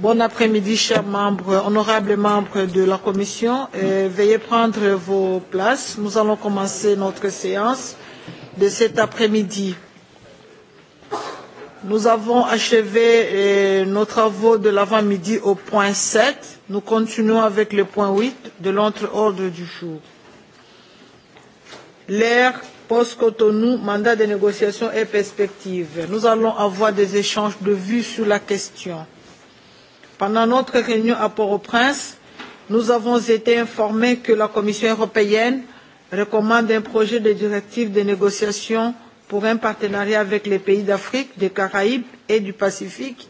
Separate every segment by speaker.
Speaker 1: Bon après-midi, chers membres, honorables membres de la Commission. veuillez prendre vos places. Nous allons commencer notre séance de cet après-midi. Nous avons achevé nos travaux de l'avant-midi au point sept. Nous continuons avec le point huit de l'autre ordre du jour. L'ère post-Cotonou, mandat de négociation et perspectives. Nous allons avoir des échanges de vues sur la question. Pendant notre réunion à Port-au-Prince, nous avons été informés que la Commission européenne recommande un projet de directive de négociation pour un partenariat avec les pays d'Afrique, des Caraïbes et du Pacifique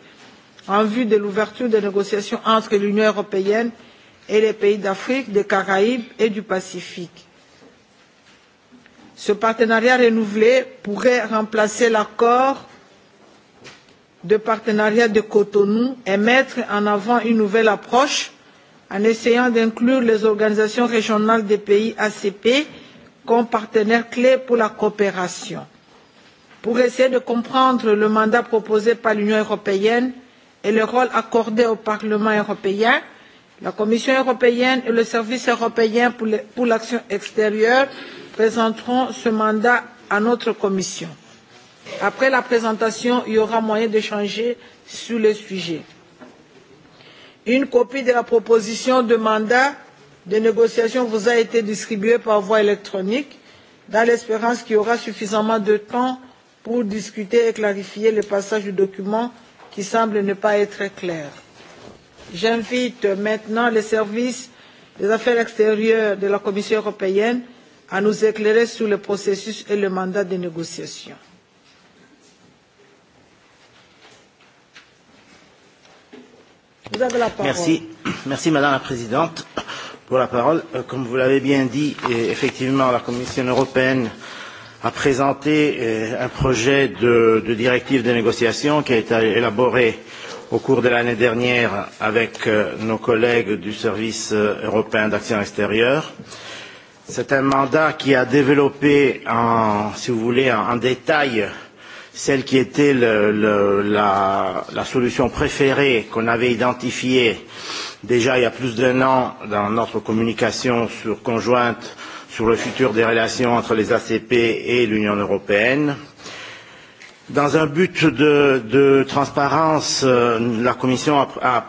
Speaker 1: en vue de l'ouverture des négociations entre l'Union européenne et les pays d'Afrique, des Caraïbes et du Pacifique. Ce partenariat renouvelé pourrait remplacer l'accord de partenariat de Cotonou et mettre en avant une nouvelle approche en essayant d'inclure les organisations régionales des pays ACP comme partenaires clés pour la coopération. Pour essayer de comprendre le mandat proposé par l'Union européenne et le rôle accordé au Parlement européen, la Commission européenne et le Service européen pour l'action extérieure présenteront ce mandat à notre Commission. Après la présentation, il y aura moyen d'échanger sur le sujet. Une copie de la proposition de mandat de négociation vous a été distribuée par voie électronique dans l'espérance qu'il y aura suffisamment de temps pour discuter et clarifier le passage du document qui semble ne pas être clair. J'invite maintenant les services des affaires extérieures de la Commission européenne à nous éclairer sur le processus et le mandat de négociation. Vous avez la
Speaker 2: parole. Merci,
Speaker 3: Merci Madame la Présidente pour la parole. Comme vous l'avez bien dit, effectivement, la Commission européenne a présenté un projet de, de directive de négociation qui a été élaboré au cours de l'année dernière avec nos collègues du Service européen d'action extérieure. C'est un mandat qui a développé, en, si vous voulez, en, en détail euh, celle qui était le, le, la, la solution préférée qu'on avait identifiée déjà il y a plus d'un an dans notre communication sur conjointe sur le futur des relations entre les ACP et l'Union européenne. Dans un but de, de transparence, euh, la Commission a, a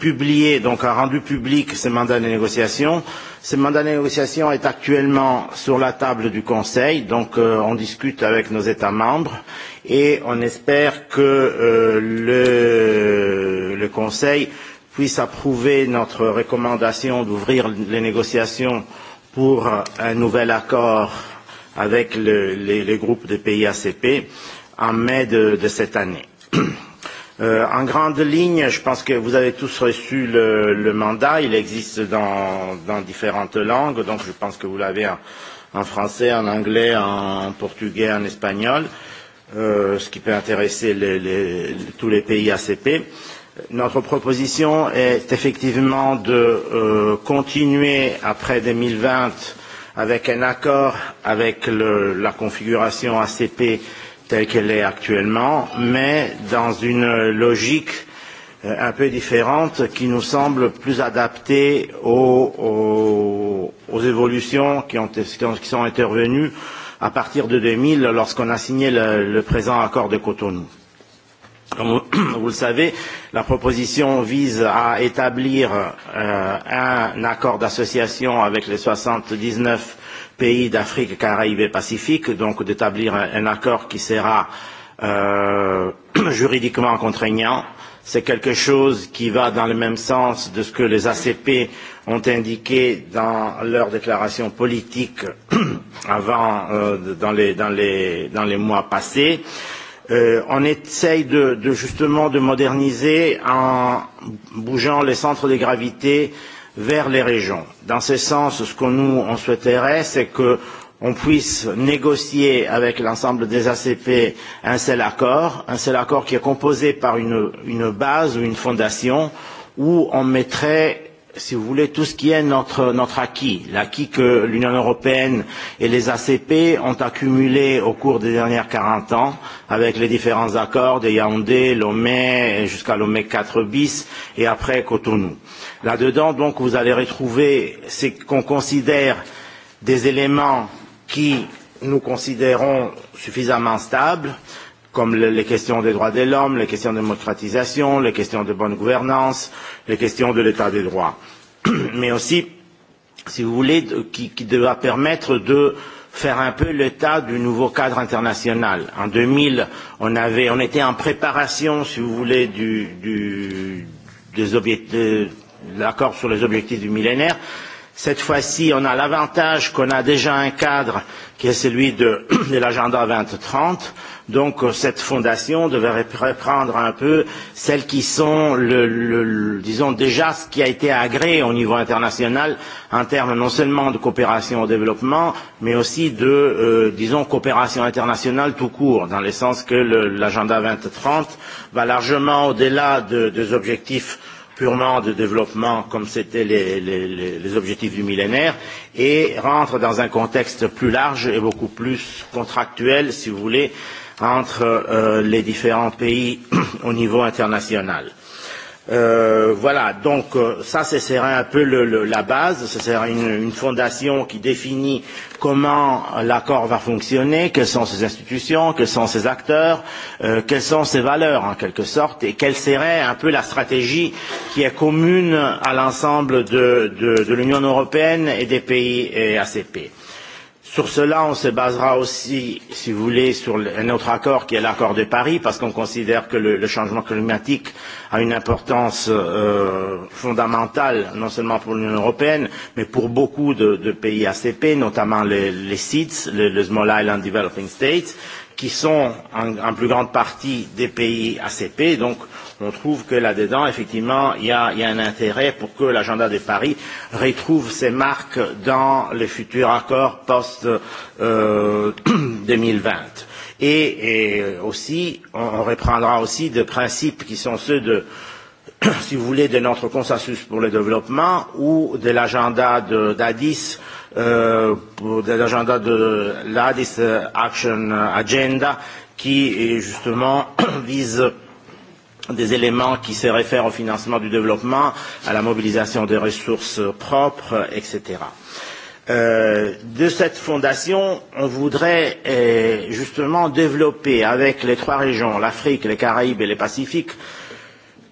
Speaker 3: publié, donc a rendu public ce mandat de négociation. Ce mandat de négociation est actuellement sur la table du Conseil, donc euh, on discute avec nos États membres et on espère que euh, le, le Conseil puisse approuver notre recommandation d'ouvrir les négociations pour un nouvel accord avec le, les, les groupes des pays ACP en mai de, de cette année. Euh, en grande ligne, je pense que vous avez tous reçu le, le mandat. Il existe dans, dans différentes langues, donc je pense que vous l'avez en, en français, en anglais, en portugais, en espagnol, euh, ce qui peut intéresser les, les, tous les pays ACP. Notre proposition est effectivement de euh, continuer après 2020 avec un accord avec le, la configuration ACP euh, telle qu'elle est actuellement, mais dans une logique un peu différente qui nous semble plus adaptée aux, aux, aux évolutions qui, ont, qui sont intervenues à partir de 2000 lorsqu'on a signé le, le présent accord de Cotonou. Comme vous le savez, la proposition vise à établir euh, un accord d'association avec les 79 pays d'Afrique, Caraïbes et Pacifique, donc d'établir un, accord qui sera euh, juridiquement contraignant. C'est quelque chose qui va dans le même sens de ce que les ACP ont indiqué dans leur déclaration politique avant, euh, dans, les, dans, les, dans les mois passés. Euh, on essaye de, de justement de moderniser en bougeant les centres de gravité euh, vers les régions. Dans ce sens, ce que nous on souhaiterait, c'est que on puisse négocier avec l'ensemble des ACP un seul accord, un seul accord qui est composé par une, base ou une fondation où on mettrait si vous voulez, tout ce qui est notre, notre acquis, l'acquis que l'Union européenne et les ACP ont accumulé au cours des dernières 40 ans, avec les différents accords de Yaoundé, Lomé, jusqu'à Lomé 4 bis, et après Cotonou. Là-dedans, donc, vous allez retrouver ce qu'on considère des éléments qui nous considérons suffisamment stables, comme les questions des droits de l'homme, les questions de démocratisation, les questions de bonne gouvernance, les questions de l'état des droits. Mais aussi, si vous voulez, qui, qui devra permettre de faire un peu l'état du nouveau cadre international. En 2000, on, avait, on était en préparation, si vous voulez, du, du, des de l'accord sur les objectifs du millénaire. Cette fois-ci, on a l'avantage qu'on a déjà un cadre qui est celui de, de l'agenda 2030. Donc cette fondation devrait reprendre un peu celles qui sont, le, le, le, disons déjà ce qui a été agréé au niveau international en termes non seulement de coopération au développement, mais aussi de, euh, disons, coopération internationale tout court, dans le sens que l'agenda 2030 va largement au-delà de, des objectifs purement de développement comme c'était les, les, les, objectifs du millénaire et rentre dans un contexte plus large et beaucoup plus contractuel, si vous voulez, entre euh, les différents pays au niveau international. Euh, voilà, donc ça, ce serait un peu le, le, la base, ce serait une, une fondation qui définit comment l'accord va fonctionner, quelles sont ses institutions, quels sont ses acteurs, euh, quelles sont ses valeurs en quelque sorte, et quelle serait un peu la stratégie qui est commune à l'ensemble de, de, de l'Union européenne et des pays et ACP. Euh, Sur cela, on se basera aussi, si vous voulez, sur un autre accord qui est l'accord de Paris, parce qu'on considère que le, le changement climatique a une importance euh, fondamentale, non seulement pour l'Union européenne, mais pour beaucoup de, de pays ACP, notamment les, les le Small Island Developing States, qui sont en, en plus grande partie des pays ACP. Donc, on trouve que là-dedans, effectivement, il y a, y a un intérêt pour que l'agenda de Paris retrouve ses marques dans les futurs accords post-2020. Euh, et, et aussi, on, reprendra aussi des principes qui sont ceux de si vous voulez, de notre consensus pour le développement ou de l'agenda d'Addis de l'agenda de l'ADIS Action Agenda qui justement vise des éléments qui se réfèrent au financement du développement, à la mobilisation des ressources propres, etc. Euh, de cette fondation, on voudrait justement développer avec les trois régions, l'Afrique, les Caraïbes et les Pacifiques, euh,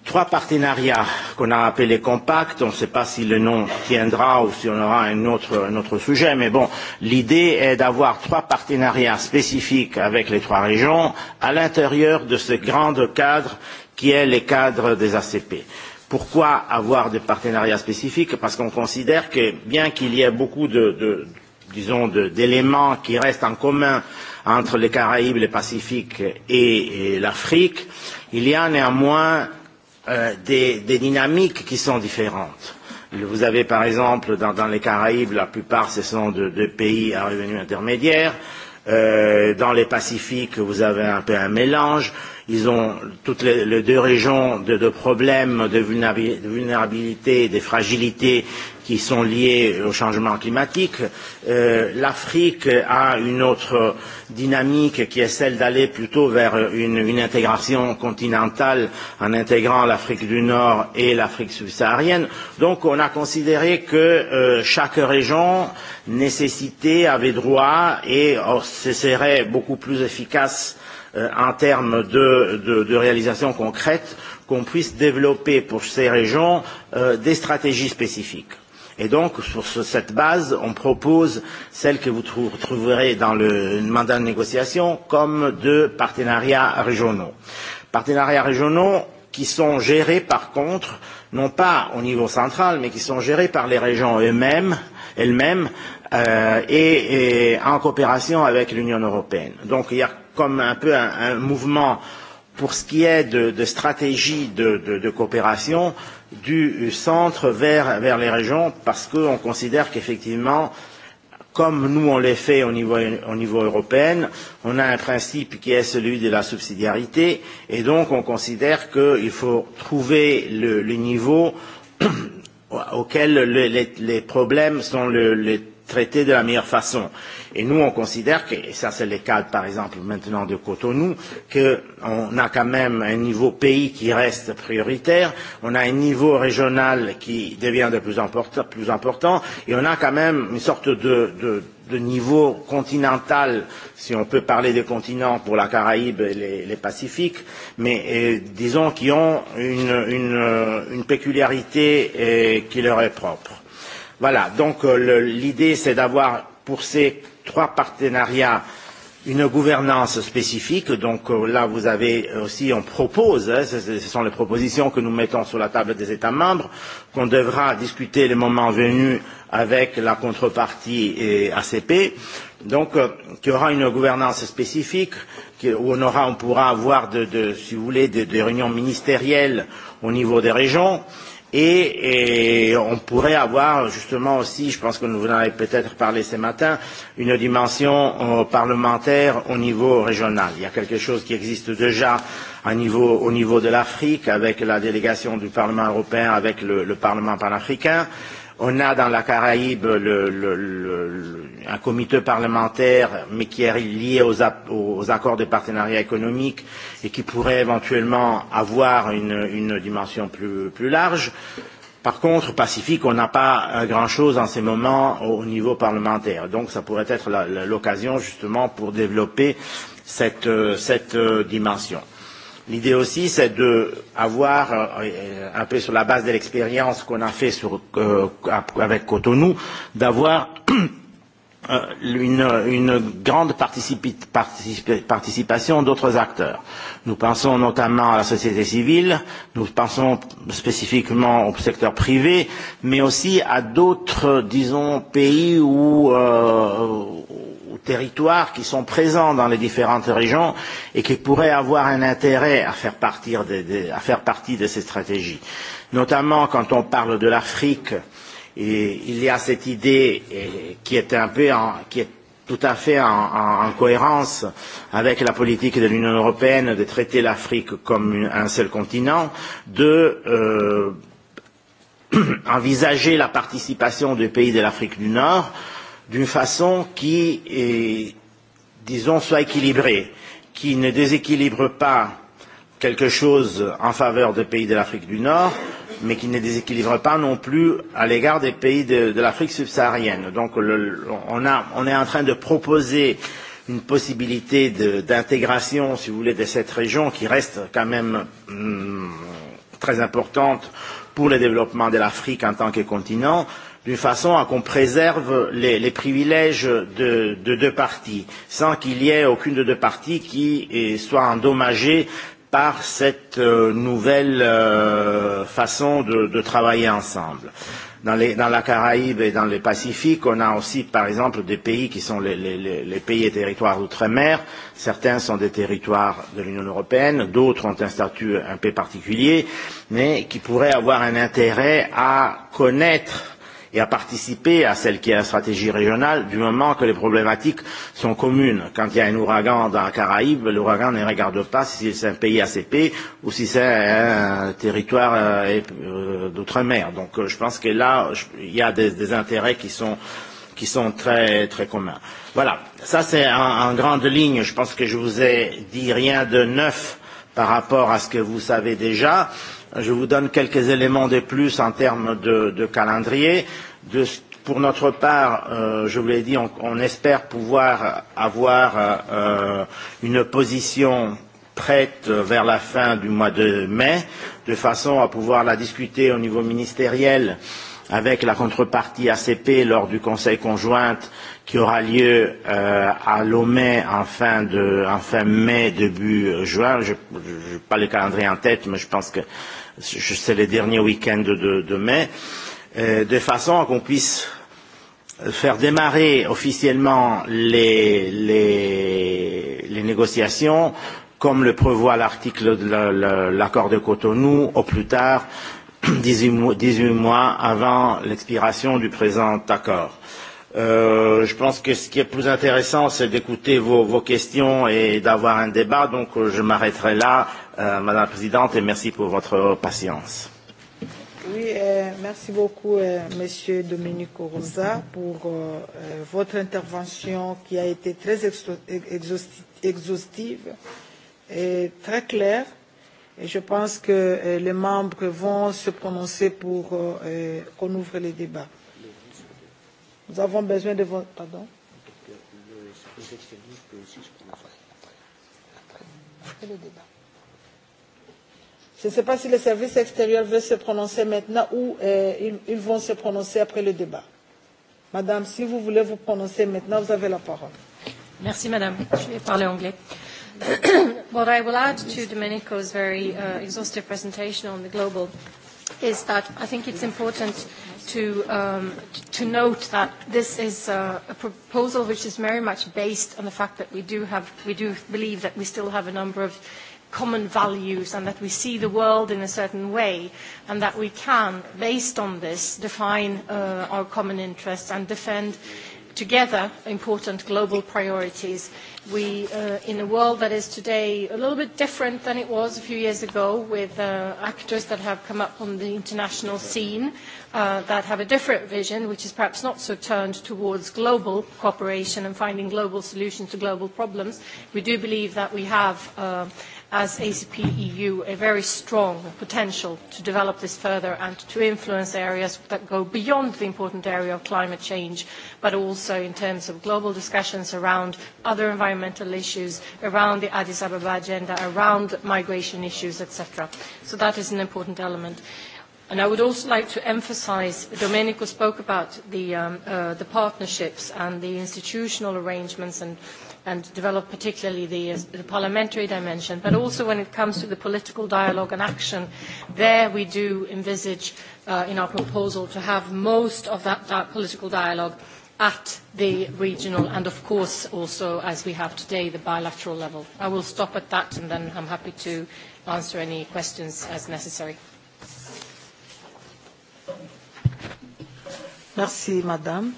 Speaker 3: trois partenariats qu'on a appelés compacts. On ne sait pas si le nom tiendra ou si on aura un autre, un autre sujet, mais bon, l'idée est d'avoir trois partenariats spécifiques avec les trois régions à l'intérieur de ce grand cadre qui est le cadre des ACP. Pourquoi avoir des partenariats spécifiques Parce qu'on considère que bien qu'il y ait beaucoup de, de disons, d'éléments qui restent en commun entre les Caraïbes, le Pacifique et, et l'Afrique, il y a néanmoins des, des dynamiques qui sont différentes. Vous avez par exemple dans, dans les Caraïbes, la plupart ce sont de, de pays à revenus intermédiaires. Euh, dans les Pacifiques, vous avez un peu un mélange. Euh, Ils ont toutes les, les deux régions de, de problèmes de vulnérabilité et des fragilités qui sont liées au changement climatique. Euh, L'Afrique a une autre dynamique qui est celle d'aller plutôt vers une, une intégration continentale en intégrant l'Afrique du Nord et l'Afrique subsaharienne. Donc on a considéré que euh, chaque région nécessitait, avait droit et or, ce serait beaucoup plus efficace euh, en termes de, de, de réalisation concrète, qu'on puisse développer pour ces régions euh, des stratégies spécifiques. Et donc, sur ce, cette base, on propose celle que vous trou trouverez dans le mandat de négociation comme de partenariats régionaux. Partenariats régionaux qui sont gérés par contre, non pas au niveau central, mais qui sont gérés par les régions elles-mêmes, elles euh, et, et en coopération avec l'Union européenne. Donc il y a comme un peu un, un mouvement pour ce qui est de, de stratégie de, de, de coopération du centre vers, vers les régions parce qu'on considère qu'effectivement comme nous on l'est fait au niveau, au niveau européen, on a un principe qui est celui de la subsidiarité et donc on considère qu'il faut trouver le, le niveau auquel les, les, les problèmes sont le, les traités de la meilleure façon. Et nous, on considère que, et ça c'est le cas par exemple maintenant de Cotonou, qu'on a quand même un niveau pays qui reste prioritaire, on a un niveau régional qui devient de plus, important, plus important, et on a quand même une sorte de, de, de niveau continental, si on peut parler des continents pour la Caraïbe et les, les Pacifiques, mais et, disons qui ont une, une, une peculiarité et, qui leur est propre. Voilà, donc l'idée c'est d'avoir pour ces trois partenariats une gouvernance spécifique. Donc là, vous avez aussi, on propose, hein, ce, sont les propositions que nous mettons sur la table des États membres, qu'on devra discuter le moment venu avec la contrepartie et ACP. Donc, euh, qu'il y aura une gouvernance spécifique, où on, aura, on pourra avoir, de, de, si vous voulez, des de réunions ministérielles au niveau des régions. Et, et on pourrait avoir justement aussi, je pense que nous vous en avez peut-être parlé ce matin, une dimension euh, parlementaire au niveau régional. Il y a quelque chose qui existe déjà à niveau, au niveau de l'Afrique avec la délégation du Parlement européen, avec le, le Parlement panafricain. On a dans la Caraïbe le, le, le, un comité parlementaire, mais qui est lié aux, aux accords de partenariat économique et qui pourrait éventuellement avoir une, une dimension plus, plus large. Par contre, Pacifique, on n'a pas grand-chose en ces moments au niveau parlementaire. Donc, ça pourrait être l'occasion justement pour développer cette, cette dimension. L'idée aussi, c'est d'avoir, un peu sur la base de l'expérience qu'on a fait sur, euh, avec Cotonou, d'avoir une, une grande participi- participi- participation d'autres acteurs. Nous pensons notamment à la société civile, nous pensons spécifiquement au secteur privé, mais aussi à d'autres, disons, pays où, euh, territoires qui sont présents dans les différentes régions et qui pourraient avoir un intérêt à faire, partir de, de, à faire partie de ces stratégies. Notamment quand on parle de l'Afrique, il y a cette idée et, qui est un peu en, qui est tout à fait en, en, en cohérence avec la politique de l'Union européenne de traiter l'Afrique comme une, un seul continent, de euh, envisager la participation des pays de l'Afrique du Nord euh, d'une façon qui, est, disons, soit équilibrée, qui ne déséquilibre pas quelque chose en faveur des pays de l'Afrique du Nord, mais qui ne déséquilibre pas non plus à l'égard des pays de, de l'Afrique subsaharienne. Donc le, on, a, on est en train de proposer une possibilité d'intégration, si vous voulez, de cette région qui reste quand même hum, très importante pour le développement de l'Afrique en tant que continent, d'une façon à qu'on préserve les, les privilèges de, de deux parties, sans qu'il y ait aucune de deux parties qui soit endommagée par cette nouvelle façon de, de travailler ensemble. Dans, les, dans la Caraïbe et dans le Pacifique, on a aussi, par exemple, des pays qui sont les, les, les pays et territoires d'outre-mer. Certains sont des territoires de l'Union européenne, d'autres ont un statut un peu particulier, mais qui pourraient avoir un intérêt à connaître et à participer à celle qui est la stratégie régionale du moment que les problématiques sont communes. Quand il y a un ouragan dans la Caraïbe, l'ouragan ne regarde pas si c'est un pays ACP ou si c'est un territoire d'outre-mer. Donc je pense que là, il y a des, des intérêts qui sont qui sont très très communs. Voilà, ça c'est en, en grande ligne. Je pense que je vous ai dit rien de neuf par rapport à ce que vous savez déjà. Euh, Je vous donne quelques éléments de plus en termes de, de calendrier. De, pour notre part, euh, je vous l'ai dit, on, on espère pouvoir avoir euh, une position prête vers la fin du mois de mai, de façon à pouvoir la discuter au niveau ministériel avec la contrepartie ACP lors du Conseil conjoint qui aura lieu euh, à Lomé en fin, de, en fin mai, début juin. Je n'ai pas le calendrier en tête, mais je pense que c'est les derniers week end de, de mai, euh, de façon à qu'on puisse faire démarrer officiellement les, les, les négociations, comme le prévoit l'article de l'accord de Cotonou, au plus tard 18 mois, 18 mois avant l'expiration du présent accord. Euh, je pense que ce qui est plus intéressant, c'est d'écouter vos, vos questions et d'avoir un débat, donc je m'arrêterai là euh, Madame la Présidente, et merci pour votre patience.
Speaker 1: Oui, euh, merci beaucoup, euh, Monsieur Dominique Rosa, pour euh, votre intervention qui a été très exhaustive et très claire. Et je pense que euh, les membres vont se prononcer pour euh, qu'on ouvre les débats. Nous avons besoin de votre... Pardon après le débat. Je ne sais pas si le service extérieur veut se prononcer maintenant ou euh, ils, ils vont se prononcer après le débat. Madame, si vous voulez vous prononcer maintenant, vous avez la parole.
Speaker 4: Merci, Madame. Je vais parler anglais. What I will add to Domenico's very uh, exhaustive presentation on the global is that I think it's important to, um, to note that this is a, a proposal which is very much based on the fact that we do, have, we do believe that we still have a number of common values and that we see the world in a certain way and that we can, based on this, define uh, our common interests and defend together important global priorities. We, uh, in a world that is today a little bit different than it was a few years ago with uh, actors that have come up on the international scene uh, that have a different vision, which is perhaps not so turned towards global cooperation and finding global solutions to global problems, we do believe that we have uh, as ACP EU a very strong potential to develop this further and to influence areas that go beyond the important area of climate change, but also in terms of global discussions around other environmental issues, around the Addis Ababa agenda, around migration issues, etc. So that is an important element. And I would also like to emphasize, Domenico spoke about the, um, uh, the partnerships and the institutional arrangements and and develop particularly the, the parliamentary dimension, but also when it comes to the political dialogue and action, there we do envisage uh, in our proposal to have most of that, that political dialogue at the regional and of course also as we have today the bilateral level. I will stop at that and then I'm happy to answer any questions as necessary.
Speaker 1: Merci madame.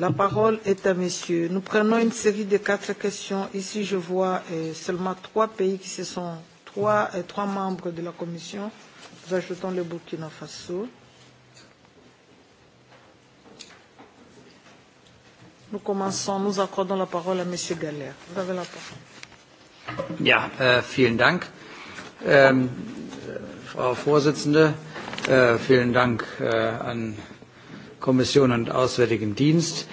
Speaker 1: La parole est à monsieur. Nous prenons une série de quatre questions. Ici, je vois euh, seulement trois pays qui se sont, trois, euh, trois membres de la Commission. Nous ajoutons le Burkina Faso. Nous commençons, nous accordons la parole à monsieur Galère. Vous avez la parole.
Speaker 5: Ja, äh, vielen Dank, ähm, Frau Vorsitzende. Äh, vielen Dank äh, an Kommission und Auswärtigem Dienst.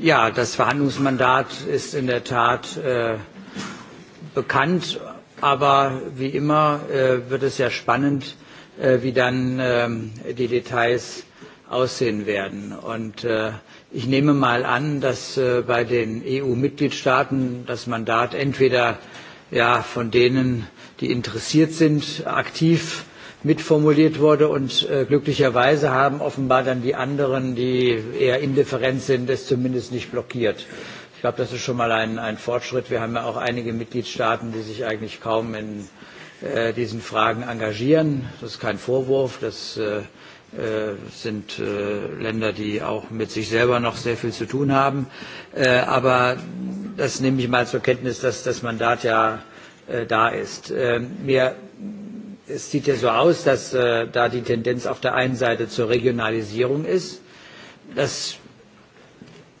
Speaker 5: ja, das Verhandlungsmandat ist in der Tat bekannt, aber wie immer wird es ja spannend, wie dann die Details aussehen werden. Und ich nehme mal an, dass bei den EU-Mitgliedstaaten das Mandat entweder von denen, die interessiert sind, aktiv mitformuliert wurde. Und glücklicherweise haben offenbar dann die anderen, die eher indifferent sind, es zumindest nicht blockiert. Ich glaube, das ist schon mal ein, ein Fortschritt. Wir haben ja auch einige Mitgliedstaaten, die sich eigentlich kaum in äh, diesen Fragen engagieren. Das ist kein Vorwurf. Das äh, sind Länder, die auch mit sich selber noch sehr viel zu tun haben. aber das nehme ich mal zur Kenntnis, dass das Mandat ja da ist. mir es sieht ja so aus, dass äh, da die Tendenz auf der einen Seite zur Regionalisierung ist. Das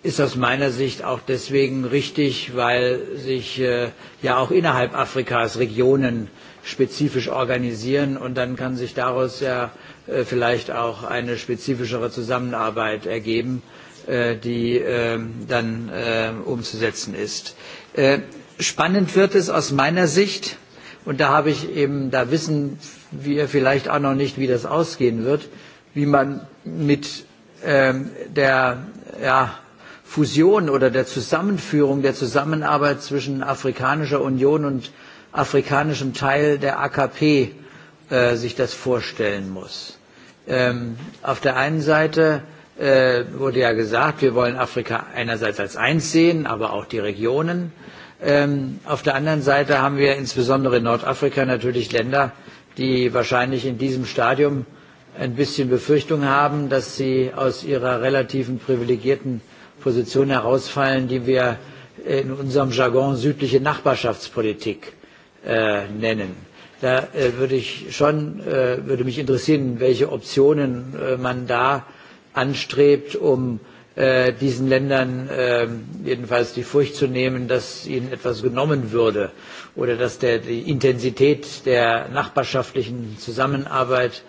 Speaker 5: ist aus meiner Sicht auch deswegen richtig, weil sich äh, ja auch innerhalb Afrikas Regionen spezifisch organisieren und dann kann sich daraus ja äh, vielleicht auch eine spezifischere Zusammenarbeit ergeben, äh, die äh, dann äh, umzusetzen ist. Äh, spannend wird es aus meiner Sicht, äh, Und da habe ich eben, da wissen wir vielleicht auch noch nicht, wie das ausgehen wird, wie man mit ähm, der ja, Fusion oder der Zusammenführung, der Zusammenarbeit zwischen Afrikanischer Union und afrikanischem Teil der AKP äh, sich das vorstellen muss. Ähm, auf der einen Seite äh, wurde ja gesagt, wir wollen Afrika einerseits als eins sehen, aber auch die Regionen auf der anderen Seite haben wir insbesondere in Nordafrika natürlich Länder, die wahrscheinlich in diesem Stadium ein bisschen Befürchtung haben, dass sie aus ihrer relativen privilegierten Position herausfallen, die wir in unserem Jargon südliche Nachbarschaftspolitik nennen. Da würde ich schon, würde mich interessieren, welche Optionen man da anstrebt, um diesen Ländern jedenfalls die Furcht zu nehmen, dass ihnen etwas genommen würde oder dass die Intensität der nachbarschaftlichen Zusammenarbeit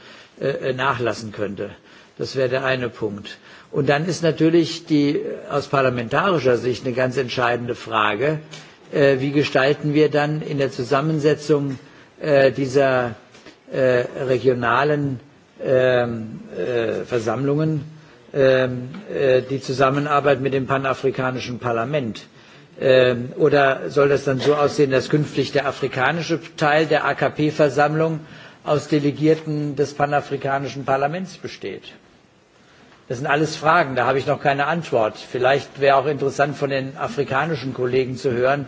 Speaker 5: nachlassen könnte. Das wäre der eine Punkt. Und dann ist natürlich die aus parlamentarischer Sicht eine ganz entscheidende Frage, wie gestalten wir dann in der Zusammensetzung dieser regionalen Versammlungen die Zusammenarbeit mit dem panafrikanischen Parlament? Oder soll das dann so aussehen, dass künftig der afrikanische Teil der AKP-Versammlung aus Delegierten des panafrikanischen Parlaments besteht? Das sind alles Fragen, da habe ich noch keine Antwort. Vielleicht wäre auch interessant von den afrikanischen Kollegen zu hören,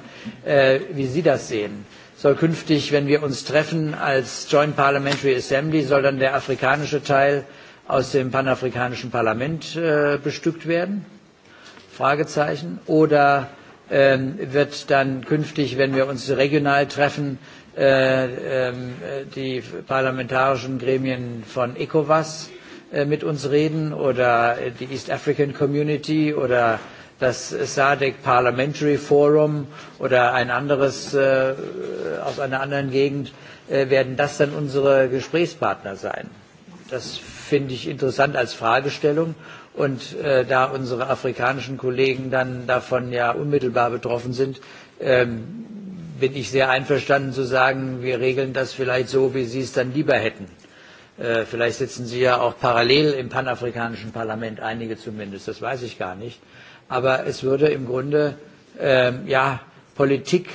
Speaker 5: wie sie das sehen. Soll künftig, wenn wir uns treffen als Joint Parliamentary Assembly, soll dann der afrikanische Teil aus dem panafrikanischen Parlament bestückt werden? Fragezeichen. Oder wird dann künftig, wenn wir uns regional treffen, die parlamentarischen Gremien von ECOWAS mit uns reden oder die East African Community oder das SADC Parliamentary Forum oder ein anderes aus einer anderen Gegend, werden das dann unsere Gesprächspartner sein? Das finde ich interessant als Fragestellung. Und äh, da unsere afrikanischen Kollegen dann davon ja unmittelbar betroffen sind, ähm, bin ich sehr einverstanden zu sagen, wir regeln das vielleicht so, wie Sie es dann lieber hätten. Äh, vielleicht sitzen Sie ja auch parallel im panafrikanischen Parlament, einige zumindest, das weiß ich gar nicht. Aber es würde im Grunde äh, ja, Politik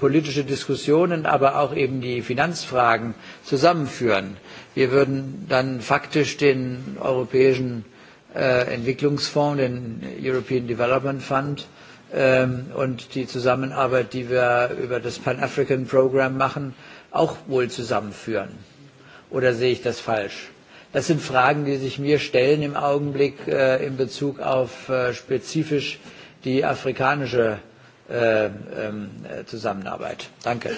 Speaker 5: politische Diskussionen, aber auch eben die Finanzfragen zusammenführen. Wir würden dann faktisch den europäischen Entwicklungsfonds, den European Development Fund und die Zusammenarbeit, die wir über das Pan-African Program machen, auch wohl zusammenführen. Oder sehe ich das falsch? Das sind Fragen, die sich mir stellen im Augenblick in Bezug auf spezifisch die afrikanische Zusammenarbeit. Danke.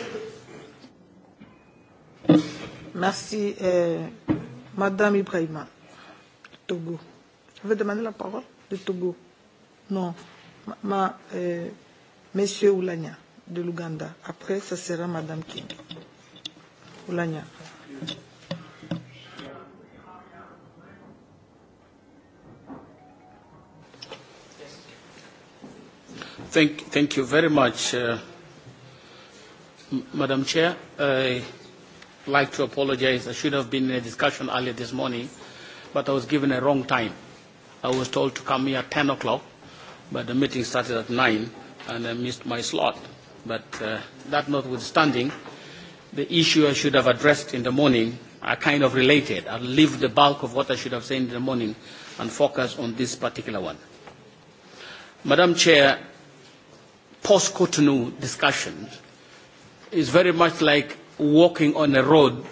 Speaker 1: Merci, euh, Madame Ibrahima, Togo. Je vais demander la parole de Togo. Non, ma, ma, euh, Monsieur Oulania de l'Ouganda. Après, ce sera Madame King. Oulania.
Speaker 6: Thank, thank you very much, uh, Madame Chair. Uh, like to apologize. I should have been in a discussion earlier this morning, but I was given a wrong time. I was told to come here at 10 o'clock, but the meeting started at 9, and I missed my slot. But uh, that notwithstanding, the issue I should have addressed in the morning are kind of related. I'll leave the bulk of what I should have said in the morning and focus on this particular one. Madam Chair, post-Cotonou discussion is very much like walking on a road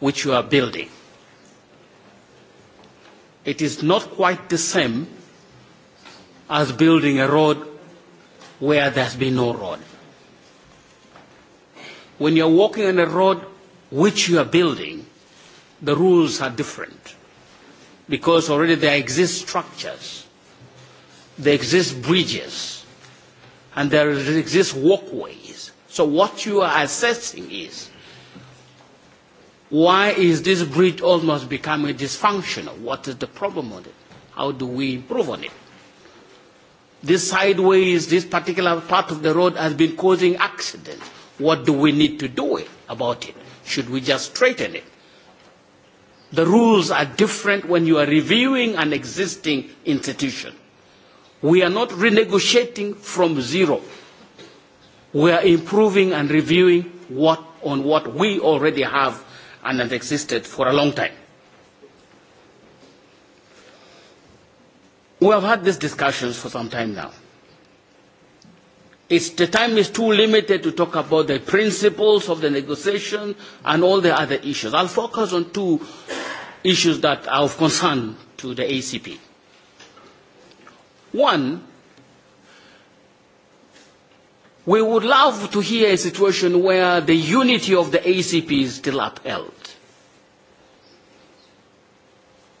Speaker 6: which you are building. It is not quite the same as building a road where there's been no road. When you're walking on a road which you are building, the rules are different because already there exist structures, there exist bridges, and there exist walkways So what you are assessing is why is this breed almost becoming dysfunctional? What is the problem with it? How do we improve on it? This sideways, this particular part of the road has been causing accidents. What do we need to do it, about it? Should we just straighten it? The rules are different when you are reviewing an existing institution. We are not renegotiating from zero. We are improving and reviewing what, on what we already have and has existed for a long time. We have had these discussions for some time now. It's, the time is too limited to talk about the principles of the negotiation and all the other issues. I'll focus on two issues that are of concern to the ACP. One We would love to hear a situation where the unity of the ACP is still upheld.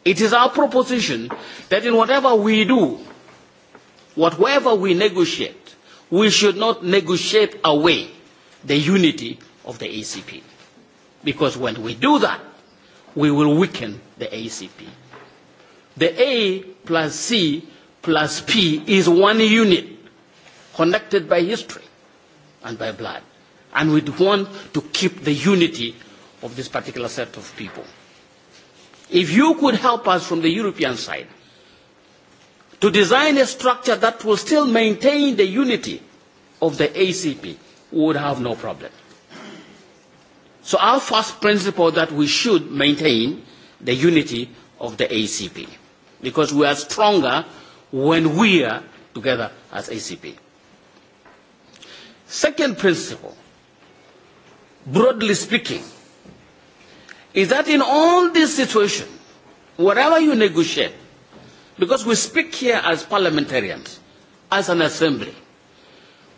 Speaker 6: It is our proposition that in whatever we do, whatever we negotiate, we should not negotiate away the unity of the ACP. Because when we do that, we will weaken the ACP. The A plus C plus P is one unit connected by history and by blood. And we want to keep the unity of this particular set of people. If you could help us from the European side to design a structure that will still maintain the unity of the ACP, we would have no problem. So our first principle that we should maintain the unity of the ACP because we are stronger when we are together as ACP. Second principle, broadly speaking, is that in all these situations, whatever you negotiate, because we speak here as parliamentarians, as an assembly,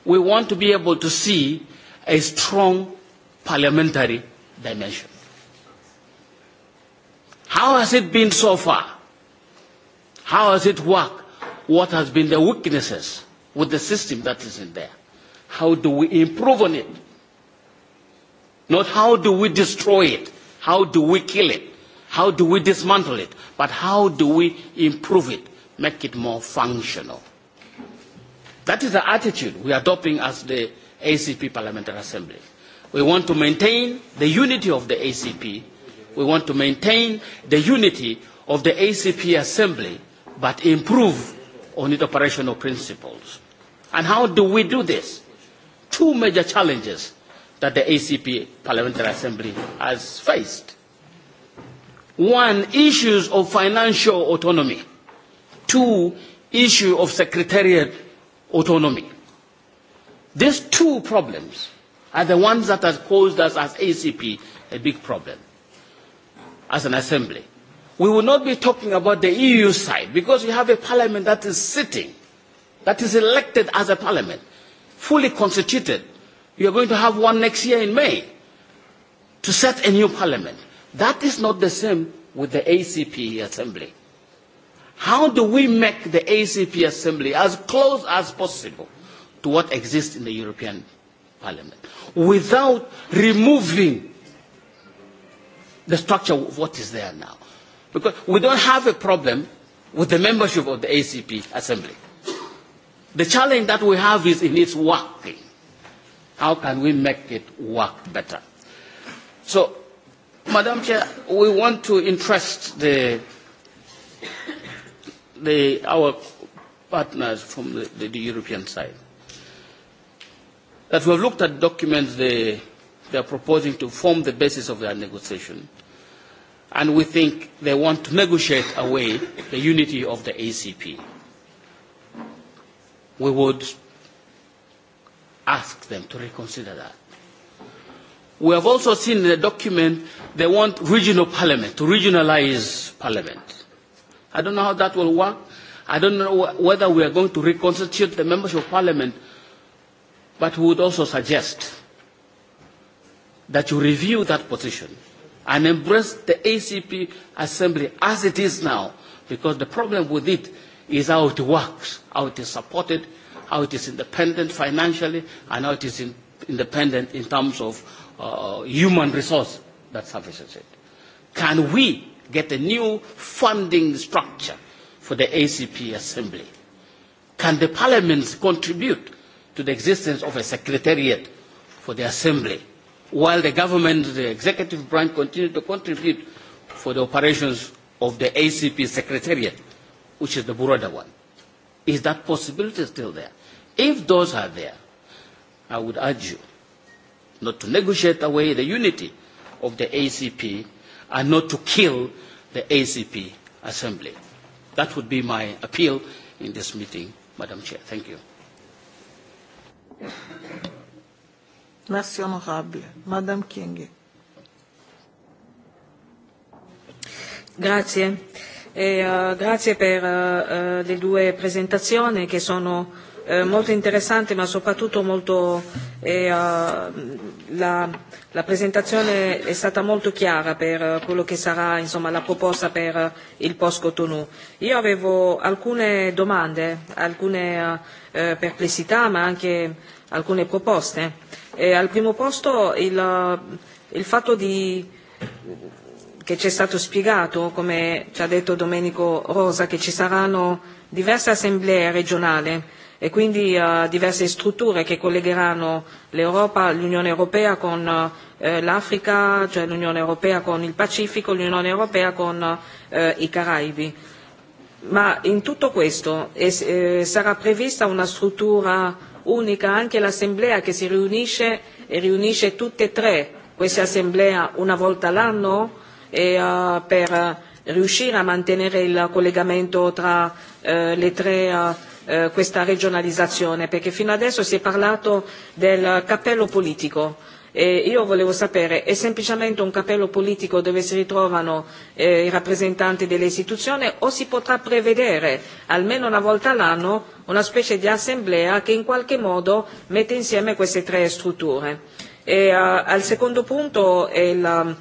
Speaker 6: we want to be able to see a strong parliamentary dimension. How has it been so far? How has it worked? What has been the weaknesses with the system that is in there? How do we improve on it? Not how do we destroy it? How do we kill it? How do we dismantle it? But how do we improve it? Make it more functional. That is the attitude we are adopting as the ACP Parliamentary Assembly. We want to maintain the unity of the ACP. We want to maintain the unity of the ACP Assembly, but improve on its operational principles. And how do we do this? two major challenges that the ACP Parliamentary Assembly has faced. One, issues of financial autonomy. Two, issue of secretariat autonomy. These two problems are the ones that have caused us as ACP a big problem as an assembly. We will not be talking about the EU side because we have a parliament that is sitting, that is elected as a parliament fully constituted. You are going to have one next year in May to set a new parliament. That is not the same with the ACP assembly. How do we make the ACP assembly as close as possible to what exists in the European Parliament without removing the structure of what is there now? Because we don't have a problem with the membership of the ACP assembly. The challenge that we have is in its working. How can we make it work better? So, Madam Chair, we want to interest the, the, our partners from the, the, the European side that we have looked at documents they, they are proposing to form the basis of their negotiation, and we think they want to negotiate away the unity of the ACP we would ask them to reconsider that. We have also seen in the document they want regional parliament, to regionalize parliament. I don't know how that will work. I don't know whether we are going to reconstitute the Membership of parliament, but we would also suggest that you review that position and embrace the ACP assembly as it is now, because the problem with it is how it works, how it is supported, how it is independent financially, and how it is in, independent in terms of uh, human resource that services it. Can we get a new funding structure for the ACP Assembly? Can the parliaments contribute to the existence of a secretariat for the Assembly, while the government, the executive branch, continue to contribute for the operations of the ACP Secretariat? which is the broader one. Is that possibility still there? If those are there, I would urge you not to negotiate away the unity of the ACP and not to kill the ACP assembly. That would be my appeal in this meeting, Madam Chair. Thank you.
Speaker 1: Merci, Honorable. Madam King.
Speaker 7: Grazie e uh, grazie per uh, uh, le due presentazioni che sono eh, molto interessante ma soprattutto molto, eh, uh, la, la presentazione è stata molto chiara per uh, quello che sarà insomma, la proposta per uh, il post Cotonou. Io avevo alcune domande, alcune uh, eh, perplessità ma anche alcune proposte. E al primo posto il, uh, il fatto di che ci è stato spiegato, come ci ha detto Domenico Rosa, che ci saranno diverse assemblee regionali e quindi diverse strutture che collegheranno l'Europa, l'Unione Europea con l'Africa, cioè l'Unione Europea con il Pacifico, l'Unione Europea con i Caraibi. Ma in tutto questo eh, sarà prevista una struttura unica, anche l'Assemblea che si riunisce e riunisce tutte e tre queste assemblee una volta l'anno? e uh, per riuscire a mantenere il collegamento tra le tre uh, questa regionalizzazione, perché fino adesso si è parlato del cappello politico. E io volevo sapere, è semplicemente un cappello politico dove si ritrovano eh, i rappresentanti delle istituzioni o si potrà prevedere almeno una volta all'anno una specie di assemblea che in qualche modo mette insieme queste tre strutture? E, uh, al secondo punto è la,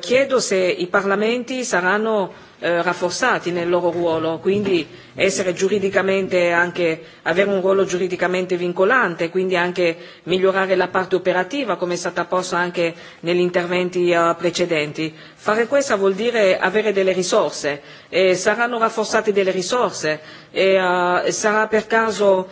Speaker 7: chiedo se i parlamenti saranno rafforzati nel loro ruolo, quindi essere giuridicamente anche, avere un ruolo giuridicamente vincolante, quindi anche migliorare la parte operativa come è stata posta anche negli interventi precedenti. Fare questo vuol dire avere delle risorse, e saranno rafforzate delle risorse e sarà per caso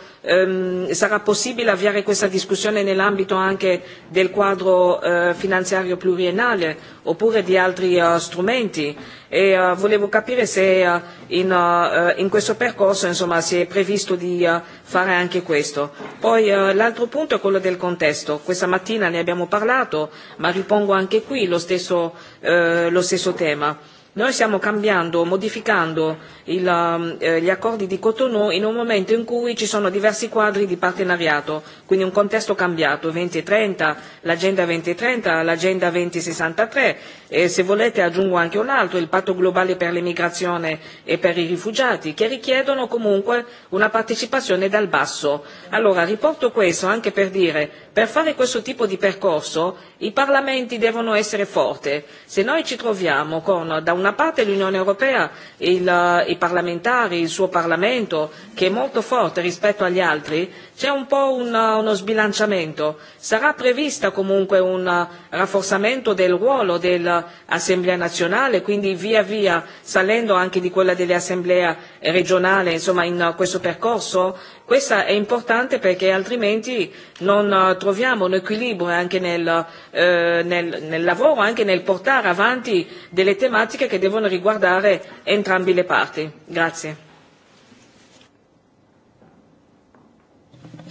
Speaker 7: sarà possibile avviare questa discussione nell'ambito anche del quadro finanziario pluriennale oppure di altri strumenti e uh, volevo capire se uh, in, uh, in questo percorso insomma, si è previsto di uh, fare anche questo. Poi uh, l'altro punto è quello del contesto. Questa mattina ne abbiamo parlato, ma ripongo anche qui lo stesso, uh, lo stesso tema Noi stiamo cambiando, modificando il, eh, gli accordi di Cotonou in un momento in cui ci sono diversi quadri di partenariato, quindi un contesto cambiato, 2030, l'agenda 2030, l'agenda 2063 e se volete aggiungo anche un altro, il patto globale per l'immigrazione e per i rifugiati, che richiedono comunque una partecipazione dal basso. Allora, riporto questo anche per dire, per fare questo tipo di percorso i parlamenti devono essere forti. Se noi ci troviamo con da un una parte l'Unione Europea, i parlamentari, il suo Parlamento, che è molto forte rispetto agli altri, C'è un po' un, uno sbilanciamento. Sarà prevista comunque un rafforzamento del ruolo dell'Assemblea nazionale, quindi via via salendo anche di quella dell'Assemblea regionale, insomma, in questo percorso? Questo è importante perché altrimenti non troviamo un equilibrio anche nel, eh, nel, nel lavoro, anche nel portare avanti delle tematiche che devono riguardare entrambi le parti. Grazie.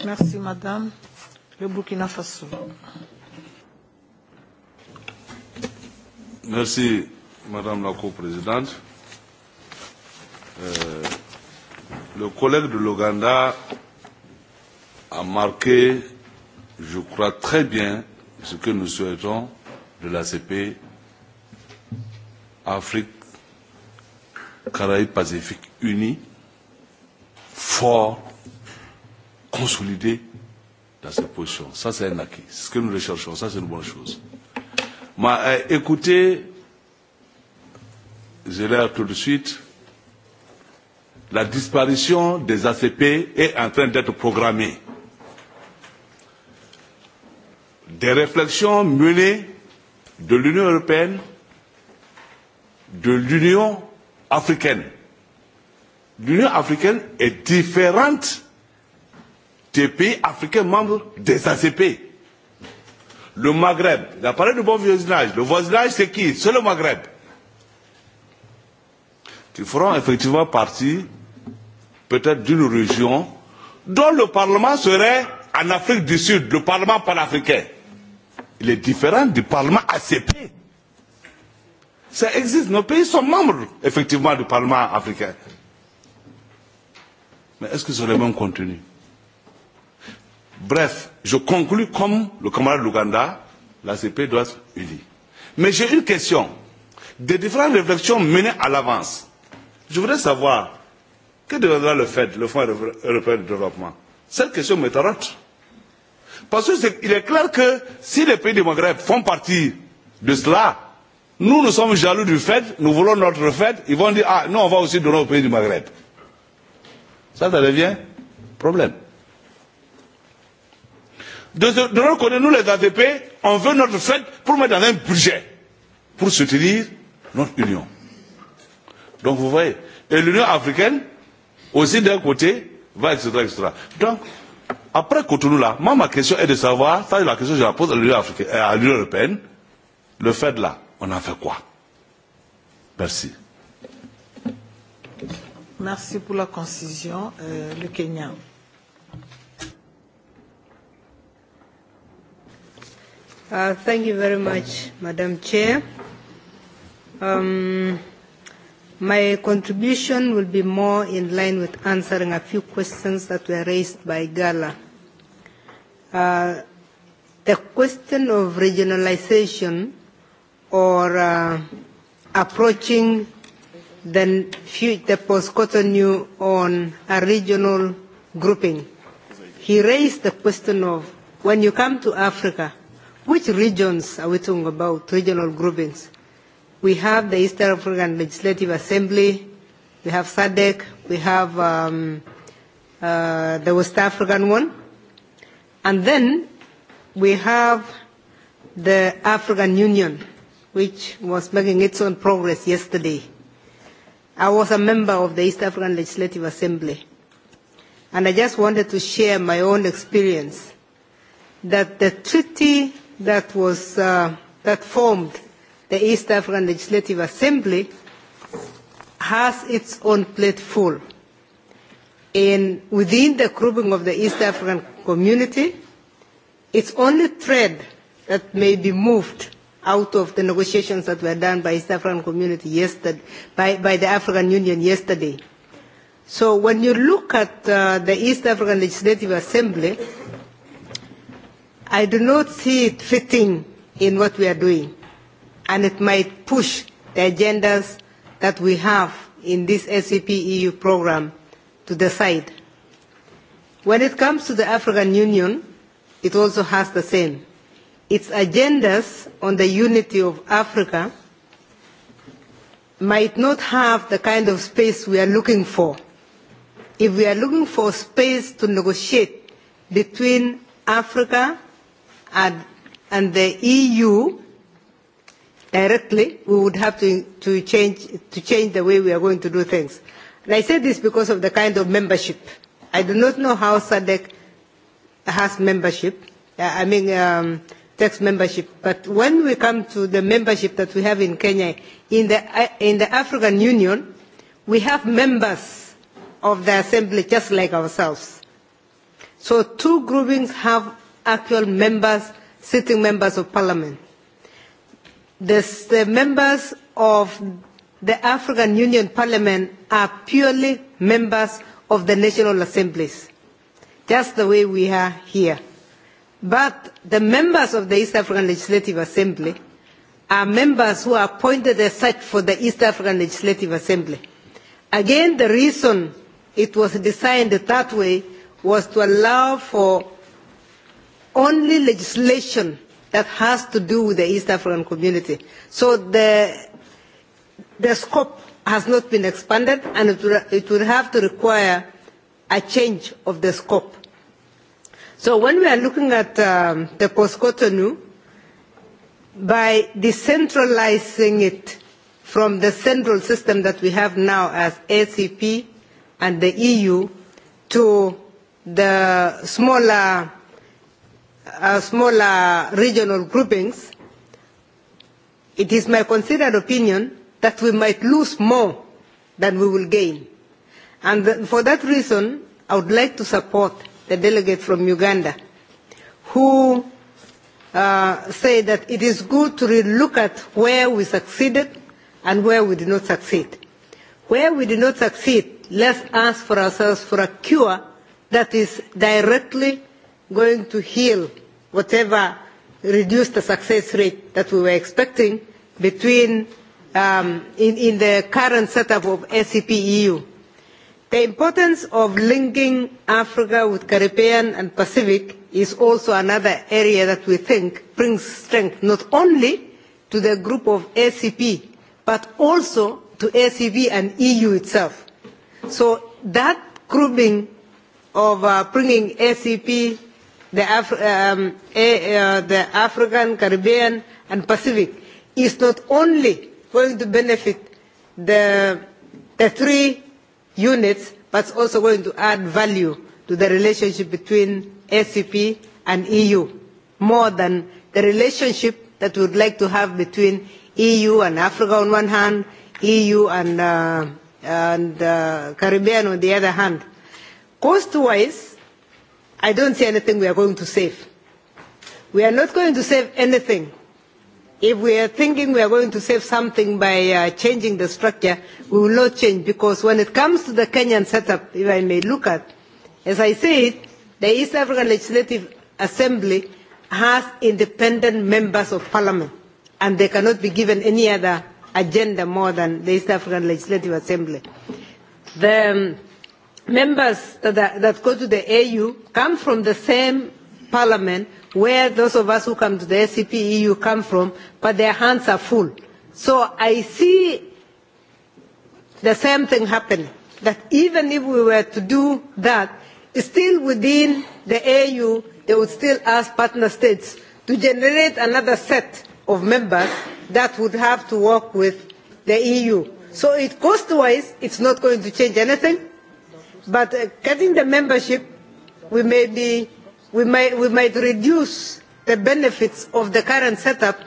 Speaker 1: Merci, madame. Le Burkina Faso.
Speaker 8: Merci, madame la coprésidente. Euh, le collègue de l'Ouganda a marqué, je crois, très bien ce que nous souhaitons de l'ACP Afrique, Caraïbes, Pacifique unie, fort consolider dans cette position. Ça, c'est un acquis. C'est ce que nous recherchons. Ça, c'est une bonne chose. Mais euh, écoutez, je l'ai tout de suite, la disparition des ACP est en train d'être programmée. Des réflexions menées de l'Union européenne, de l'Union africaine. L'Union africaine est différente des pays africains membres des ACP. Le Maghreb, il a parlé du bon voisinage. Le voisinage, c'est qui C'est le Maghreb. Qui feront effectivement partie peut-être d'une région dont le Parlement serait en Afrique du Sud, le Parlement panafricain. Il est différent du Parlement ACP. Ça existe, nos pays sont membres effectivement du Parlement africain. Mais est-ce que c'est le même contenu Bref, je conclue, comme le camarade Luganda, l'ACP doit être unie. Mais j'ai une question. Des différentes réflexions menées à l'avance, je voudrais savoir que deviendra le FED, le Fonds européen de développement Cette question me tarote. Parce qu'il est clair que si les pays du Maghreb font partie de cela, nous, nous sommes jaloux du FED, nous voulons notre FED, ils vont dire, ah, nous, on va aussi donner aux pays du Maghreb. Ça, ça devient problème. De, de notre côté, nous les AVP, on veut notre fête pour mettre dans un budget, pour soutenir notre union. Donc vous voyez, et l'Union africaine, aussi d'un côté, va, etc., etc. Donc, après Cotonou là, moi ma question est de savoir, ça c'est la question que je la pose à l'Union africaine, à l'Union européenne, le fait là, on en fait quoi Merci.
Speaker 1: Merci pour la concision, euh, le Kenya.
Speaker 9: Uh, thank you very much, Madam Chair. Um, my contribution will be more in line with answering a few questions that were raised by Gala. Uh, the question of regionalization or uh, approaching the, the post-Cotonou on a regional grouping. He raised the question of when you come to Africa, Which regions are we talking about, regional groupings? We have the East African Legislative Assembly, we have SADC, we have um, uh, the West African one, and then we have the African Union, which was making its own progress yesterday. I was a member of the East African Legislative Assembly, and I just wanted to share my own experience that the treaty that was uh, that formed the East African Legislative Assembly has its own plate full. And within the grouping of the East African community, it's only thread that may be moved out of the negotiations that were done by East African community yesterday, by, by the African Union yesterday. So when you look at uh, the East African Legislative Assembly, I do not see it fitting in what we are doing, and it might push the agendas that we have in this SCP EU program to the side. When it comes to the African Union, it also has the same. Its agendas on the unity of Africa might not have the kind of space we are looking for. If we are looking for space to negotiate between Africa and, and the EU directly, we would have to, to, change, to change the way we are going to do things. And I say this because of the kind of membership. I do not know how SADC has membership, I mean um, tax membership, but when we come to the membership that we have in Kenya, in the, in the African Union, we have members of the assembly just like ourselves. So two groupings have actual members, sitting members of parliament. The members of the African Union Parliament are purely members of the national assemblies, just the way we are here. But the members of the East African Legislative Assembly are members who are appointed as such for the East African Legislative Assembly. Again, the reason it was designed that way was to allow for only legislation that has to do with the East African community. So the, the scope has not been expanded and it would it would have to require a change of the scope. So when we are looking at um, the post-Cotonou, by decentralizing it from the central system that we have now as ACP and the EU to the smaller smaller regional groupings, it is my considered opinion that we might lose more than we will gain. And th for that reason, I would like to support the delegate from Uganda who uh, say that it is good to look at where we succeeded and where we did not succeed. Where we did not succeed, let's ask for ourselves for a cure that is directly going to heal whatever reduced the success rate that we were expecting between um, in, in the current setup of ACP EU. The importance of linking Africa with Caribbean and Pacific is also another area that we think brings strength not only to the group of ACP but also to ACP and EU itself. So that grouping of uh, bringing ACP the, Af- um, a, uh, the African, Caribbean, and Pacific is not only going to benefit the, the three units, but also going to add value to the relationship between ACP and EU, more than the relationship that we would like to have between EU and Africa on one hand, EU and, uh, and uh, Caribbean on the other hand. Cost-wise, I don't see anything we are going to save. We are not going to save anything. If we are thinking we are going to save something by uh, changing the structure, we will not change because when it comes to the Kenyan setup, if I may look at, as I said, the East African Legislative Assembly has independent members of parliament and they cannot be given any other agenda more than the East African Legislative Assembly. The, um, members that, that go to the AU come from the same parliament where those of us who come to the ACP EU come from, but their hands are full. So I see the same thing happening, that even if we were to do that, still within the AU, they would still ask partner states to generate another set of members that would have to work with the EU. So it cost-wise, it's not going to change anything But uh, cutting the membership, we may, be, we, may, we might reduce the benefits of the current setup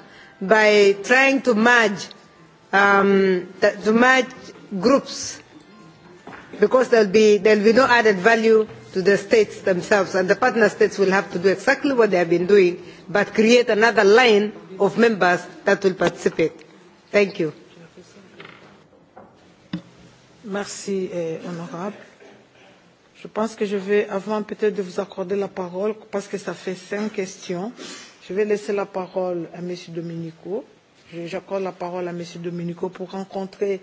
Speaker 9: by trying to merge, um, to merge groups because there'll be, there'll be no added value to the states themselves and the partner states will have to do exactly what they have been doing but create another line of members that will participate. Thank you.
Speaker 1: Merci, honorable. Je pense que je vais, avant peut-être de vous accorder la parole, parce que ça fait cinq questions, je vais laisser la parole à M. Dominico. J'accorde la parole à M. Dominico pour rencontrer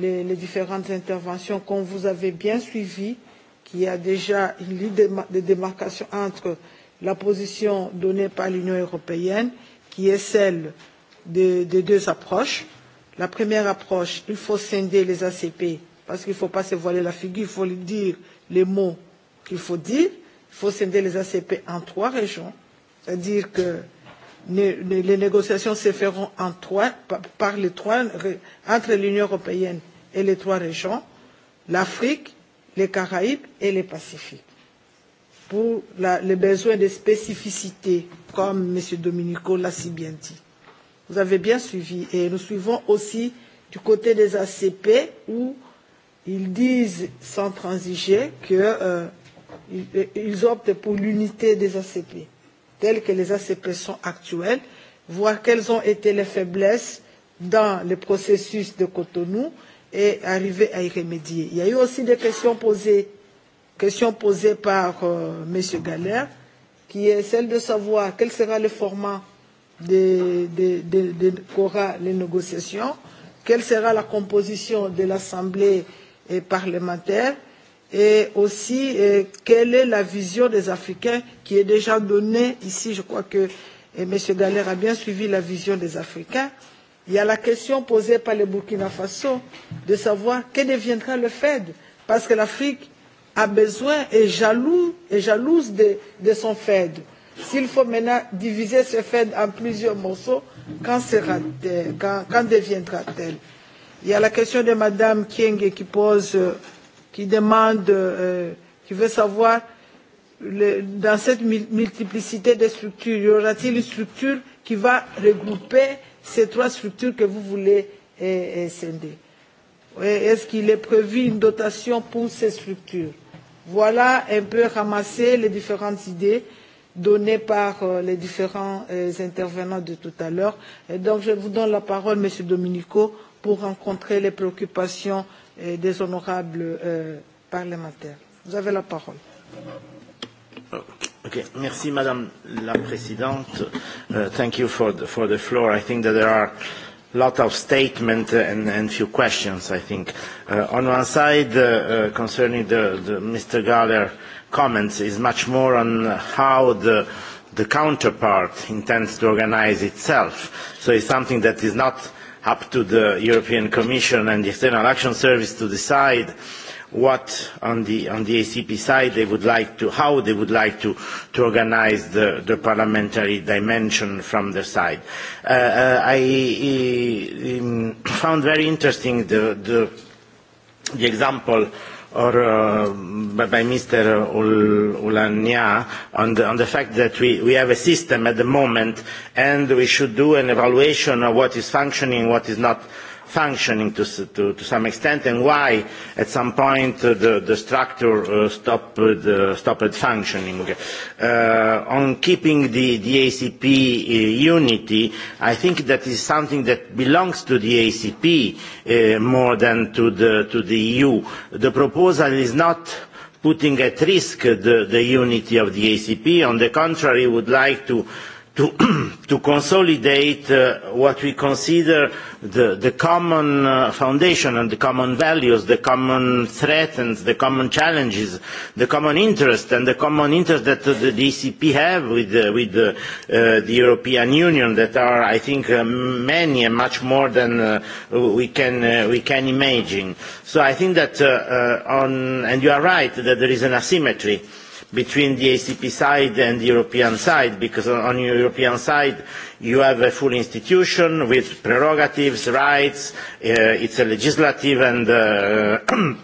Speaker 1: les, les différentes interventions qu'on vous avez bien suivies, qu'il y a déjà une ligne de démarcation entre la position donnée par l'Union européenne, qui est celle des de deux approches. La première approche, il faut scinder les ACP, parce qu'il ne faut pas se voiler la figure, il faut le dire, les mots qu'il faut dire. Il faut scinder les ACP en trois régions, c'est-à-dire que les négociations se feront en trois, par les trois, entre l'Union européenne et les trois régions, l'Afrique, les Caraïbes et les Pacifiques. Pour la, les besoins de spécificité, comme M. Dominico l'a si bien dit. Vous avez bien suivi et nous suivons aussi du côté des ACP où ils disent sans transiger qu'ils euh, optent pour l'unité des ACP, telles que les ACP sont actuelles, voir quelles ont été les faiblesses dans le processus de Cotonou et arriver à y remédier. Il y a eu aussi des questions posées, questions posées par euh, M. Galère, qui est celle de savoir quel sera le format de, de, de, de, qu'aura les négociations, quelle sera la composition de l'Assemblée euh, parlementaire et aussi quelle est la vision des Africains qui est déjà donnée ici. Je crois que M. Galère a bien suivi la vision des Africains. Il y a la question posée par le Burkina Faso de savoir que deviendra le Fed parce que l'Afrique a besoin et jaloux, est jalouse de, de son Fed. S'il faut maintenant diviser ce Fed en plusieurs morceaux, quand, quand, quand deviendra-t-elle Il y a la question de Madame Kieng qui pose, qui demande, euh, qui veut savoir le, dans cette multiplicité de structures, y aura-t-il une structure qui va regrouper ces trois structures que vous voulez eh, scinder Est-ce qu'il est prévu une dotation pour ces structures Voilà un peu ramasser les différentes idées donnés par les différents intervenants de tout à l'heure. donc, je vous donne la parole, Monsieur Dominico, pour rencontrer les préoccupations des honorables parlementaires. Vous avez la parole.
Speaker 3: Okay. Merci, Madame la Présidente. Uh, thank you for the, for the floor. I think that there are a lot of statements and, and few questions, I think. Uh, on one side, uh, uh, concerning the, the Mr. Galler comments is much more on how the, the counterpart intends to organize itself. So it's something that is not up to the European Commission and the External Action Service to decide what on the, on the ACP side they would like to, how they would like to, to organize the, the parliamentary dimension from their side. Uh, I found very interesting the, the, the example or uh, by Mr. Ulania on the, on the fact that we, we have a system at the moment and we should do an evaluation of what is functioning, what is not functioning functioning to, to, to some extent and why at some point uh, the, the structure uh, stopped, uh, stopped functioning. Uh, on keeping the, the ACP uh, unity, I think that is something that belongs to the ACP uh, more than to the, to the EU. The proposal is not putting at risk the, the unity of the ACP. On the contrary, would like to uh, to consolidate what we consider the the common foundation and the common values, the common threats and the common challenges, the common interest and the common interest that the DCP have with the European Union that are, I think, many and much more than we can imagine. So I think that on... And you are right, that there is an asymmetry between the ACP side and the European side, because on the European side you have a full institution with prerogatives, rights, uh, it's a legislative and uh,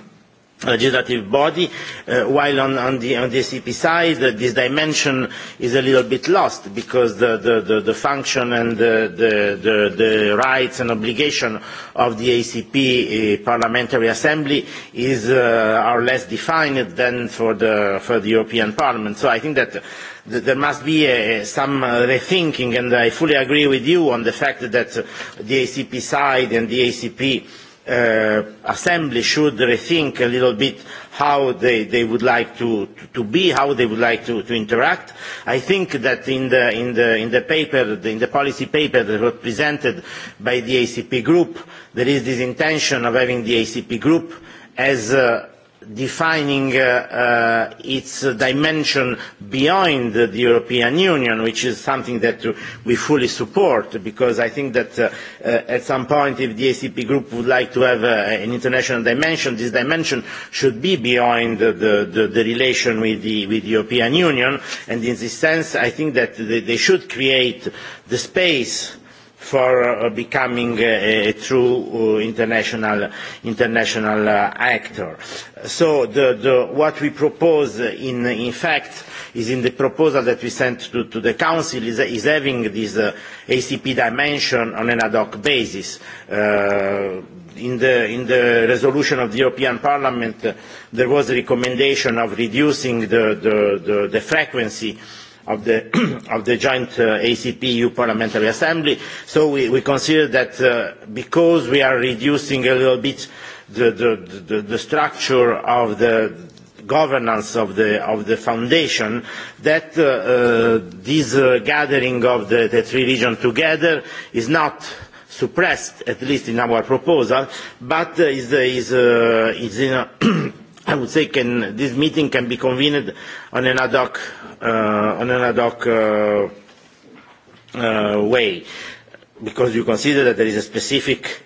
Speaker 3: legislative body, while on, on, the, on the CP side, this dimension is a little bit lost because the, the, the, the function and the, the, the, the rights and obligation of the ACP Parliamentary Assembly is, uh, are less defined than for the, for the European Parliament. So I think that there must be some rethinking, and I fully agree with you on the fact that the ACP side and the ACP uh, assembly should rethink a little bit how they, they would like to, to, to be, how they would like to, to interact. I think that in the, in, the, in the paper, in the policy paper that was presented by the ACP group, there is this intention of having the ACP group as uh, defining uh, uh, its dimension beyond the European Union, which is something that we fully support, because I think that uh, uh, at some point, if the ACP group would like to have uh, an international dimension, this dimension should be beyond the, the, the relation with the, with the European Union, and in this sense, I think that they, they should create the space for becoming a, true international, international actor. So the, the, what we propose in, in fact is in the proposal that we sent to, to the Council is, is having this uh, ACP dimension on an ad hoc basis. Uh, in, the, in the resolution of the European Parliament uh, there was a recommendation of reducing the, the, the, the frequency uh, of the, of the joint uh, ACP-EU Parliamentary Assembly. So we, we consider that uh, because we are reducing a little bit the, the, the, the structure of the governance of the, of the foundation, that uh, uh, this uh, gathering of the, the three regions together is not suppressed, at least in our proposal, but is, is, uh, is in a I would say can, this meeting can be convened on an ad hoc, uh, on an ad hoc uh, uh, way, because you consider that there is a specific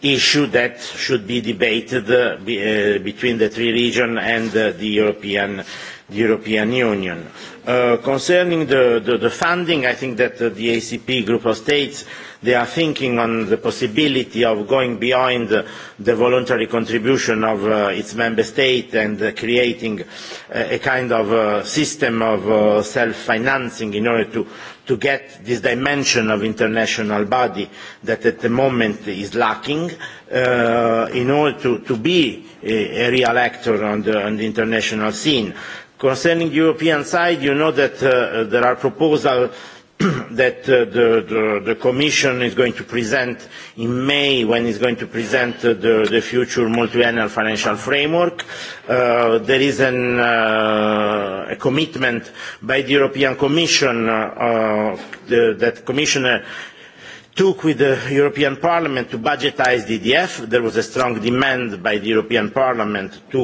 Speaker 3: issue that should be debated uh, be, uh, between the three regions and uh, the European, the European Union Concerning the, the, the funding, I think that uh, the ACP group of states, they are thinking on the possibility of going beyond uh, the voluntary contribution of uh, its member state and uh, creating uh, a kind of uh, system of uh, self-financing in order to, to get this dimension of international body that at the moment is lacking uh, in order to, to be a, a real actor on the, on the international scene. Concerning European side, you know that uh, there are proposals that uh, the, the, the Commission is going to present in May when it's going to present uh, the, the future multi-annual financial framework. Uh, there is an, uh, a commitment by the European Commission uh, uh, the, that Commissioner took with the European Parliament to budgetise DDF. There was a strong demand by the European Parliament to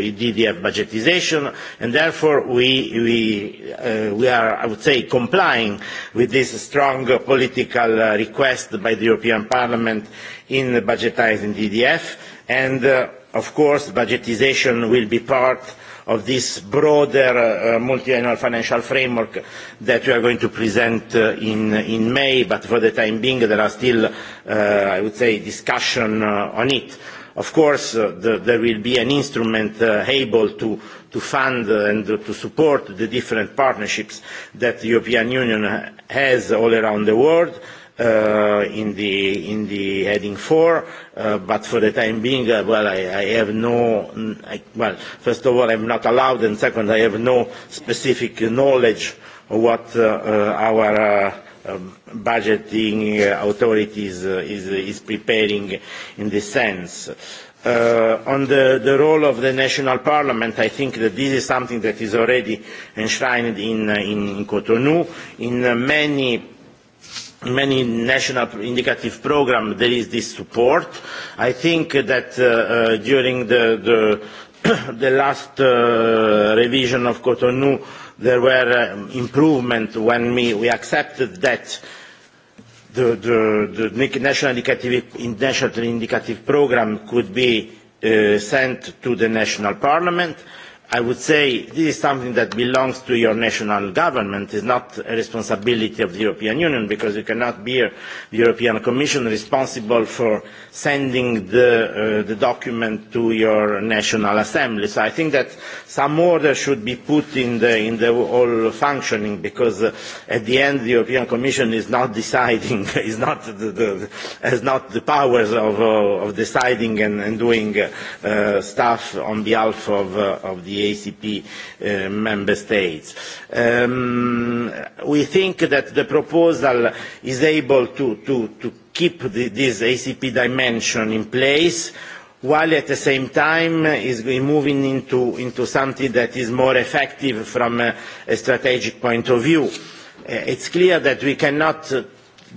Speaker 3: DDF budgetisation, and therefore we, are, I would say, complying with this strong political request by the European Parliament in budgetising DDF, and of course budgetisation will be part of this broader uh, multi-annual financial framework that we are going to present uh, in, in May, but for the time being there are still, uh, I would say, discussion uh, on it. Of course, uh, the, there will be an instrument uh, able to, to fund and to support the different partnerships that the European Union has all around the world in the in the heading four. Uh, but for the time being, uh, well, I, I have no. I, well, first of all, I'm not allowed, and second, I have no specific knowledge of what uh, uh, our. Uh, budgeting authorities uh, is, is preparing in this sense. Uh, on the, the role of the national parliament, I think that this is something that is already enshrined in, uh, in, in Cotonou. In uh, many many national indicative programmes there is this support. I think that uh, uh, during the, the, the last uh, revision of Cotonou there were uh, improvements when we, we accepted that the, the, the national indicative, national indicative program could be uh, sent to the national parliament I would say this is something that belongs to your national government, is not a responsibility of the European Union, because you cannot be the European Commission responsible for sending the, uh, the document to your national assembly. So I think that some order should be put in the, in the whole functioning, because uh, at the end the European Commission is not deciding, is not the, the, has not the powers of, uh, of deciding and, and doing uh, stuff on behalf of, uh, of the ACP uh, member states. Um, we think that the proposal is able to, to, to keep the, this ACP dimension in place while at the same time is moving into, into something that is more effective from a, a strategic point of view. It's clear that we cannot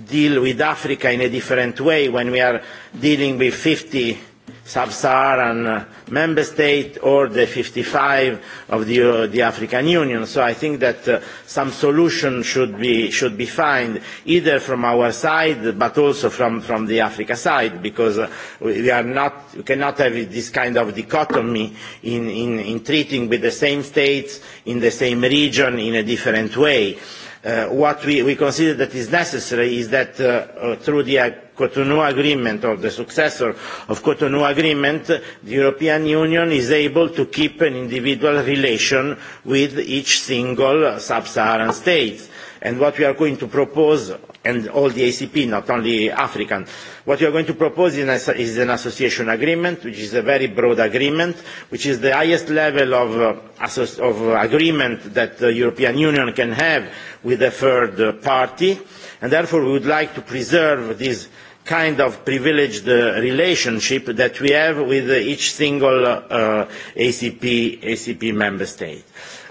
Speaker 3: deal with Africa in a different way when we are dealing with 50 sub-Saharan member state or the 55 of the, uh, the African Union. So I think that uh, some solution should be, should be found either from our side but also from, from the Africa side because uh, we, are not, we cannot have this kind of dichotomy in, in, in treating with the same states in the same region in a different way. Uh, what we, we consider that is necessary is that uh, through the Cotonou Agreement or the successor of Cotonou Agreement, the European Union is able to keep an individual relation with each single sub-Saharan state. And what we are going to propose and all the ACP, not only African. What we are going to propose is an association agreement, which is a very broad agreement, which is the highest level of, uh, of agreement that the European Union can have with a third party, and therefore we would like to preserve this kind of privileged uh, relationship that we have with uh, each single uh, ACP, ACP member state.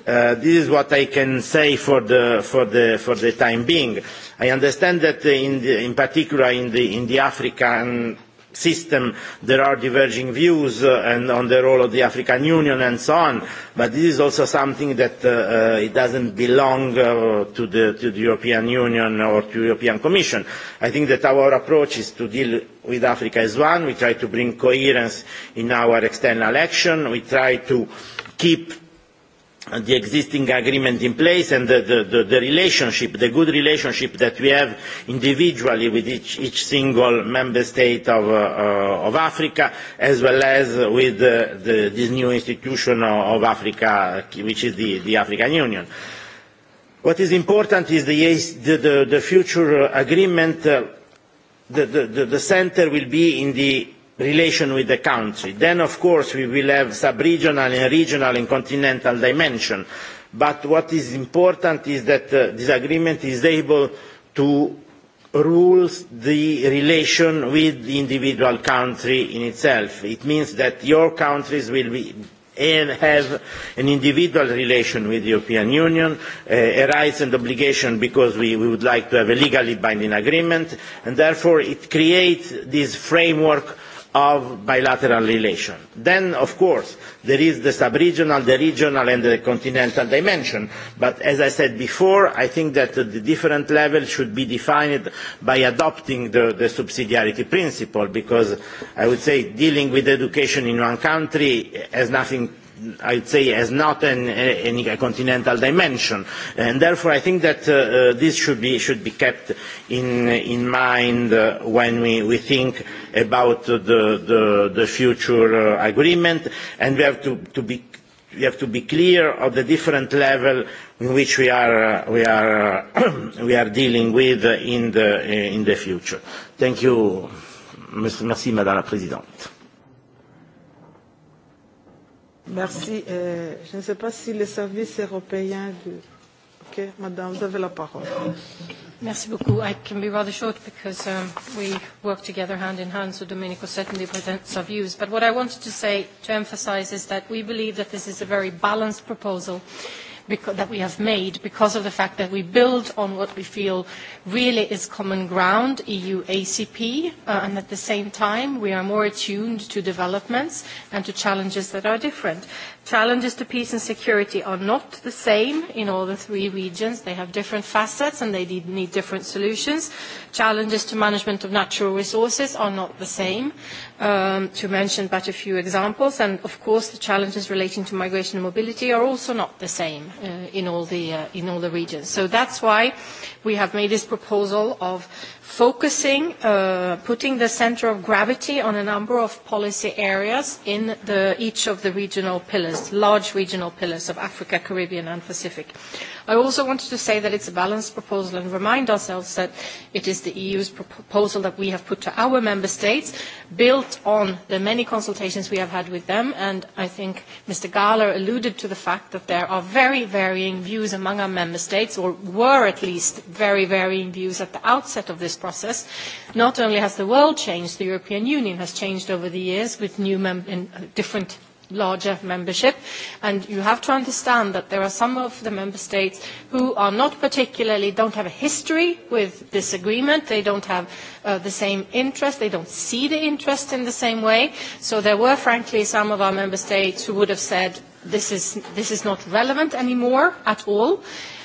Speaker 3: Uh, this is what I can say for the, for the, for the time being. I understand that in, the, in particular in the, in the African system there are diverging views uh, and on the role of the African Union and so on but this is also something that uh, uh, it doesn't belong uh, to, the, to the European Union or to the European Commission. I think that our approach is to deal with Africa as one. We try to bring coherence in our external action. We try to keep the existing agreement in place and the, the, the, the relationship, the good relationship that we have individually with each, each single member state of, uh, uh, of Africa, as well as with the, the, this new institution of Africa, which is the, the African Union. What is important is the, the, the, the future agreement. Uh, the, the, the center will be in the relation with the country. Then, of course, we will have sub-regional and regional and continental dimension. But what is important is that this agreement is able to rule the relation with the individual country in itself. It means that your countries will be and have an individual relation with the European Union, uh, a rights and obligation because we, we would like to have a legally binding agreement, and therefore it creates this framework of bilateral relations. Then, of course, there is the sub-regional, the regional, and the continental dimension. But as I said before, I think that the different levels should be defined by adopting the, the subsidiarity principle, because I would say dealing with education in one country has nothing I would say has not an, a, a continental dimension. And therefore, I think that uh, uh, this should be, should be kept in, in mind uh, when we, we think about the, the, the future uh, agreement. And we have to, to be we have to be clear of the different level in which we are, uh, we are, uh, we are dealing with in the, uh, in the future. Thank you. Merci, Madame la Présidente.
Speaker 1: Merci. Euh, je ne sais pas si le service européen de... Ok, madame, vous avez la parole.
Speaker 4: Merci beaucoup. I can be rather short because um, we work together hand in hand, so Domenico certainly presents our views. But what I wanted to say, to emphasize, is that we believe that this is a very balanced proposal that we have made because of the fact that we build on what we feel really is common ground, EU ACP, uh, and at the same time we are more attuned to developments and to challenges that are different. Challenges to peace and security are not the same in all the three regions. They have different facets and they need different solutions. Challenges to management of natural resources are not the same, um, to mention but a few examples. And of course, the challenges relating to migration and mobility are also not the same uh, in, all the, uh, in all the regions. So that's why we have made this proposal of focusing, uh, putting the center of gravity on a number of policy areas in the, each of the regional pillars, large regional pillars of Africa, Caribbean and Pacific. I also wanted to say that it's a balanced proposal and remind ourselves that it is the EU's proposal that we have put to our member states, built on the many consultations we have had with them. And I think Mr. Gahler alluded to the fact that there are very varying views among our member states, or were at least very varying views at the outset of this process. Not only has the world changed, the European Union has changed over the years with new mem- different larger membership. And you have to understand that there are some of the member states who are not particularly, don't have a history with this agreement. They don't have uh, the same interest. They don't see the interest in the same way. So there were, frankly, some of our member states who would have said, this is, this is not relevant anymore at all,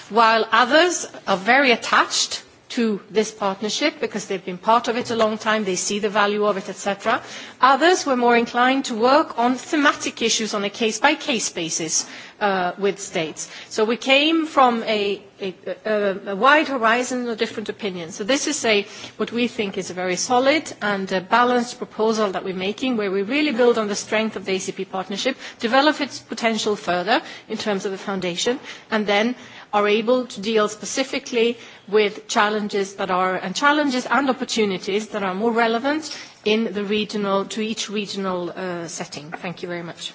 Speaker 4: while others are very attached to this partnership because they've been part of it a long time, they see the value of it, etc. Others were more inclined to work on thematic issues on a case-by-case basis uh, with states. So we came from a, a, a, a wide horizon of different opinions. So this is a, what we think is a very solid and a balanced proposal that we're making where we really build on the strength of the ACP partnership, develop its potential further in terms of the foundation, and then are able to deal specifically with challenges that are and challenges and opportunities that are more relevant in the regional to each regional uh, setting. Thank you very much.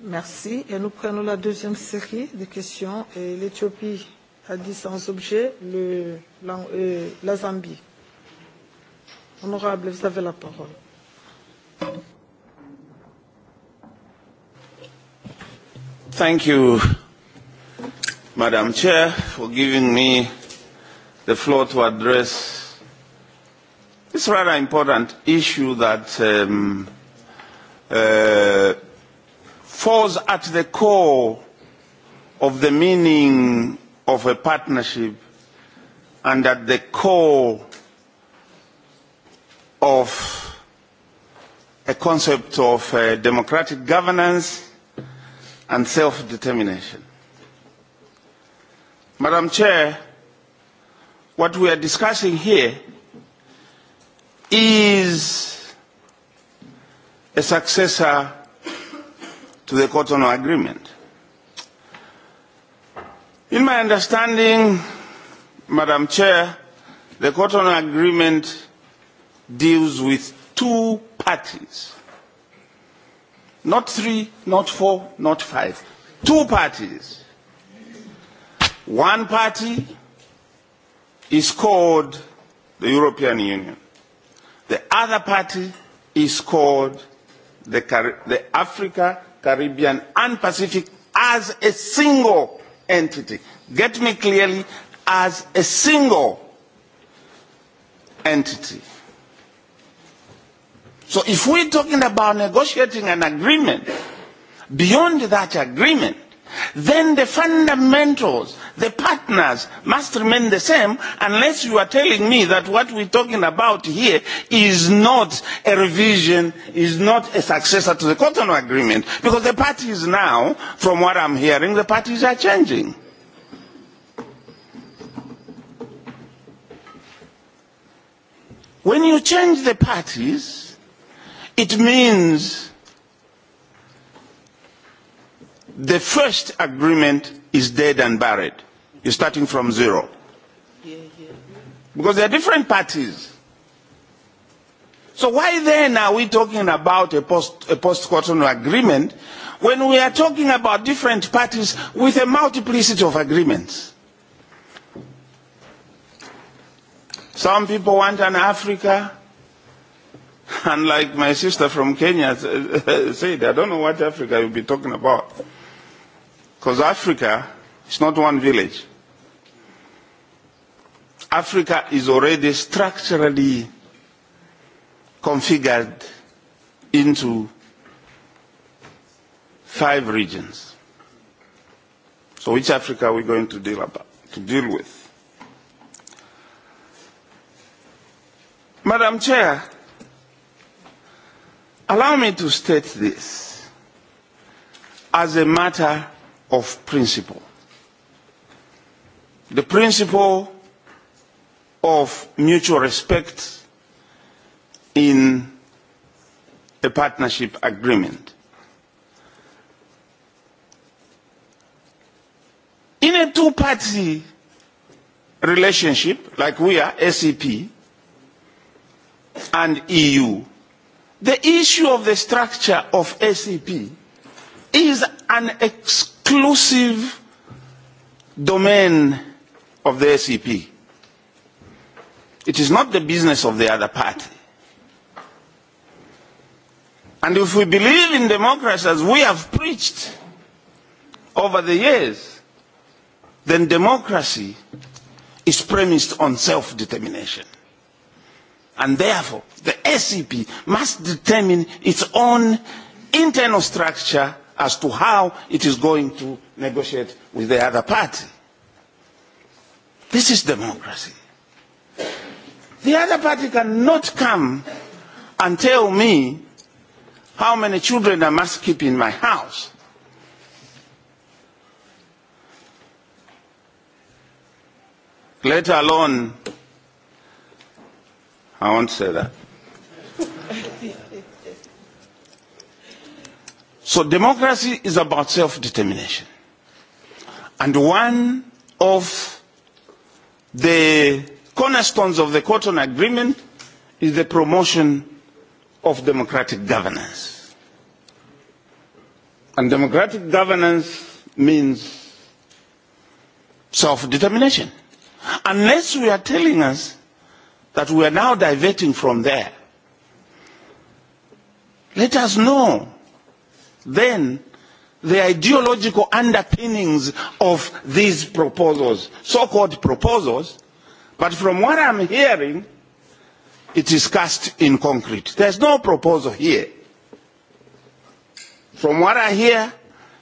Speaker 4: Merci. Et nous prenons la
Speaker 1: deuxième série de questions. Et L'Éthiopie a dit sans objet le, la, euh, la Zambie. Honorable, vous avez la parole.
Speaker 10: Thank
Speaker 11: you, Madam Chair, for giving me the floor to address this rather important issue that um, uh, falls at the core of the meaning of a partnership and at the core of a concept of uh, democratic governance and self-determination. Madam Chair, what we are discussing here is a successor to the Cotonou Agreement. In my understanding, Madam Chair, the Cotonou Agreement deals with two parties Not three, not four, not five. Two parties. One party is called the European Union. The other party is called the, Car- the Africa, Caribbean and Pacific as a single entity. Get me clearly, as a single entity. So if we're talking about negotiating an agreement, beyond that agreement, then the fundamentals, the partners must remain the same unless you are telling me that what we're talking about here is not a revision, is not a successor to the Cotonou Agreement. Because the parties now, from what I'm hearing, the parties are changing. When you change the parties, It means the first agreement is dead and buried. You're starting from zero. Because there are different parties. So why then are we talking about a post a post Cotonou agreement when we are talking about different parties with a multiplicity of agreements? Some people want an Africa And like my sister from Kenya said, I don't know what Africa you'll be talking about. Because Africa is not one village. Africa is already structurally configured into five regions. So which Africa are we going to deal, about, to deal with? Madam Chair, Allow me to state this as a matter of principle. The principle of mutual respect in a partnership agreement. In a two-party relationship like we are, SEP and EU, The issue of the structure of SEP is an
Speaker 8: exclusive
Speaker 11: domain of the SEP. It is not the business of the other party. And if we believe in democracy as we have preached over the years, then democracy is premised on self-determination. And therefore, the SCP must determine its own internal structure as to how it is going to negotiate with the other party. This is democracy. The other party cannot come and tell me how many children I must keep in my house. Let alone I won't say that. so democracy is about self-determination. And one of the cornerstones of the Cotton Agreement is the promotion of democratic governance. And democratic governance means self-determination. Unless we are telling us that we are now diverting from there. Let us know then the ideological underpinnings of these proposals, so-called proposals, but from what I'm hearing, it is cast in concrete. There's no proposal here. From what I hear,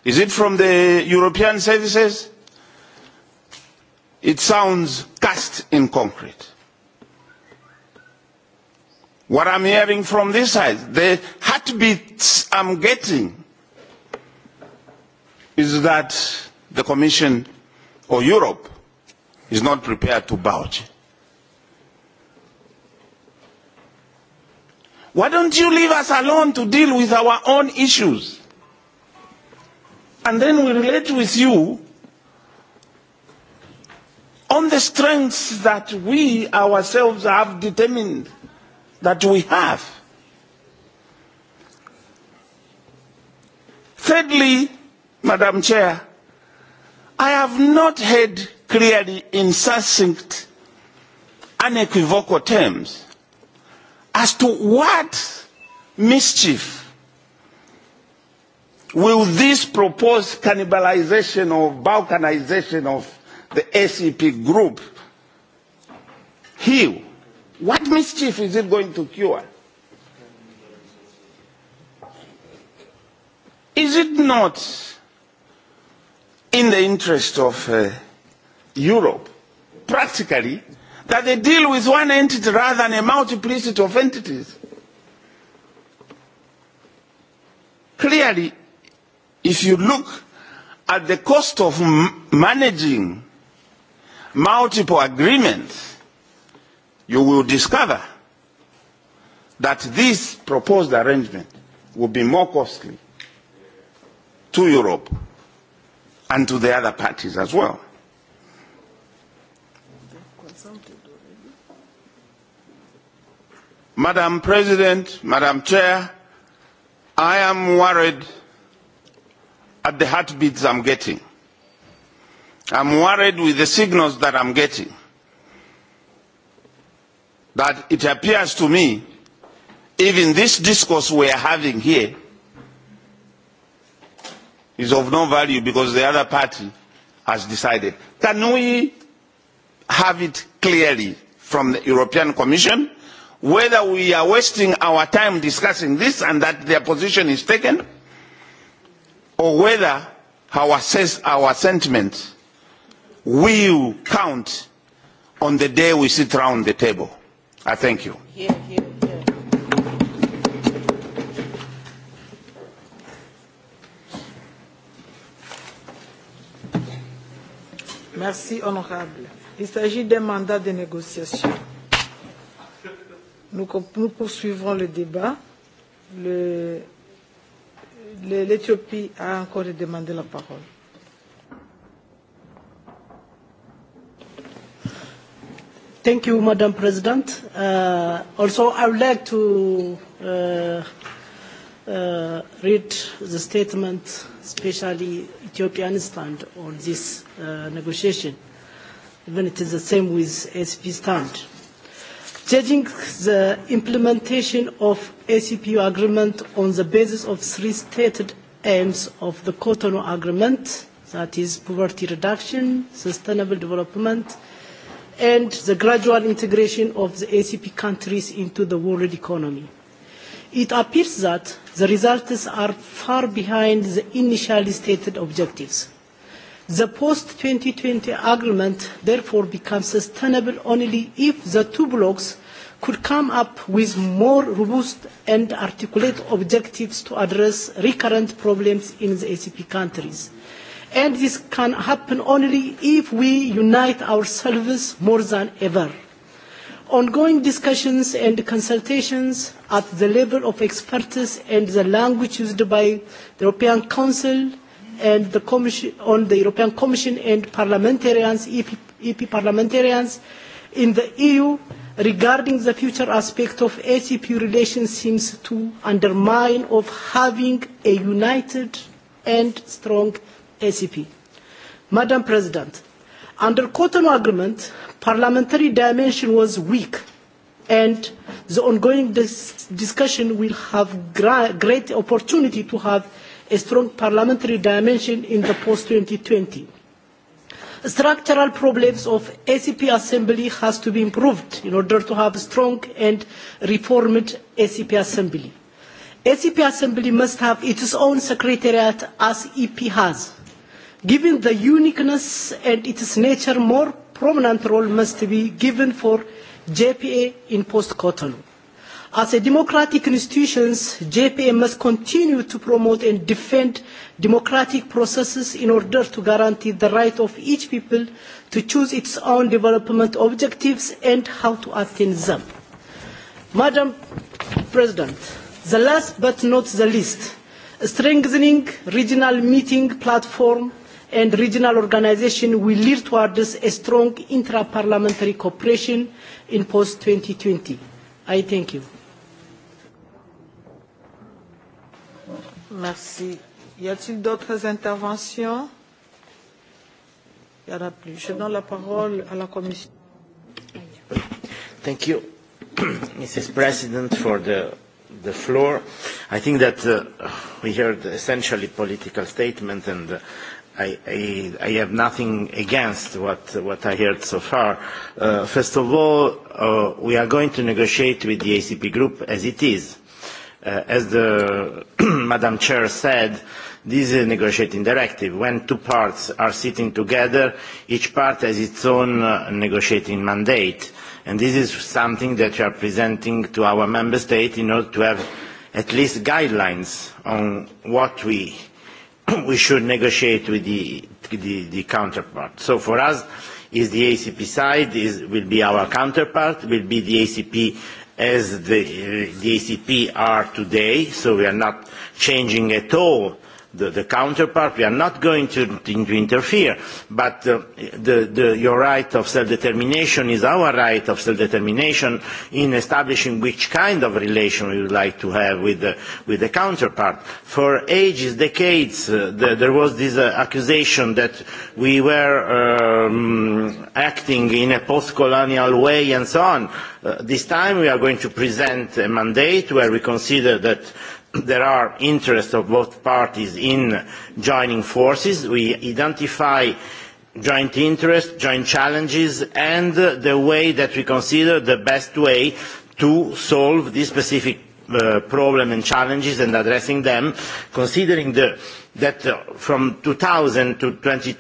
Speaker 11: is it from the European services? It sounds cast in concrete. What I'm hearing from this side, the heartbeats I'm getting is that the Commission or Europe is not prepared to budge. Why don't you leave us alone to deal with our own issues? And then we relate with you on the strengths that we ourselves have determined that we have. Thirdly, Madam Chair, I have not heard clearly in succinct, unequivocal terms as to what mischief will this proposed cannibalization or balkanization of the ACP group heal? What mischief is it going to cure? Is it not in the interest of uh, Europe, practically, that they deal with one entity rather than a multiplicity of entities? Clearly, if you look at the cost of m- managing multiple agreements, you will discover that this proposed arrangement will be more costly to Europe and to the other parties as well. Madam President, Madam Chair, I am worried at the heartbeats I'm getting. I'm worried with the signals that I'm getting that it appears to me, even this discourse we are having here, is of no value because the other party has decided. Can we have it clearly from the European Commission whether we are wasting our time discussing this and that their position is taken, or whether our, ses- our sentiment will count on the day we sit round the table? I thank you.
Speaker 1: Merci, honorable. Il s'agit d'un mandat de négociation. Nous, nous poursuivrons le débat. L'Éthiopie a encore demandé la parole.
Speaker 2: Thank you, Madam President. Uh, also, I would like to uh, uh, read the statement, especially Ethiopian stand on this uh, negotiation, even it is the same with ACP stand. Judging the implementation of ACPU agreement on the basis of three stated aims of the Cotonou agreement, that is poverty reduction, sustainable development, and the gradual integration of the ACP countries into the world economy. It appears that the results are far behind the initially stated objectives. The post-2020 agreement therefore becomes sustainable only if the two blocs could come up with more robust and articulate objectives to address recurrent problems in the ACP countries – And this can happen only if we unite ourselves more than ever. Ongoing discussions and consultations at the level of experts and the language used by the European Council and the Commission, on the European Commission and parliamentarians, EP, EP parliamentarians in the EU regarding the future aspect of ACP relations seems to undermine of having a united and strong ACP. Madam President, under Cotonou Agreement, parliamentary dimension was weak and the ongoing dis discussion will have great opportunity to have a strong parliamentary dimension in the post-2020. Structural problems of ACP Assembly has to be improved in order to have a strong and reformed ACP Assembly. ACP Assembly must have its own secretariat as EP has Given the uniqueness and its nature, more prominent role must be given for JPA in post-Cotonou. As a democratic institution, JPA must continue to promote and defend democratic processes in order to guarantee the right of each people to choose its own development objectives and how to attain them. Madam President, the last but not the least, strengthening regional meeting platform and regional organisation will lead towards a strong intra-parliamentary cooperation in post-2020. I thank you.
Speaker 1: Merci. Y a-t-il d'autres interventions Il n'y en a plus. Je donne la parole à la Commission.
Speaker 3: Thank you, Mrs. President, for the the floor. I think that uh, we heard essentially political statements and uh, I, I, I have nothing against what, what I heard so far. Uh, first of all, uh, we are going to negotiate with the ACP group as it is. Uh, as the Madam Chair said, this is a negotiating directive. When two parts are sitting together, each part has its own uh, negotiating mandate. And this is something that we are presenting to our member state in order to have at least guidelines on what we we should negotiate with the, the, the counterpart. So for us, is the ACP side is, will be our counterpart, will be the ACP as the, uh, the ACP are today. So we are not changing at all the, the counterpart. We are not going to, to, interfere, but uh, the, the, your right of self-determination is our right of self-determination in establishing which kind of relation we would like to have with the, with the counterpart. For ages, decades, uh, the, there was this uh, accusation that we were um, acting in a post-colonial way and so on. Uh, this time we are going to present a mandate where we consider that there are interests of both parties in joining forces. We identify joint interests, joint challenges, and the way that we consider the best way to solve these specific problem and challenges and addressing them, considering that from two thousand to twenty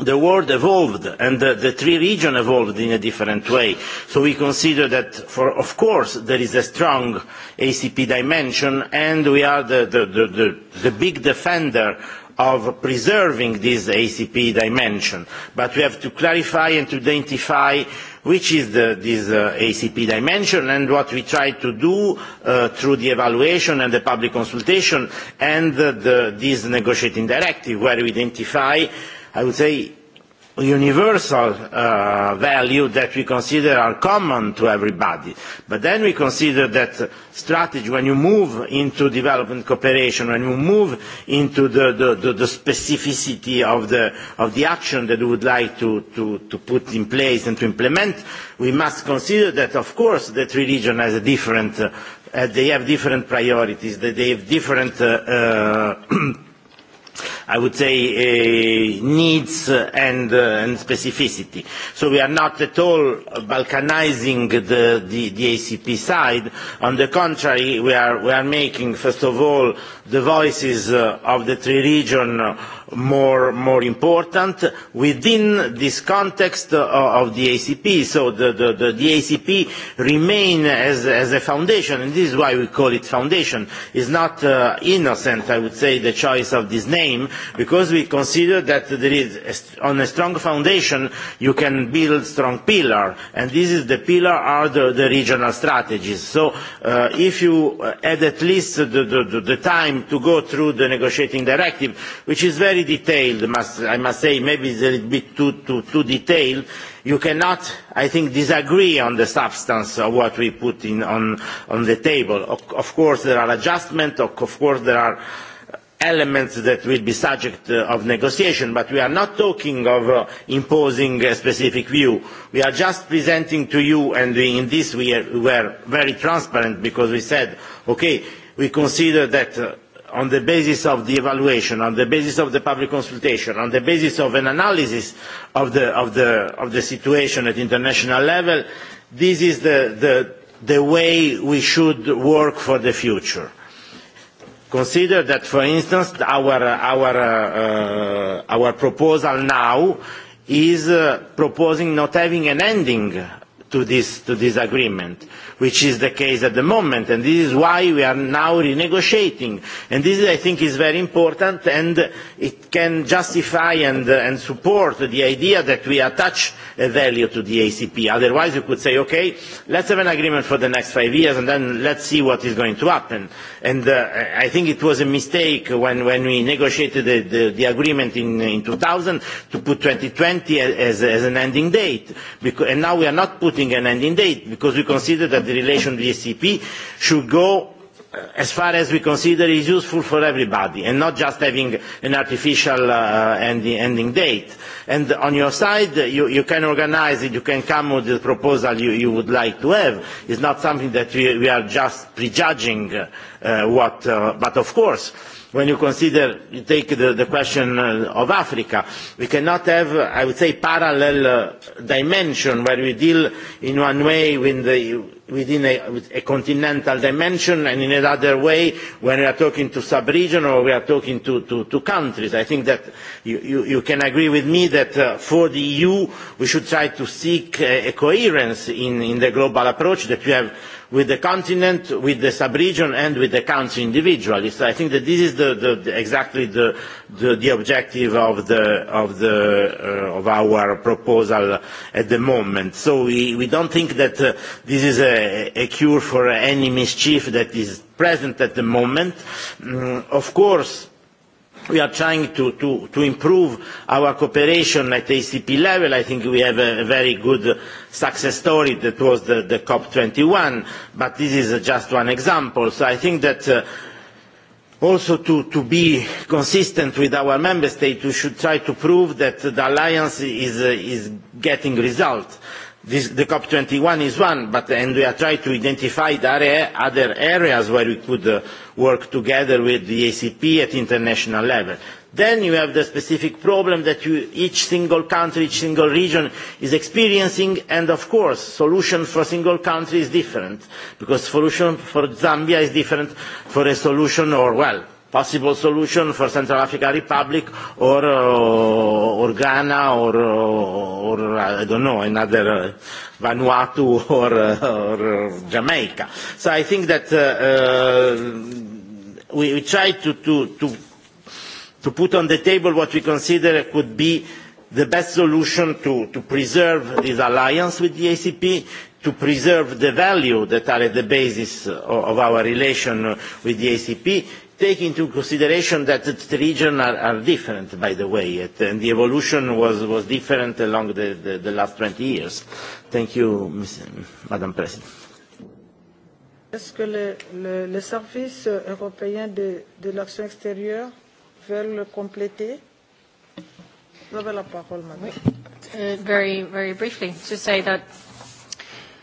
Speaker 3: the world evolved and the, the three regions evolved in a different way. So we consider that, for, of course, there is a strong ACP dimension and we are the, the, the, the, the big defender of preserving this ACP dimension. But we have to clarify and to identify which is the, this uh, ACP dimension and what we try to do uh, through the evaluation and the public consultation and the, the, this negotiating directive where we identify I would say, universal uh, value that we consider are common to everybody. But then we consider that strategy, when you move into development cooperation, when you move into the, the, the, the specificity of the, of the action that we would like to, to, to put in place and to implement, we must consider that, of course, that religion has a different, uh, they have different priorities, that they have different uh, uh, I would say, uh, needs and, uh, and specificity. So we are not at all balkanizing the, the, the ACP side. On the contrary, we are, we are making, first of all, the voices uh, of the three regions uh, more, more important within this context of the ACP. So the, the, the, the ACP remain as, as a foundation, and this is why we call it foundation. It's not uh, innocent, I would say, the choice of this name, because we consider that there is, on a strong foundation, you can build strong pillar, and this is the pillar are the, the regional strategies. So uh, if you add at least the, the, the time to go through the negotiating directive, which is very very detailed, must, I must say, maybe it's a little bit too, too, too detailed. You cannot, I think, disagree on the substance of what we put in, on, on the table. Of, of course, there are adjustments, of, of course, there are elements that will be subject uh, of negotiation, but we are not talking of uh, imposing a specific view. We are just presenting to you, and we, in this we, are, we were very transparent because we said, okay, we consider that uh, on the basis of the evaluation, on the basis of the public consultation, on the basis of an analysis of the, of the, of the situation at international level, this is the, the, the way we should work for the future. Consider that, for instance, our, our, uh, our proposal now is uh, proposing not having an ending to this, to this agreement, which is the case at the moment. And this is why we are now renegotiating. And this, I think, is very important, and it can justify and, uh, and support the idea that we attach a value to the ACP. Otherwise, you could say, okay, let's have an agreement for the next five years, and then let's see what is going to happen. And uh, I think it was a mistake when, when we negotiated the, the, the agreement in, in 2000 to put 2020 as, as an ending date. Because, and now we are not putting putting an ending date, because we consider that the relation with the ECP should go as far as we consider is useful for everybody and not just having an artificial uh, ending, ending date. And on your side, you, you can organize it, you can come with the proposal you, you would like to have. It's not something that we, we are just prejudging uh, what, uh, but of course, when you consider, you take the, the question uh, of Africa, we cannot have, I would say, parallel uh, dimension where we deal in one way with the, within a, a continental dimension and in another way when we are talking to sub-region or we are talking to, to, to countries. I think that you, you, you can agree with me that uh, for the EU we should try to seek a, a coherence in, in the global approach that we have with the continent, with the sub-region, and with the country individually. So I think that this is the, the, the, exactly the, the, the objective of, the, of, the, uh, of our proposal at the moment. So we, we don't think that uh, this is a, a cure for any mischief that is present at the moment. Mm, of course, we are trying to, to, to improve our cooperation at ACP level. I think we have a, very good success story that was the, the COP21, but this is just one example. So I think that uh, also to, to be consistent with our member states, we should try to prove that the alliance is, uh, is getting results This, the COP21 is one, but and we are trying to identify the other areas where we could uh, work together with the ACP at international level. Then you have the specific problem that you, each single country, each single region is experiencing, and of course, solution for a single country is different, because solution for Zambia is different for a solution or, well, possible solution for Central African Republic or uh, or Ghana or or I don't know another uh, Vanuatu or uh, or Jamaica. So I think that uh, uh, we, we try to, to to to put on the table what we consider could be the best solution to, to preserve this alliance with the ACP, to preserve the value that are at the basis of our relation with the ACP, take into consideration that the regions are, are different, by the way, and the evolution was, was different along the, the, the last 20 years. Thank you, Ms. Madam President.
Speaker 1: Est-ce que le, le, le service européen de, de l'action extérieure veut le compléter Vous avez la parole, madame. Oui.
Speaker 4: Uh, very, very briefly, to say that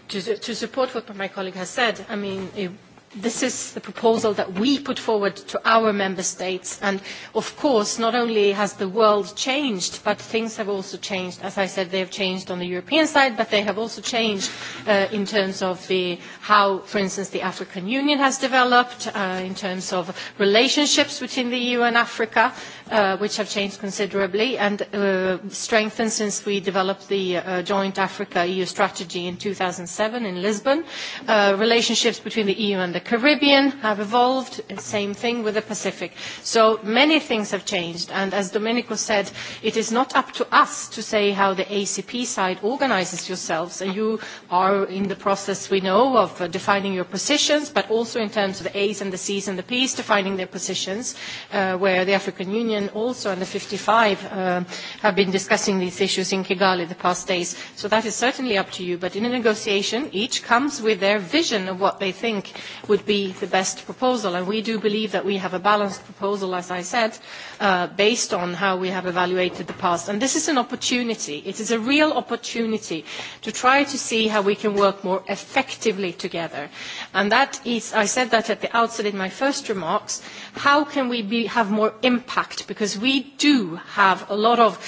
Speaker 4: to, to support what my colleague has said, I mean, it this is the proposal that we put forward to our member states. And of course, not only has the world changed, but things have also changed. As I said, they have changed on the European side, but they have also changed uh, in terms of the, how, for instance, the African Union has developed, uh, in terms of relationships between the EU and Africa, uh, which have changed considerably and uh, strengthened since we developed the uh, joint Africa-EU strategy in 2007 in Lisbon. Uh, relationships between the EU and the Caribbean have evolved, same thing with the Pacific. So many things have changed, and as Domenico said, it is not up to us to say how the ACP side organizes yourselves, and you are in the process, we know, of defining your positions, but also in terms of the A's and the C's and the P's defining their positions, uh, where the African Union also and the 55 uh, have been discussing these issues in Kigali the past days. So that is certainly up to you, but in a negotiation, each comes with their vision of what they think would would be the best proposal. And we do believe that we have a balanced proposal, as I said, uh, based on how we have evaluated the past. And this is an opportunity. It is a real opportunity to try to see how we can work more effectively together. And that is, I said that at the outset in my first remarks, how can we be, have more impact? Because we do have a lot of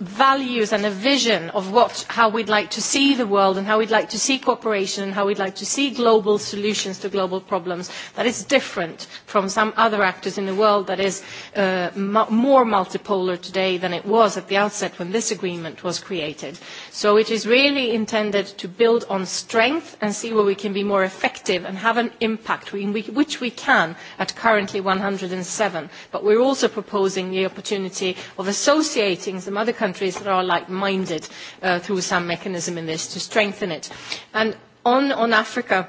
Speaker 4: values and a vision of what, how we'd like to see the world and how we'd like to see cooperation and how we'd like to see global solutions to global problems that is different from some other actors in the world that is uh, more multipolar today than it was at the outset when this agreement was created. So it is really intended to build on strength and see where we can be more effective and have an impact, which we can at currently 107. But we're also proposing the opportunity of associating some other countries countries that are like-minded uh, through some mechanism in this to strengthen it. And on, on Africa,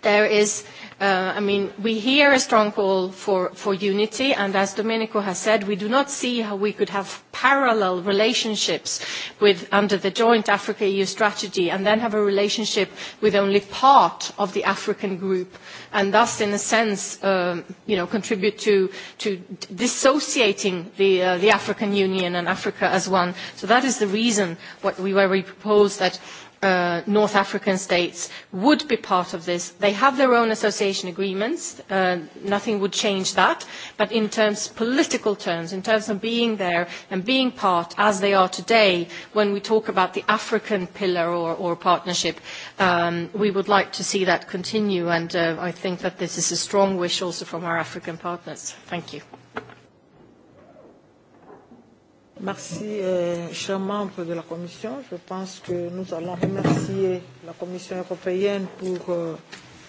Speaker 4: there is I mean, we hear a strong call for, for unity, and as Domenico has said, we do not see how we could have parallel relationships with, under the joint Africa-EU strategy and then have a relationship with only part of the African group and thus, in a sense, um, you know, contribute to, to dissociating the, uh, the African Union and Africa as one. So that is the reason what we, why we propose that uh, North African states would be part of this. They have their own association agreements. Uh, nothing would change that. But in terms, political terms, in terms of being there and being part as they are today, when we talk about the African pillar or, or partnership, um, we would like to see that continue. And uh, I think that this is a strong wish also from our African partners. Thank you.
Speaker 1: Merci, euh, chers membres de la Commission. Je pense que nous allons remercier la Commission européenne pour euh,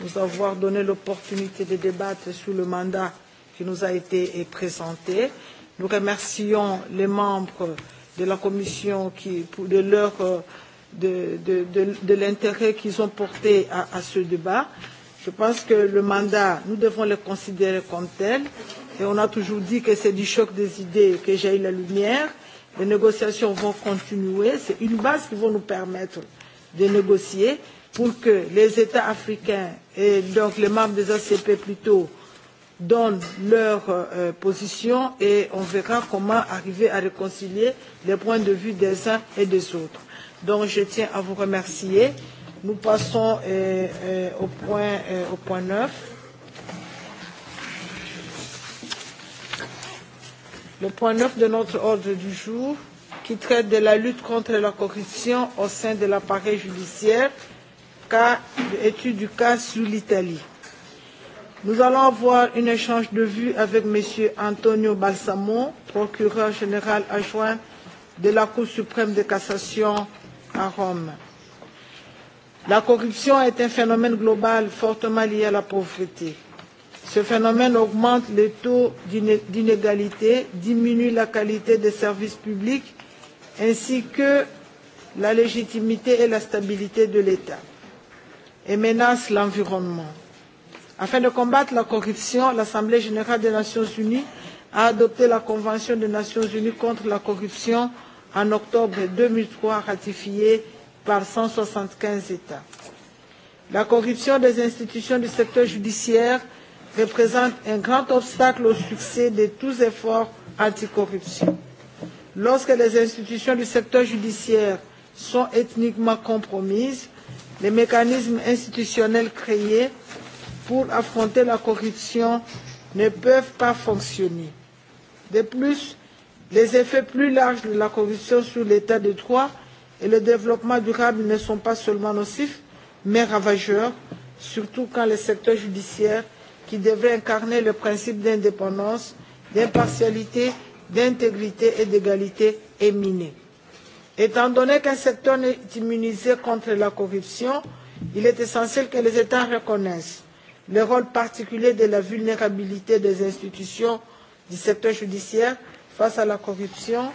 Speaker 1: nous avoir donné l'opportunité de débattre sur le mandat qui nous a été présenté. Nous remercions les membres de la Commission qui, pour, de leur de, de, de, de l'intérêt qu'ils ont porté à, à ce débat. Je pense que le mandat, nous devons le considérer comme tel et on a toujours dit que c'est du choc des idées que j'ai eu la lumière. Les négociations vont continuer. C'est une base qui va nous permettre de négocier pour que les États africains et donc les membres des ACP plutôt donnent leur euh, position et on verra comment arriver à réconcilier les points de vue des uns et des autres. Donc je tiens à vous remercier. Nous passons euh, euh, au, point, euh, au point 9 le point 9 de notre ordre du jour qui traite de la lutte contre la corruption au sein de l'appareil judiciaire, cas, étude du cas sur l'Italie. Nous allons avoir un échange de vues avec M. Antonio Balsamo, procureur général adjoint de la Cour suprême de cassation à Rome. La corruption est un phénomène global fortement lié à la pauvreté. Ce phénomène augmente le taux d'inégalité, diminue la qualité des services publics ainsi que la légitimité et la stabilité de l'État et menace l'environnement. Afin de combattre la corruption, l'Assemblée générale des Nations unies a adopté la Convention des Nations unies contre la corruption en octobre 2003, ratifiée par 175 États. La corruption des institutions du secteur judiciaire représente un grand obstacle au succès de tous efforts anticorruption. Lorsque les institutions du secteur judiciaire sont ethniquement compromises, les mécanismes institutionnels créés pour affronter la corruption ne peuvent pas fonctionner. De plus, les effets plus larges de la corruption sur l'état de droit et le développement durable ne sont pas seulement nocifs, mais ravageurs, surtout quand le secteur judiciaire qui devrait incarner le principe d'indépendance, d'impartialité, d'intégrité et d'égalité est miné. Étant donné qu'un secteur est immunisé contre la corruption, il est essentiel que les États reconnaissent le rôle particulier de la vulnérabilité des institutions du secteur judiciaire face à la corruption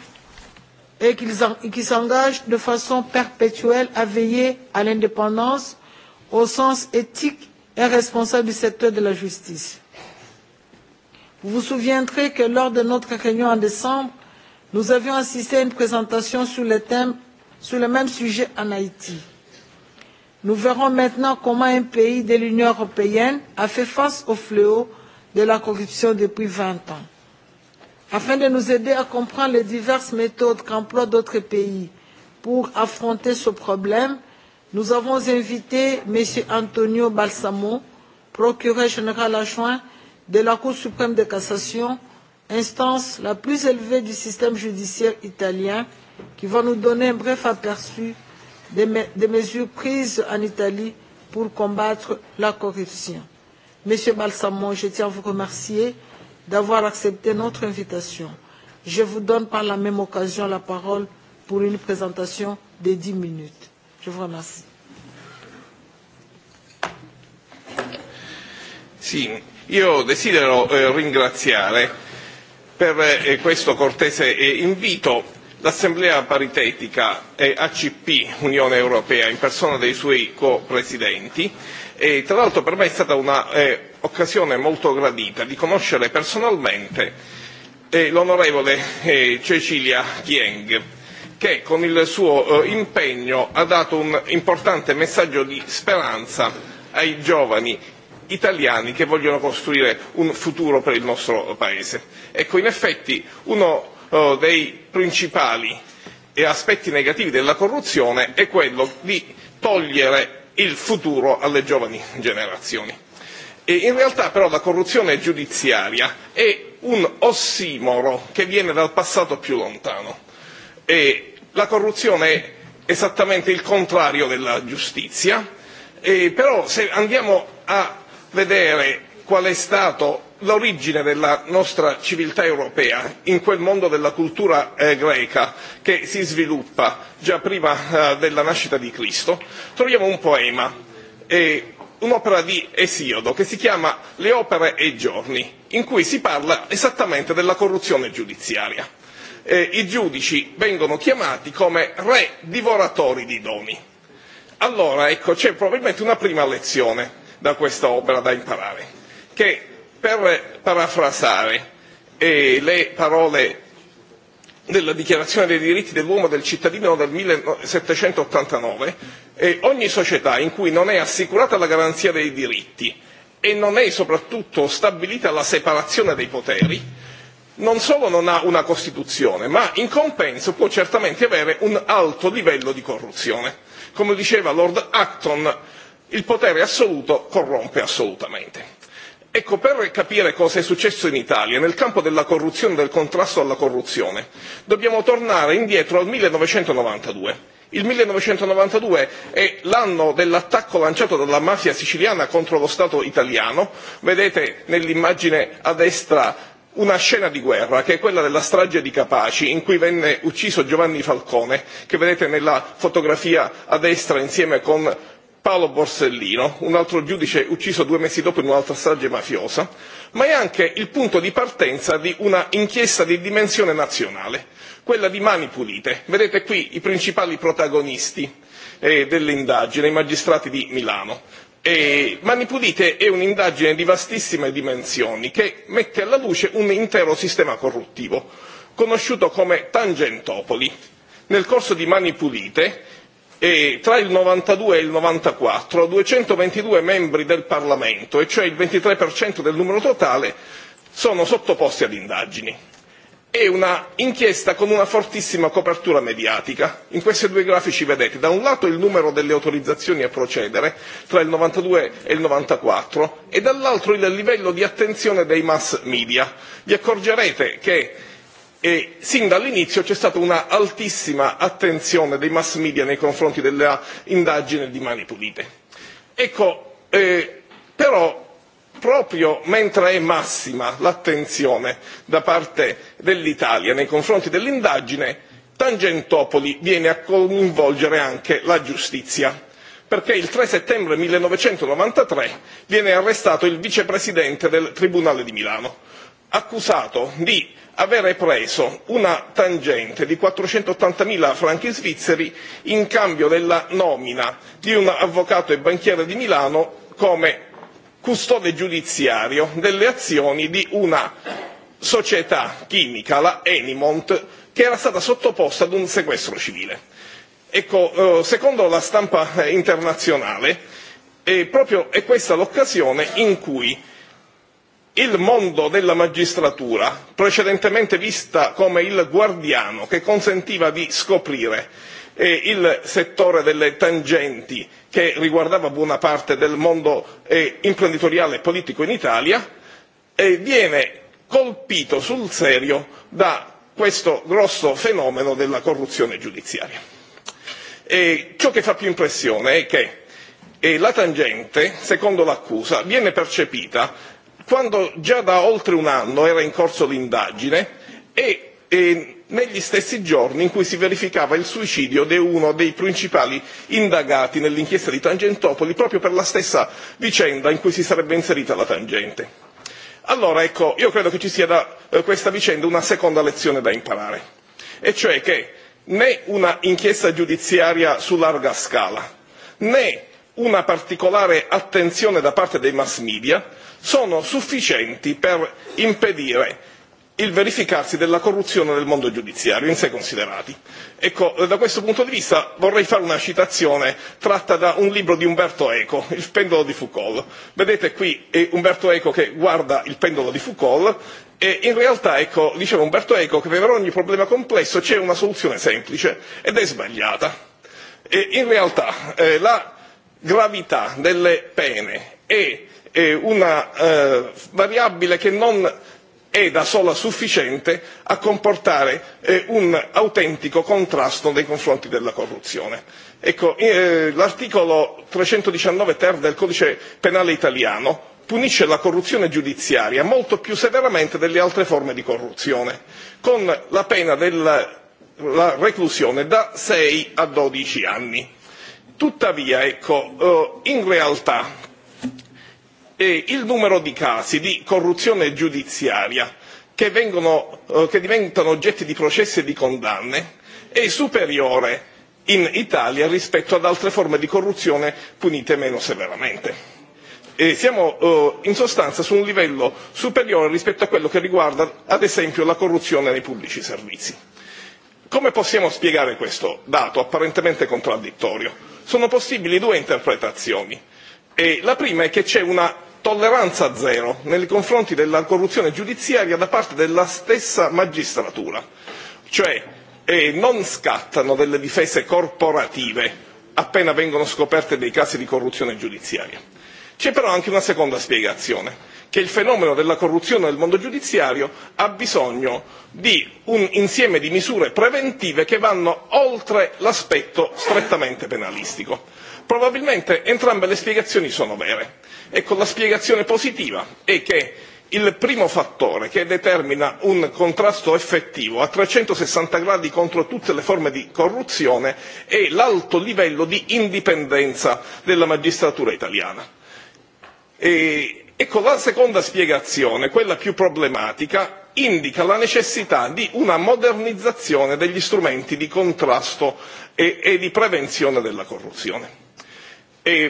Speaker 1: et qu'ils s'engagent de façon perpétuelle à veiller à l'indépendance au sens éthique est responsable du secteur de la justice. Vous vous souviendrez que lors de notre réunion en décembre, nous avions assisté à une présentation sur le, thème, sur le même sujet en Haïti. Nous verrons maintenant comment un pays de l'Union européenne a fait face au fléau de la corruption depuis 20 ans. Afin de nous aider à comprendre les diverses méthodes qu'emploient d'autres pays pour affronter ce problème, Nous avons invité M. Antonio Balsamo, procureur général adjoint de la Cour suprême de cassation, instance la plus élevée du système judiciaire italien, qui va nous donner un bref aperçu des, me des mesures prises en Italie pour combattre la corruption. Monsieur Balsamo, je tiens à vous remercier d'avoir accepté notre invitation. Je vous donne par la même occasion la parole pour une présentation de dix minutes. Je vous remercie.
Speaker 12: Sì, io desidero eh, ringraziare per eh, questo cortese eh, invito l'Assemblea paritetica eh, ACP Unione Europea in persona dei suoi co-presidenti e tra l'altro per me è stata un'occasione molto gradita di conoscere personalmente eh, l'onorevole eh, Cecilia Chieng che con il suo impegno ha dato un importante messaggio di speranza ai giovani italiani che vogliono costruire un futuro per il nostro paese. Ecco, in effetti uno dei principali aspetti negativi della corruzione è quello di togliere il futuro alle giovani generazioni. E in realtà però la corruzione giudiziaria è un ossimoro che viene dal passato più lontano. E la corruzione è esattamente il contrario della giustizia e però se andiamo a vedere qual è stata l'origine della nostra civiltà europea in quel mondo della cultura greca che si sviluppa già prima della nascita di Cristo, troviamo un poema, un'opera di Esiodo che si chiama Le opere e i giorni, in cui si parla esattamente della corruzione giudiziaria i giudici vengono chiamati come re divoratori di doni. Allora, ecco, c'è probabilmente una prima lezione da questa opera da imparare, che per parafrasare eh, le parole della dichiarazione dei diritti dell'uomo e del cittadino del 1789, eh, ogni società in cui non è assicurata la garanzia dei diritti e non è soprattutto stabilita la separazione dei poteri, non solo non ha una Costituzione, ma in compenso può certamente avere un alto livello di corruzione. Come diceva Lord Acton, il potere assoluto corrompe assolutamente. Ecco, per capire cosa è successo in Italia nel campo della corruzione e del contrasto alla corruzione, dobbiamo tornare indietro al 1992. Il 1992 è l'anno dell'attacco lanciato dalla mafia siciliana contro lo Stato italiano. Vedete nell'immagine a destra una scena di guerra, che è quella della strage di Capaci, in cui venne ucciso Giovanni Falcone, che vedete nella fotografia a destra insieme con Paolo Borsellino, un altro giudice ucciso due mesi dopo in un'altra strage mafiosa, ma è anche il punto di partenza di una inchiesta di dimensione nazionale, quella di Mani Pulite. Vedete qui i principali protagonisti eh, dell'indagine, i magistrati di Milano E Mani Pulite è un'indagine di vastissime dimensioni che mette alla luce un intero sistema corruttivo, conosciuto come Tangentopoli. Nel corso di Mani Pulite, e tra il 92 e il 94, 222 membri del Parlamento, e cioè il 23% del numero totale, sono sottoposti ad indagini. È un'inchiesta con una fortissima copertura mediatica. In questi due grafici vedete da un lato il numero delle autorizzazioni a procedere tra il 92 e il 94 e dall'altro il livello di attenzione dei mass media. Vi accorgerete che e sin dall'inizio c'è stata una altissima attenzione dei mass media nei confronti dell'indagine di Mani Pulite. Ecco, eh, però proprio mentre è massima l'attenzione da parte dell'Italia nei confronti dell'indagine, Tangentopoli viene a coinvolgere anche la giustizia perché il tre settembre millenovecentonovantatré viene arrestato il vicepresidente del tribunale di milano accusato di avere preso una tangente di quattrocentottantamila franchi svizzeri in cambio della nomina di un avvocato e banchiere di milano come custode giudiziario delle azioni di una società chimica, la Enimont, che era stata sottoposta ad un sequestro civile. Ecco, secondo la stampa internazionale, è proprio è questa l'occasione in cui il mondo della magistratura, precedentemente vista come il guardiano che consentiva di scoprire il settore delle tangenti che riguardava buona parte del mondo imprenditoriale e politico in Italia e viene colpito sul serio da questo grosso fenomeno della corruzione giudiziaria. E ciò che fa più impressione è che e la tangente, secondo l'accusa, viene percepita quando già da oltre un anno era in corso l'indagine e negli stessi giorni in cui si verificava il suicidio di uno dei principali indagati nell'inchiesta di Tangentopoli, proprio per la stessa vicenda in cui si sarebbe inserita la tangente. Allora, ecco, io credo che ci sia da questa vicenda una seconda lezione da imparare, e cioè che né una inchiesta giudiziaria su larga scala, né una particolare attenzione da parte dei mass media sono sufficienti per impedire il verificarsi della corruzione nel mondo giudiziario in sé considerati. Ecco, da questo punto di vista vorrei fare una citazione tratta da un libro di Umberto Eco, Il pendolo di Foucault. Vedete qui è Umberto Eco che guarda il pendolo di Foucault e in realtà ecco, diceva Umberto Eco che per ogni problema complesso c'è una soluzione semplice ed è sbagliata. E in realtà eh, la gravità delle pene è, è una eh, variabile che non è da sola sufficiente a comportare un autentico contrasto nei confronti della corruzione. l'articolo trecentodiciannove ter del codice penale italiano punisce la corruzione giudiziaria molto più severamente delle altre forme di corruzione con la pena della reclusione da sei a dodici anni. tuttavia in realtà e il numero di casi di corruzione giudiziaria che, vengono, che diventano oggetti di processi e di condanne è superiore in Italia rispetto ad altre forme di corruzione punite meno severamente. E siamo in sostanza su un livello superiore rispetto a quello che riguarda ad esempio la corruzione nei pubblici servizi. Come possiamo spiegare questo dato apparentemente contraddittorio? Sono possibili due interpretazioni E la prima è che c'è una tolleranza zero nei confronti della corruzione giudiziaria da parte della stessa magistratura, cioè non scattano delle difese corporative appena vengono scoperte dei casi di corruzione giudiziaria. C'è però anche una seconda spiegazione, che il fenomeno della corruzione nel mondo giudiziario ha bisogno di un insieme di misure preventive che vanno oltre l'aspetto strettamente penalistico Probabilmente entrambe le spiegazioni sono vere. Ecco, la spiegazione positiva è che il primo fattore che determina un contrasto effettivo a trecentosessanta gradi contro tutte le forme di corruzione è l'alto livello di indipendenza della magistratura italiana. ecco, la seconda spiegazione, quella più problematica, indica la necessità di una modernizzazione degli strumenti di contrasto e di prevenzione della corruzione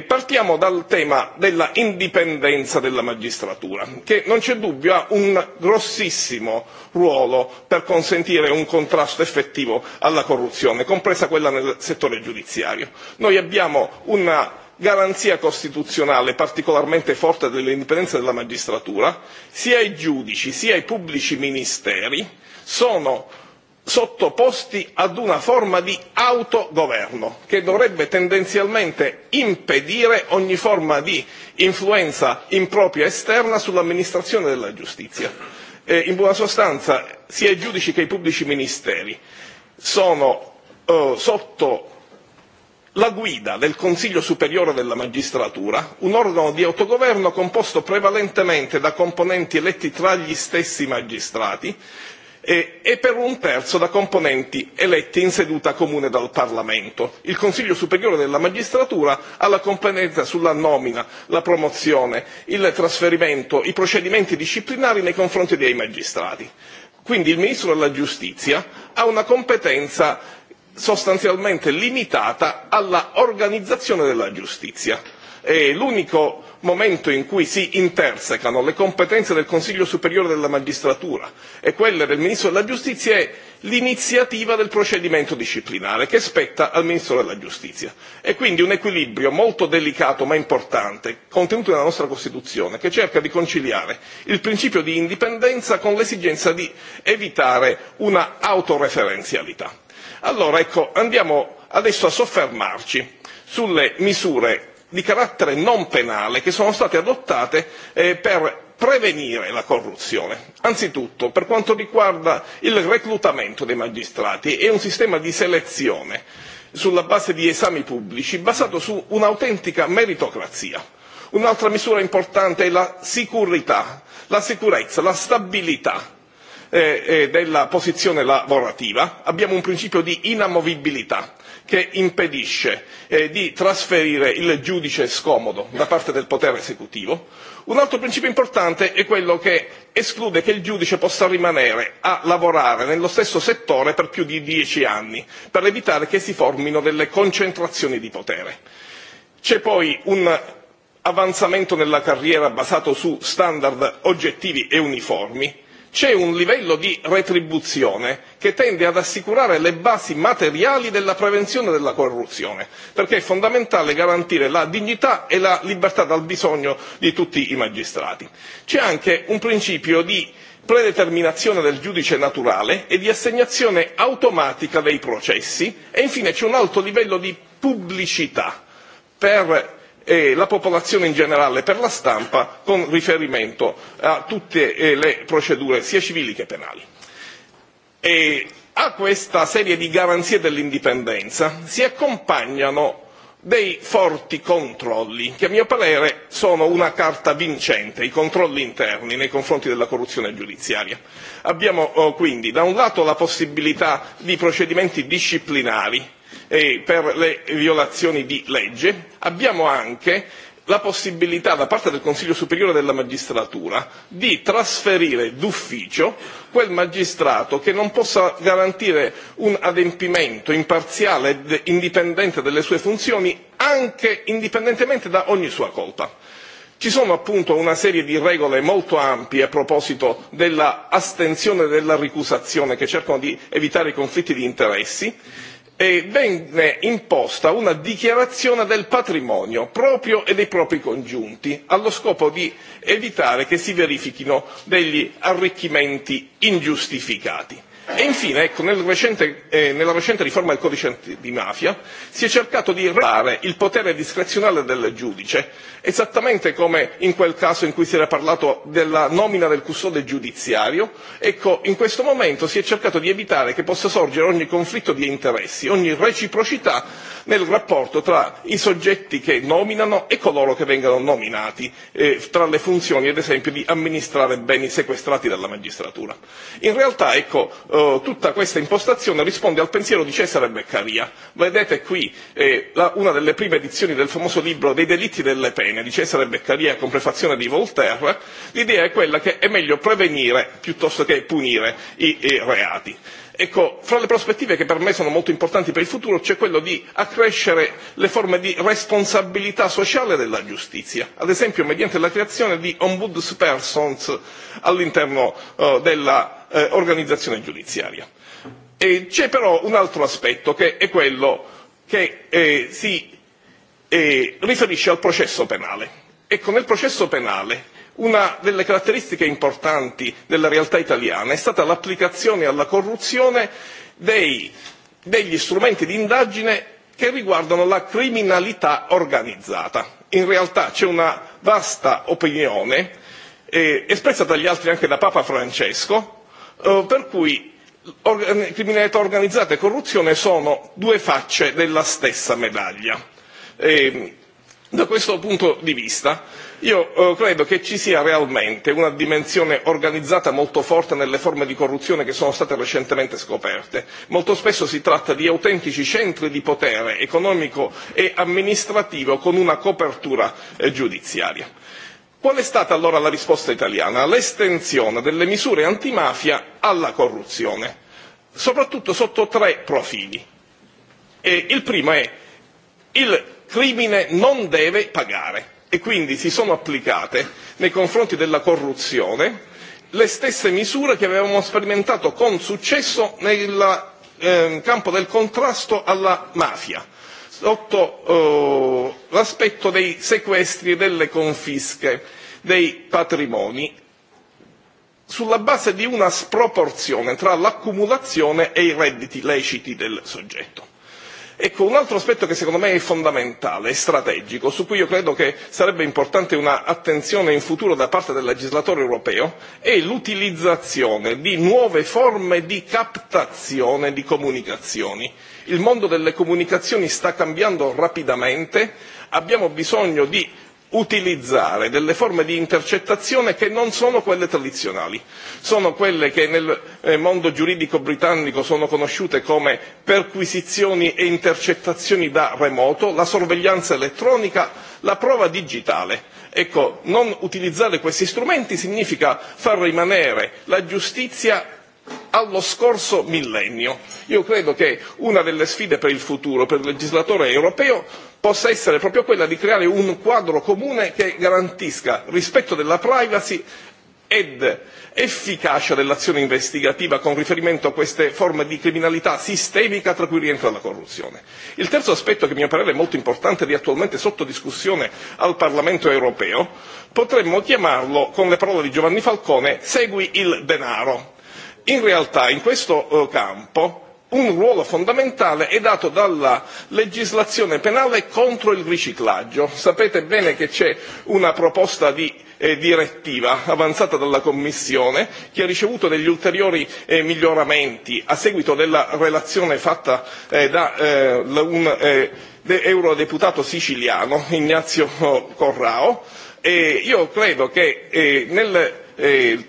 Speaker 12: partiamo dal tema dell'indipendenza della magistratura che non c'è dubbio ha un grossissimo ruolo per consentire un contrasto effettivo alla corruzione compresa quella nel settore giudiziario. noi abbiamo una garanzia costituzionale particolarmente forte dell'indipendenza della magistratura sia i giudici sia i pubblici ministeri sono sottoposti ad una forma di autogoverno che dovrebbe tendenzialmente impedire ogni forma di influenza impropria esterna sull'amministrazione della giustizia. In buona sostanza, sia i giudici che i pubblici ministeri sono sotto la guida del Consiglio superiore della magistratura, un organo di autogoverno composto prevalentemente da componenti eletti tra gli stessi magistrati, e per un terzo da componenti eletti in seduta comune dal Parlamento. Il Consiglio superiore della magistratura ha la competenza sulla nomina, la promozione, il trasferimento, i procedimenti disciplinari nei confronti dei magistrati. Quindi il Ministro della Giustizia ha una competenza sostanzialmente limitata alla organizzazione della giustizia è l'unico momento in cui si intersecano le competenze del Consiglio superiore della magistratura e quelle del Ministro della giustizia è l'iniziativa del procedimento disciplinare che spetta al Ministro della giustizia. È quindi un equilibrio molto delicato ma importante contenuto nella nostra Costituzione che cerca di conciliare il principio di indipendenza con l'esigenza di evitare una autoreferenzialità. Allora ecco, andiamo adesso a soffermarci sulle misure di carattere non penale che sono state adottate per prevenire la corruzione. Anzitutto, per quanto riguarda il reclutamento dei magistrati, è un sistema di selezione sulla base di esami pubblici basato su un'autentica meritocrazia. Un'altra misura importante è la sicurità, la sicurezza, la stabilità della posizione lavorativa. Abbiamo un principio di inamovibilità che impedisce di trasferire il giudice scomodo da parte del potere esecutivo. Un altro principio importante è quello che esclude che il giudice possa rimanere a lavorare nello stesso settore per più di dieci anni per evitare che si formino delle concentrazioni di potere. C'è poi un avanzamento nella carriera basato su standard oggettivi e uniformi c'è un livello di retribuzione che tende ad assicurare le basi materiali della prevenzione della corruzione perché è fondamentale garantire la dignità e la libertà dal bisogno di tutti i magistrati. c'è anche un principio di predeterminazione del giudice naturale e di assegnazione automatica dei processi e infine c'è un alto livello di pubblicità per e la popolazione in generale per la stampa con riferimento a tutte le procedure sia civili che penali. E a questa serie di garanzie dell'indipendenza si accompagnano dei forti controlli che a mio parere sono una carta vincente i controlli interni nei confronti della corruzione giudiziaria. abbiamo quindi da un lato la possibilità di procedimenti disciplinari e per le violazioni di legge abbiamo anche la possibilità da parte del consiglio superiore della magistratura di trasferire d'ufficio quel magistrato che non possa garantire un adempimento imparziale ed indipendente delle sue funzioni anche indipendentemente da ogni sua colpa. Ci sono appunto una serie di regole molto ampie a proposito dell'astensione e della ricusazione che cercano di evitare i conflitti di interessi venne imposta una dichiarazione del patrimonio proprio e dei propri congiunti allo scopo di evitare che si verifichino degli arricchimenti ingiustificati. E infine, ecco, nel recente, eh, nella recente riforma del codice di mafia si è cercato di regolare il potere discrezionale del giudice, esattamente come in quel caso in cui si era parlato della nomina del custode giudiziario, ecco, in questo momento si è cercato di evitare che possa sorgere ogni conflitto di interessi, ogni reciprocità nel rapporto tra i soggetti che nominano e coloro che vengono nominati, eh, tra le funzioni ad esempio di amministrare beni sequestrati dalla magistratura. In realtà, ecco, tutta questa impostazione risponde al pensiero di Cesare Beccaria. Vedete qui eh, la, una delle prime edizioni del famoso libro dei delitti e delle pene di Cesare Beccaria con prefazione di Voltaire. L'idea è quella che è meglio prevenire piuttosto che punire i, i reati. Ecco, fra le prospettive che per me sono molto importanti per il futuro c'è quello di accrescere le forme di responsabilità sociale della giustizia, ad esempio mediante la creazione di ombudspersons all'interno uh, della eh, organizzazione giudiziaria. E c'è però un altro aspetto che è quello che eh, si eh, riferisce al processo penale. Ecco, nel processo penale una delle caratteristiche importanti della realtà italiana è stata l'applicazione alla corruzione dei, degli strumenti di indagine che riguardano la criminalità organizzata. In realtà c'è una vasta opinione eh, espressa dagli altri anche da Papa Francesco per cui criminalità organizzata e corruzione sono due facce della stessa medaglia. da questo punto di vista io credo che ci sia realmente una dimensione organizzata molto forte nelle forme di corruzione che sono state recentemente scoperte molto spesso si tratta di autentici centri di potere economico e amministrativo con una copertura giudiziaria. Qual è stata allora la risposta italiana? L'estensione delle misure antimafia alla corruzione, soprattutto sotto tre profili. E il primo è il crimine non deve pagare e quindi si sono applicate nei confronti della corruzione le stesse misure che avevamo sperimentato con successo nel campo del contrasto alla mafia sotto l'aspetto dei sequestri e delle confische dei patrimoni sulla base di una sproporzione tra l'accumulazione e i redditi leciti del soggetto. Ecco, un altro aspetto che secondo me è fondamentale, è strategico, su cui io credo che sarebbe importante un'attenzione in futuro da parte del legislatore europeo, è l'utilizzazione di nuove forme di captazione di comunicazioni. Il mondo delle comunicazioni sta cambiando rapidamente, abbiamo bisogno di utilizzare delle forme di intercettazione che non sono quelle tradizionali sono quelle che nel mondo giuridico britannico sono conosciute come perquisizioni e intercettazioni da remoto la sorveglianza elettronica la prova digitale. ecco non utilizzare questi strumenti significa far rimanere la giustizia allo scorso millennio. io credo che una delle sfide per il futuro per il legislatore europeo possa essere proprio quella di creare un quadro comune che garantisca rispetto della privacy ed efficacia dell'azione investigativa con riferimento a queste forme di criminalità sistemica tra cui rientra la corruzione. Il terzo aspetto che a mio parere è molto importante ed è attualmente sotto discussione al Parlamento europeo potremmo chiamarlo, con le parole di Giovanni Falcone, segui il denaro. In realtà in questo campo un ruolo fondamentale è dato dalla legislazione penale contro il riciclaggio. Sapete bene che c'è una proposta di direttiva avanzata dalla Commissione che ha ricevuto degli ulteriori miglioramenti a seguito della relazione fatta da un eurodeputato siciliano, Ignazio Corrao, e io credo che nel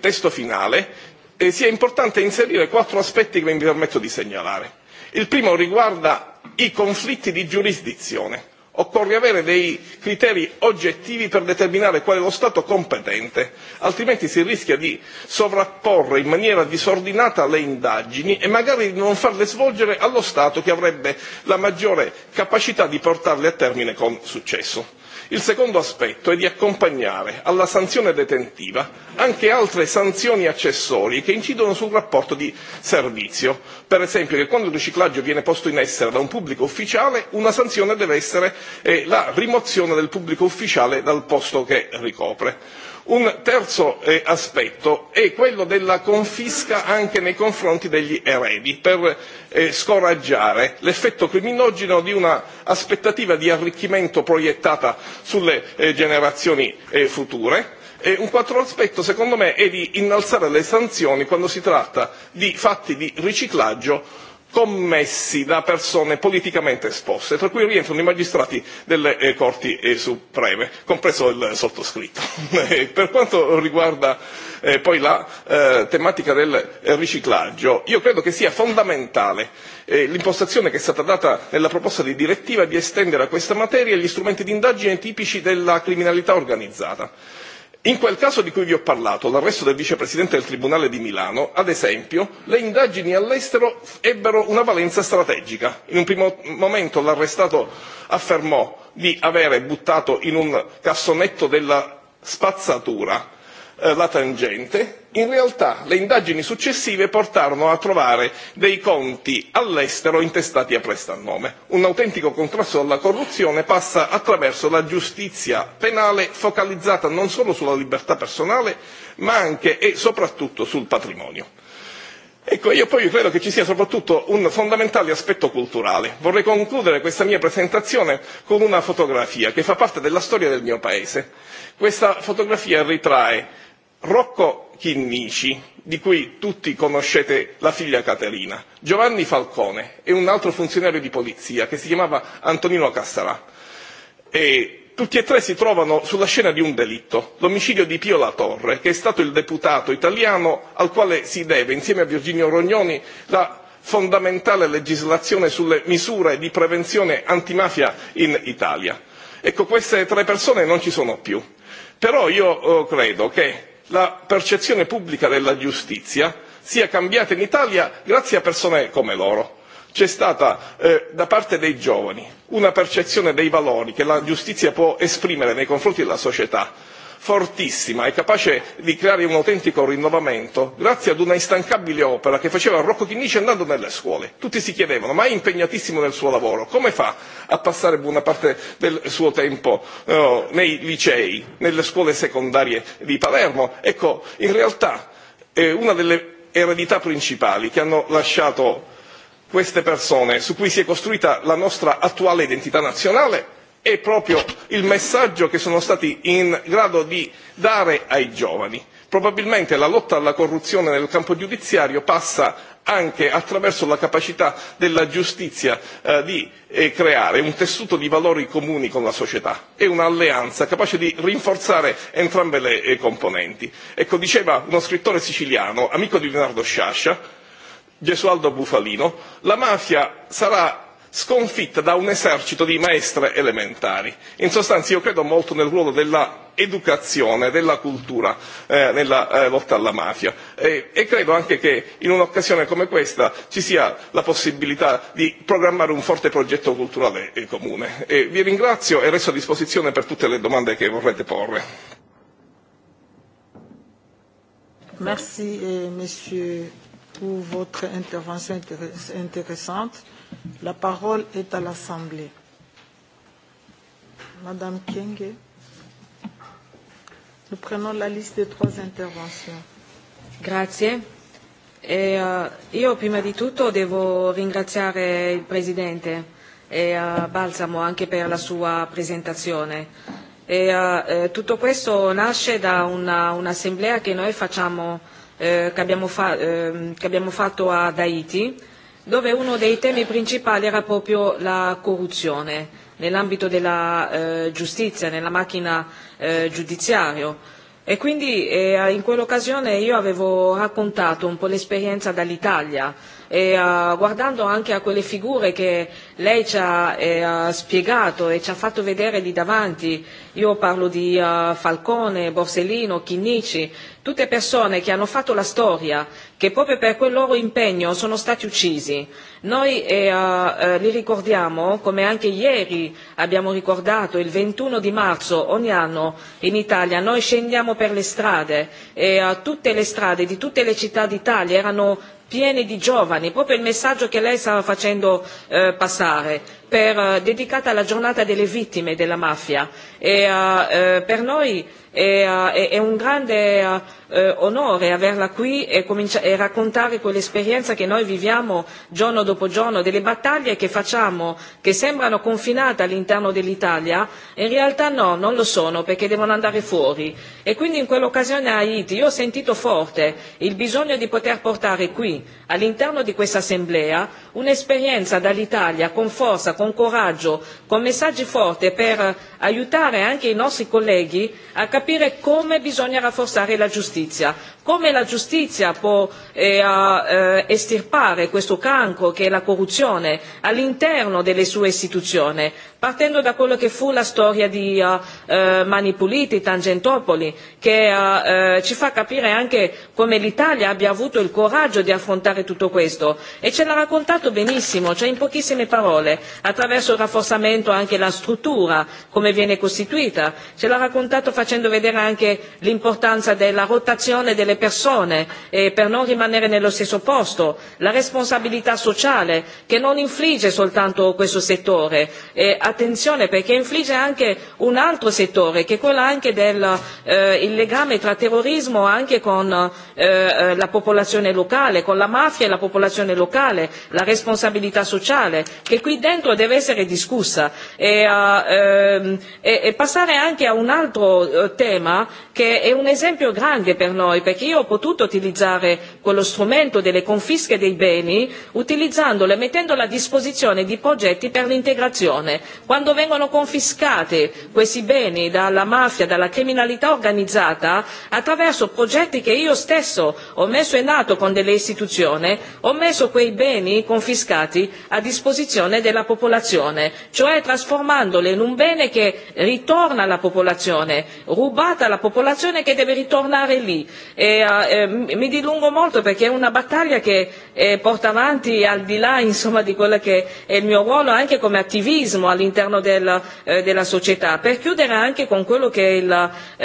Speaker 12: testo finale sia importante inserire quattro aspetti che mi permetto di segnalare. Il primo riguarda i conflitti di giurisdizione. Occorre avere dei criteri oggettivi per determinare qual è lo Stato competente, altrimenti si rischia di sovrapporre in maniera disordinata le indagini e magari di non farle svolgere allo Stato che avrebbe la maggiore capacità di portarle a termine con successo Il secondo aspetto è di accompagnare alla sanzione detentiva anche altre sanzioni accessorie che incidono sul rapporto di servizio. Per esempio che quando il riciclaggio viene posto in essere da un pubblico ufficiale una sanzione deve essere la rimozione del pubblico ufficiale dal posto che ricopre. Un terzo aspetto è quello della confisca anche nei confronti degli eredi per scoraggiare l'effetto criminogeno di un'aspettativa di arricchimento proiettata sulle generazioni future. E un quarto aspetto secondo me è di innalzare le sanzioni quando si tratta di fatti di riciclaggio commessi da persone politicamente esposte, tra cui rientrano i magistrati delle eh, corti eh, supreme, compreso il sottoscritto. per quanto riguarda eh, poi la eh, tematica del riciclaggio, io credo che sia fondamentale eh, l'impostazione che è stata data nella proposta di direttiva di estendere a questa materia gli strumenti di indagine tipici della criminalità organizzata In quel caso di cui vi ho parlato, l'arresto del vicepresidente del Tribunale di Milano, ad esempio, le indagini all'estero ebbero una valenza strategica. In un primo momento l'arrestato affermò di avere buttato in un cassonetto della spazzatura la tangente, in realtà le indagini successive portarono a trovare dei conti all'estero intestati a prestanome. Un autentico contrasto alla corruzione passa attraverso la giustizia penale focalizzata non solo sulla libertà personale, ma anche e soprattutto sul patrimonio. Ecco, io poi credo che ci sia soprattutto un fondamentale aspetto culturale. Vorrei concludere questa mia presentazione con una fotografia che fa parte della storia del mio paese. Questa fotografia ritrae Rocco Chinnici, di cui tutti conoscete la figlia Caterina, Giovanni Falcone e un altro funzionario di polizia che si chiamava Antonino Cassarà. E tutti e tre si trovano sulla scena di un delitto, l'omicidio di Pio La Torre, che è stato il deputato italiano al quale si deve, insieme a Virginio Rognoni, la fondamentale legislazione sulle misure di prevenzione antimafia in Italia. Ecco, queste tre persone non ci sono più. Però io credo che la percezione pubblica della giustizia sia cambiata in Italia grazie a persone come loro. C'è stata eh, da parte dei giovani una percezione dei valori che la giustizia può esprimere nei confronti della società fortissima e capace di creare un autentico rinnovamento grazie ad una instancabile opera che faceva Rocco Chinnici andando nelle scuole. Tutti si chiedevano, ma è impegnatissimo nel suo lavoro, come fa a passare buona parte del suo tempo nei licei, nelle scuole secondarie di Palermo? Ecco, in realtà una delle eredità principali che hanno lasciato queste persone, su cui si è costruita la nostra attuale identità nazionale, è proprio il messaggio che sono stati in grado di dare ai giovani. Probabilmente la lotta alla corruzione nel campo giudiziario passa anche attraverso la capacità della giustizia di creare un tessuto di valori comuni con la società e un'alleanza capace di rinforzare entrambe le componenti. Ecco, diceva uno scrittore siciliano, amico di Leonardo Sciascia, Gesualdo Bufalino, la mafia sarà sconfitta da un esercito di maestre elementari. In sostanza io credo molto nel ruolo dell'educazione, della cultura eh, nella eh, lotta alla mafia e, e credo anche che in un'occasione come questa ci sia la possibilità di programmare un forte progetto culturale eh, comune. E vi ringrazio e resto a disposizione per tutte le domande che vorrete porre.
Speaker 1: Merci, monsieur, pour votre intervention intéressante La parole est à l'Assemblée. Madame Kenge, nous prenons la liste des trois interventions.
Speaker 7: Grazie. E, uh, io prima di tutto devo ringraziare il Presidente e uh, Balsamo anche per la sua presentazione. E, uh, tutto questo nasce da un'assemblea un'assemblea che noi facciamo, eh, che, abbiamo fa- eh, che abbiamo fatto ad Haiti dove uno dei temi principali era proprio la corruzione nell'ambito della eh, giustizia, nella macchina eh, giudiziaria. E quindi eh, in quell'occasione io avevo raccontato un po' l'esperienza dall'Italia e eh, guardando anche a quelle figure che lei ci ha eh, spiegato e ci ha fatto vedere lì davanti, io parlo di eh, Falcone, Borsellino, Chinnici, tutte persone che hanno fatto la storia che proprio per quel loro impegno sono stati uccisi. Noi eh, eh, li ricordiamo, come anche ieri abbiamo ricordato, il 21 di marzo ogni anno in Italia noi scendiamo per le strade e eh, tutte le strade di tutte le città d'Italia erano piene di giovani, proprio il messaggio che lei stava facendo eh, passare dedicata alla giornata delle vittime della mafia e per noi è, un grande onore averla qui e, raccontare quell'esperienza che noi viviamo giorno dopo giorno, delle battaglie che facciamo, che sembrano confinate all'interno dell'Italia, in realtà no, non lo sono perché devono andare fuori. E quindi in quell'occasione a Haiti io ho sentito forte il bisogno di poter portare qui, all'interno di questa assemblea, un'esperienza dall'Italia con forza, con coraggio, con messaggi forti per aiutare anche i nostri colleghi a capire come bisogna rafforzare la giustizia come la giustizia può estirpare questo cancro che è la corruzione all'interno delle sue istituzioni partendo da quella che fu la storia di Mani Puliti, Tangentopoli, che ci fa capire anche come l'Italia abbia avuto il coraggio di affrontare tutto questo e ce l'ha raccontato benissimo, cioè in pochissime parole, attraverso il rafforzamento anche della struttura, come viene costituita, ce l'ha raccontato facendo vedere anche l'importanza della rotazione delle le persone e per non rimanere nello stesso posto, la responsabilità sociale che non infligge soltanto questo settore. E attenzione perché infligge anche un altro settore che è quello anche del il legame tra terrorismo anche con la popolazione locale, con la mafia e la popolazione locale, la responsabilità sociale che qui dentro deve essere discussa e, e, passare anche a un altro tema che è un esempio grande per noi perché io ho potuto utilizzare quello strumento delle confische dei beni utilizzandolo e mettendolo a disposizione di progetti per l'integrazione. Quando vengono confiscati questi beni dalla mafia, dalla criminalità organizzata, attraverso progetti che io stesso ho messo in atto con delle istituzioni, ho messo quei beni confiscati a disposizione della popolazione, cioè trasformandoli in un bene che ritorna alla popolazione, rubato alla popolazione che deve ritornare lì eh, mi dilungo molto perché è una battaglia che eh, porta avanti al di là insomma, di quello che è il mio ruolo anche come attivismo all'interno del, eh, della società. Per chiudere anche con quello che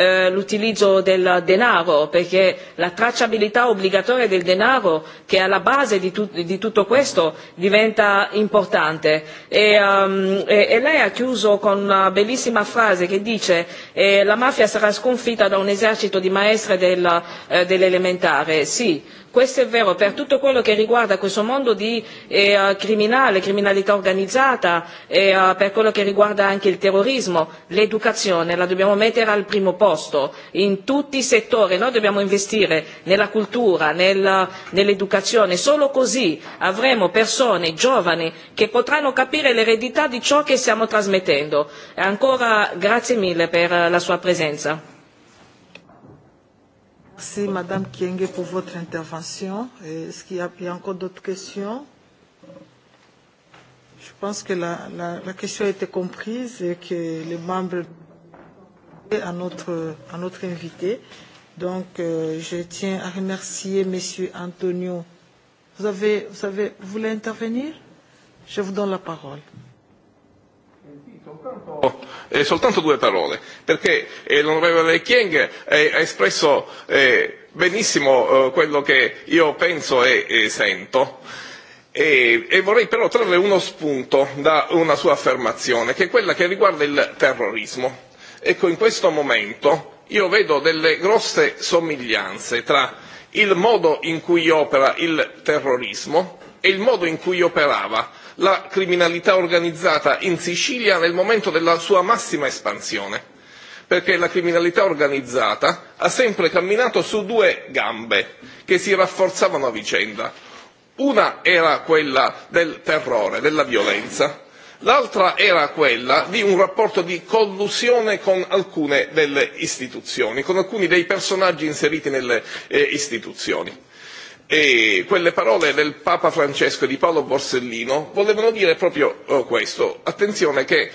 Speaker 7: è l'utilizzo eh, del denaro, perché la tracciabilità obbligatoria del denaro che è alla base di, tu, di tutto questo diventa importante. E, um, e, e lei ha chiuso con una bellissima frase che dice eh, la mafia sarà sconfitta da un esercito di maestre del, eh, dell'elementare, sì, questo è vero per tutto quello che riguarda questo mondo di eh, criminale, criminalità organizzata, e, per quello che riguarda anche il terrorismo, l'educazione la dobbiamo mettere al primo posto in tutti i settori, noi dobbiamo investire nella cultura, nel, nell'educazione, solo così avremo persone giovani che potranno capire l'eredità di ciò che stiamo trasmettendo. Ancora grazie mille per la sua presenza.
Speaker 1: Merci, Madame Kienge pour votre intervention. Est-ce qu'il y, a y a encore d'autres questions Je pense que la, la, la question a été comprise et que les membres à notre, à notre invité. Donc, euh, je tiens à remercier Monsieur Antonio. Vous, avez, vous, avez, vous voulez intervenir Je vous donne la parole
Speaker 12: soltanto, eh, soltanto due parole, perché eh, l'onorevole Chieng eh, ha espresso eh, benissimo eh, quello che io penso e, e sento. E, e vorrei però trarre uno spunto da una sua affermazione, che è quella che riguarda il terrorismo. Ecco, in questo momento io vedo delle grosse somiglianze tra il modo in cui opera il terrorismo e il modo in cui operava la criminalità organizzata in Sicilia nel momento della sua massima espansione, perché la criminalità organizzata ha sempre camminato su due gambe che si rafforzavano a vicenda. Una era quella del terrore, della violenza, l'altra era quella di un rapporto di collusione con alcune delle istituzioni, con alcuni dei personaggi inseriti nelle istituzioni E quelle parole del Papa Francesco e di Paolo Borsellino volevano dire proprio questo. Attenzione che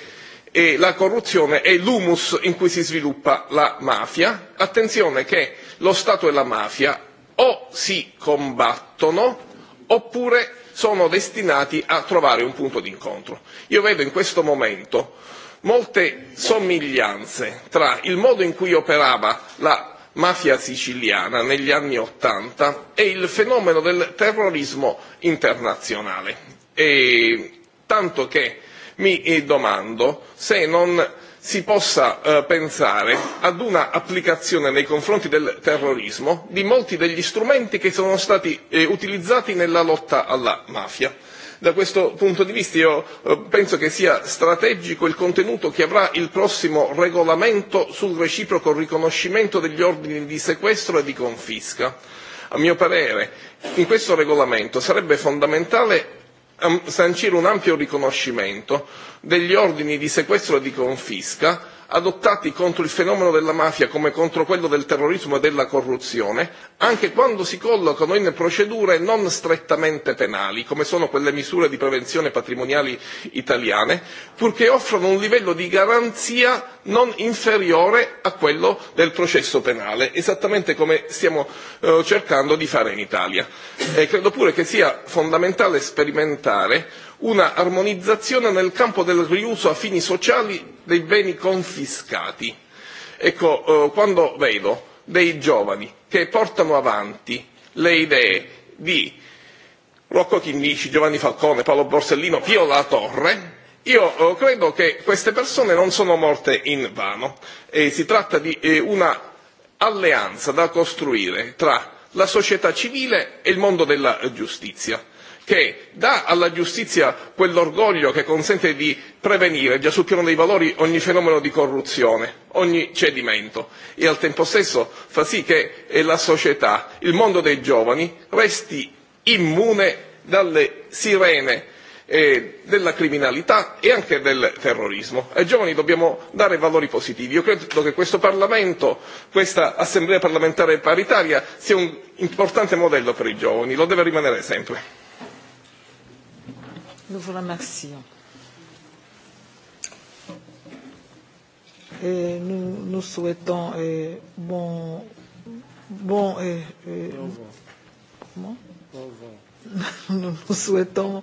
Speaker 12: la corruzione è l'humus in cui si sviluppa la mafia. Attenzione che lo Stato e la mafia o si combattono oppure sono destinati a trovare un punto d'incontro. Io vedo in questo momento molte somiglianze tra il modo in cui operava la mafia siciliana negli anni Ottanta e il fenomeno del terrorismo internazionale, e, tanto che mi domando se non si possa pensare ad una applicazione nei confronti del terrorismo di molti degli strumenti che sono stati utilizzati nella lotta alla mafia Da questo punto di vista io penso che sia strategico il contenuto che avrà il prossimo regolamento sul reciproco riconoscimento degli ordini di sequestro e di confisca. A mio parere, in questo regolamento sarebbe fondamentale sancire un ampio riconoscimento degli ordini di sequestro e di confisca adottati contro il fenomeno della mafia come contro quello del terrorismo e della corruzione, anche quando si collocano in procedure non strettamente penali, come sono quelle misure di prevenzione patrimoniali italiane, purché offrano un livello di garanzia non inferiore a quello del processo penale, esattamente come stiamo cercando di fare in Italia. E credo pure che sia fondamentale sperimentare una armonizzazione nel campo del riuso a fini sociali dei beni confiscati. Ecco, eh, quando vedo dei giovani che portano avanti le idee di Rocco Chinnici, Giovanni Falcone, Paolo Borsellino, Pio La Torre, io eh, credo che queste persone non sono morte in vano. Eh, si tratta di eh, una alleanza da costruire tra la società civile e il mondo della giustizia che dà alla giustizia quell'orgoglio che consente di prevenire già sul piano dei valori ogni fenomeno di corruzione, ogni cedimento e al tempo stesso fa sì che la società, il mondo dei giovani resti immune dalle sirene della criminalità e anche del terrorismo. Ai giovani dobbiamo dare valori positivi. Io credo che questo Parlamento, questa Assemblea parlamentare paritaria sia un importante modello per i giovani, lo deve rimanere sempre.
Speaker 1: Nous vous remercions. Et nous, nous souhaitons eh, bon, bon, eh, bon, comment nous, nous, souhaitons,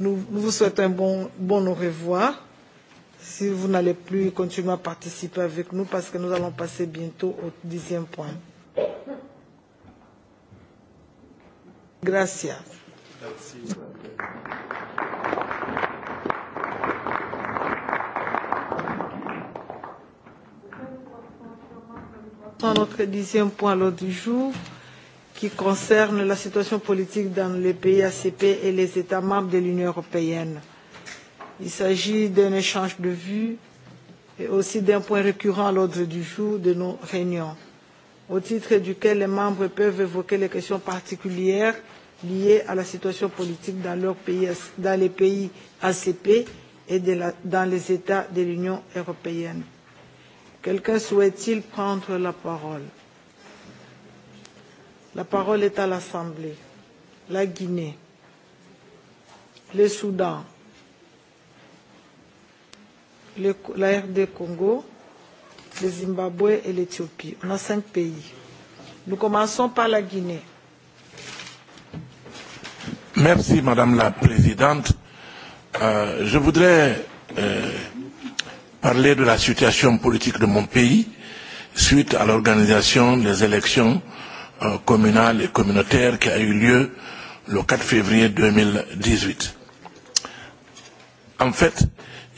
Speaker 1: nous, nous vous souhaitons un bon, bon au revoir. Si vous n'allez plus continuer à participer avec nous, parce que nous allons passer bientôt au dixième point. Gracias. Gracias. maintenant notre dixième point à l'ordre du jour qui concerne la situation politique dans les pays ACP et les États membres de l'Union européenne. Il s'agit d'un échange de vues et aussi d'un point récurrent à l'ordre du jour de nos réunions, au titre duquel les membres peuvent évoquer les questions particulières liées à la situation politique dans, leur pays, dans les pays ACP et de la, dans les États de l'Union européenne. Quelqu'un souhaite-t-il prendre la parole La parole est à l'Assemblée. La Guinée. Le Soudan. Le, la RD Congo. Le Zimbabwe et l'Éthiopie. On a cinq pays. Nous commençons par la Guinée.
Speaker 13: Merci, Madame la Présidente. Euh, je voudrais euh, parler de la situation politique de mon pays suite à l'organisation des élections euh, communales et communautaires qui a eu lieu le 4 février 2018. En fait,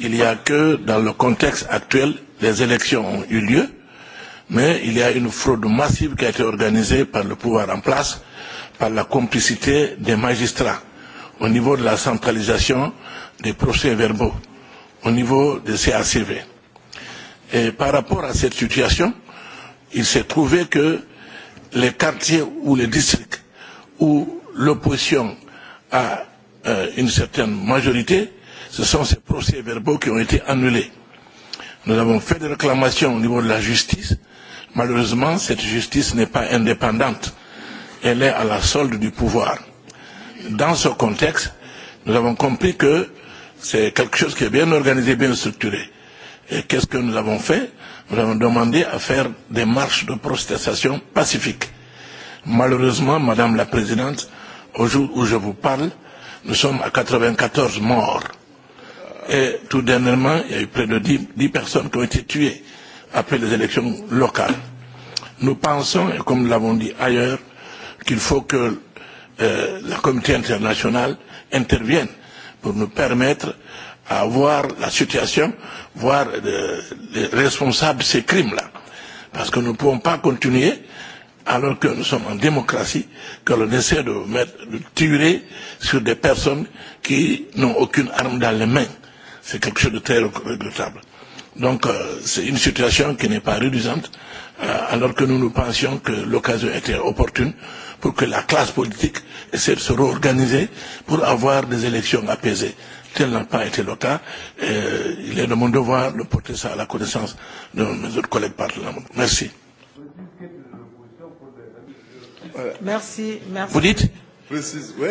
Speaker 13: il n'y a que dans le contexte actuel, les élections ont eu lieu, mais il y a une fraude massive qui a été organisée par le pouvoir en place, par la complicité des magistrats au niveau de la centralisation des procès verbaux au niveau de CACV. Et par rapport à cette situation, il s'est trouvé que les quartiers ou les districts où l'opposition a euh, une certaine majorité, ce sont ces procès-verbaux qui ont été annulés. Nous avons fait des réclamations au niveau de la justice. Malheureusement, cette justice n'est pas indépendante. Elle est à la solde du pouvoir. Dans ce contexte, nous avons compris que C'est quelque chose qui est bien organisé, bien structuré. Et qu'est-ce que nous avons fait Nous avons demandé à faire des marches de protestation pacifiques. Malheureusement, Madame la Présidente, au jour où je vous parle, nous sommes à 94 morts. Et tout dernièrement, il y a eu près de 10, 10 personnes qui ont été tuées après les élections locales. Nous pensons, et comme nous l'avons dit ailleurs, qu'il faut que euh, la communauté internationale intervienne pour nous permettre à voir la situation, voir les responsables de ces crimes-là. Parce que nous ne pouvons pas continuer, alors que nous sommes en démocratie, que l'on essaie de, mettre, de tirer sur des personnes qui n'ont aucune arme dans les mains. C'est quelque chose de très regrettable. Donc euh, c'est une situation qui n'est pas réduisante, euh, alors que nous nous pensions que l'occasion était opportune pour que la classe politique essaie de se réorganiser pour avoir des élections apaisées. Tel n'a pas été le cas. Euh, il est de mon devoir de porter ça à la connaissance de mes autres collègues parlementaires. Merci.
Speaker 1: Merci, merci. Vous dites Précise, oui.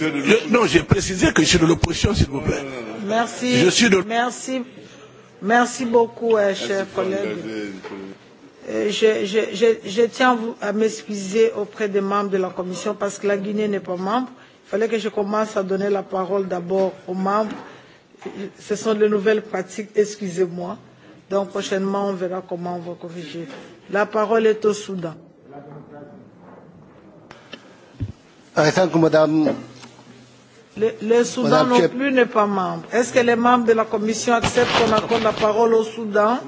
Speaker 1: Je,
Speaker 13: non, j'ai précisé que je suis de l'opposition, s'il vous plaît.
Speaker 1: Merci. Je suis de... Merci. Merci beaucoup, euh, cher collègue je, je, je, je tiens à m'excuser auprès des membres de la Commission parce que la Guinée n'est pas membre. Il fallait que je commence à donner la parole d'abord aux membres. Ce sont de nouvelles pratiques, excusez-moi. Donc prochainement, on verra comment on va corriger. La parole est au Soudan.
Speaker 14: Madame
Speaker 1: Le, le Soudan non plus n'est pas membre. Est-ce que les membres de la Commission acceptent qu'on accorde la parole au Soudan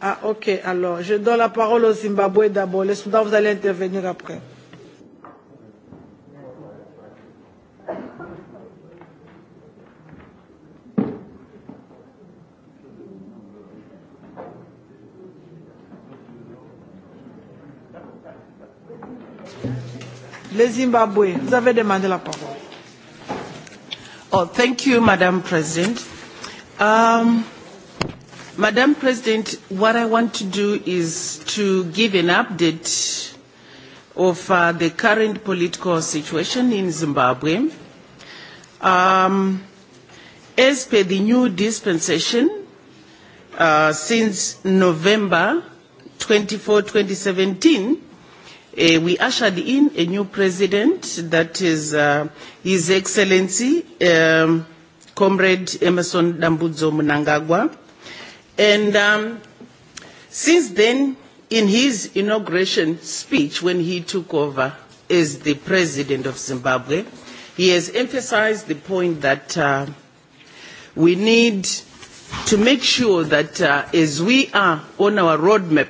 Speaker 1: Ah, ok, alors, je donne la parole au Zimbabwe d'abord. Les Soudan, vous allez intervenir après. Le Zimbabwe, vous avez demandé la parole.
Speaker 15: Oh, thank you, Madam President. Um, Madam President, what I want to do is to give an update of uh, the current political situation in Zimbabwe. Um, as per the new dispensation, uh, since November 24, 2017, uh, we ushered in a new president, that is uh, His Excellency um, Comrade Emerson Dambudzo Munangagwa. And um, since then, in his inauguration speech when he took over as the president of Zimbabwe, he has emphasized the point that uh, we need to make sure that uh, as we are on our roadmap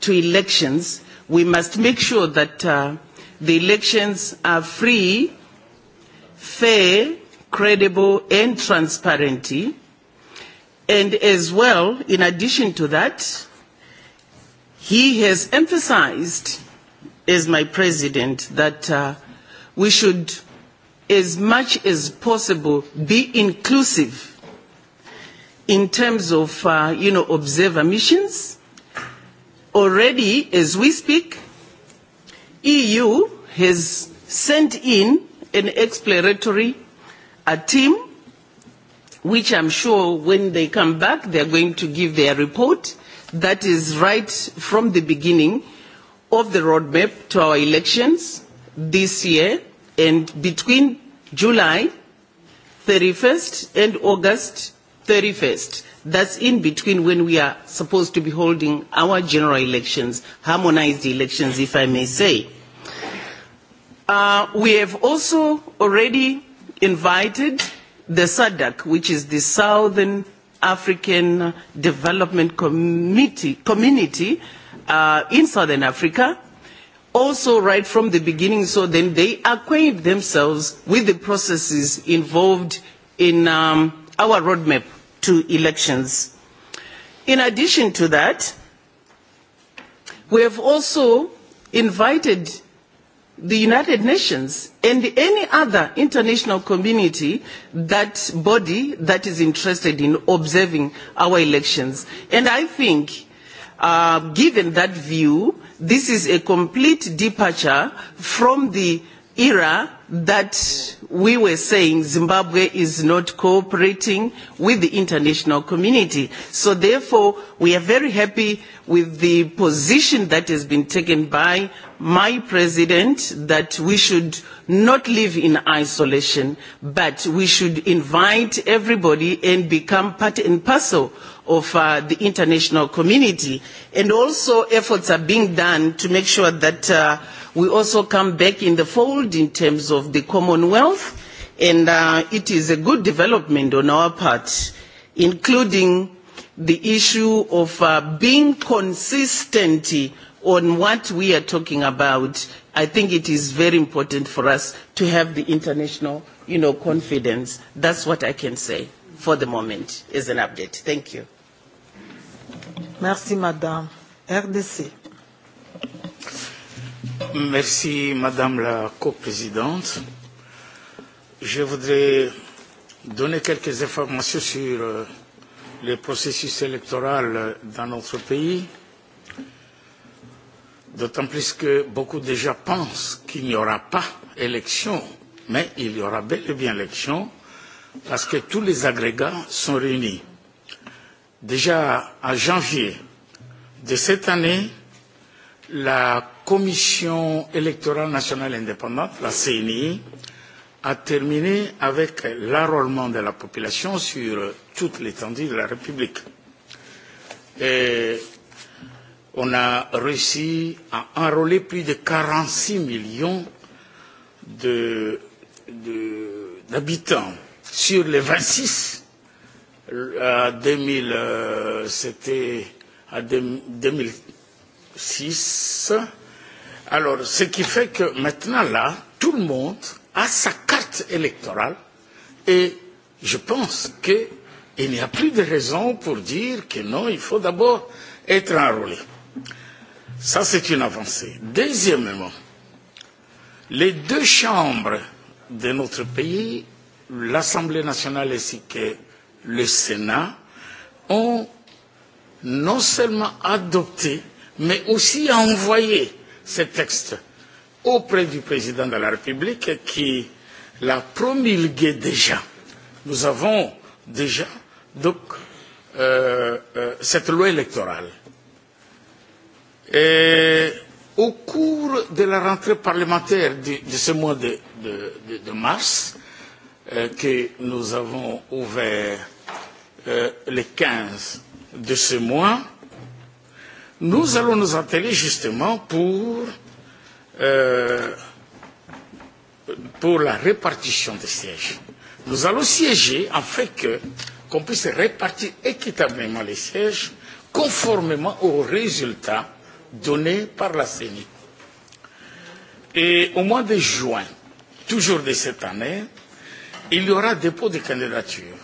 Speaker 15: to elections, we must make sure that uh, the elections are free, fair, credible, and transparent And as well, in addition to that, he has emphasized, as my president, that uh, we should, as much as possible, be inclusive in terms of, uh, you know, observer missions. Already, as we speak, EU has sent in an exploratory a team which I'm sure when they come back, they're going to give their report that is right from the beginning of the roadmap to our elections this year and between July 31st and August 31st. That's in between when we are supposed to be holding our general elections, harmonized elections, if I may say. Uh, we have also already invited the SADC, which is the Southern African Development Committee, Community uh, in Southern Africa, also right from the beginning, so then they acquaint themselves with the processes involved in um, our roadmap to elections. In addition to that, we have also invited the United Nations and any other international community that body that is interested in observing our elections. And I think, uh, given that view, this is a complete departure from the era that we were saying Zimbabwe is not cooperating with the international community. So therefore, we are very happy with the position that has been taken by my president that we should not live in isolation, but we should invite everybody and become part and parcel of uh, the international community. And also efforts are being done to make sure that uh, we also come back in the fold in terms of the Commonwealth. And uh, it is a good development on our part, including the issue of uh, being consistent on what we are talking about, I think it is very important for us to have the international, you know, confidence. That's what I can say for the moment as an update. Thank you.
Speaker 1: Merci, Madame. RDC.
Speaker 10: Merci, Madame la Co Présidente, Je voudrais donner quelques informations sur le processus électoral dans notre pays d'autant plus que beaucoup déjà pensent qu'il n'y aura pas élection, mais il y aura bel et bien élection parce que tous les agrégats sont réunis. Déjà en janvier de cette année, la Commission électorale nationale indépendante, la CNI, a terminé avec l'enrôlement de la population sur toute l'étendue de la République. Et on a réussi à enrôler plus de 46 millions d'habitants sur les 26 à 2000, c'était à 2006. Alors, ce qui fait que maintenant là, tout le monde a sa carte électorale et je pense qu'il n'y a plus de raison pour dire que non, il faut d'abord être enrôlé. Ça, c'est une avancée. Deuxièmement, les deux chambres de notre pays, l'Assemblée nationale ainsi que le Sénat, ont non seulement adopté, mais aussi envoyé ce texte auprès du président de la République qui l'a promulgué déjà. Nous avons déjà donc euh, euh, cette loi électorale Et au cours de la rentrée parlementaire de, de ce mois de, de, de, de mars, euh, que nous avons ouvert euh, le 15 de ce mois, nous allons nous atteler justement pour, euh, pour la répartition des sièges. Nous allons siéger afin que qu puisse répartir équitablement les sièges conformément aux résultats donnée par la CENI. Et au mois de juin, toujours de cette année, il y aura dépôt de candidature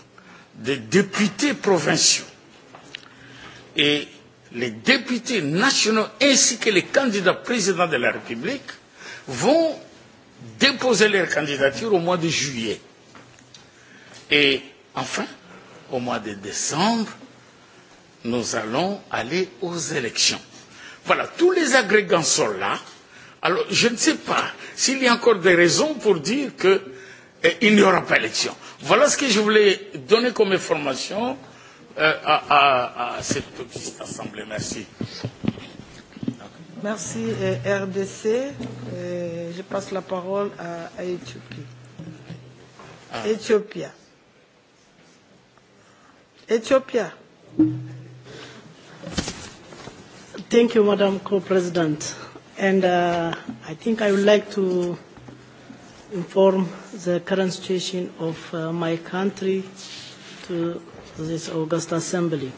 Speaker 10: des députés provinciaux et les députés nationaux ainsi que les candidats présidents de la République vont déposer leur candidature au mois de juillet. Et enfin, au mois de décembre, nous allons aller aux élections. Voilà, tous les agrégants sont là. Alors, je ne sais pas s'il y a encore des raisons pour dire qu'il n'y aura pas élection. Voilà ce que je voulais donner comme information euh, à, à, à cette petite assemblée. Merci.
Speaker 1: Merci RDC. Euh, je passe la parole à, à Éthiopie. Ah. Éthiopia. Éthiopia.
Speaker 2: Thank you, Madam Co-President. And uh, I think I would like to inform the current situation of uh, my country to this August Assembly.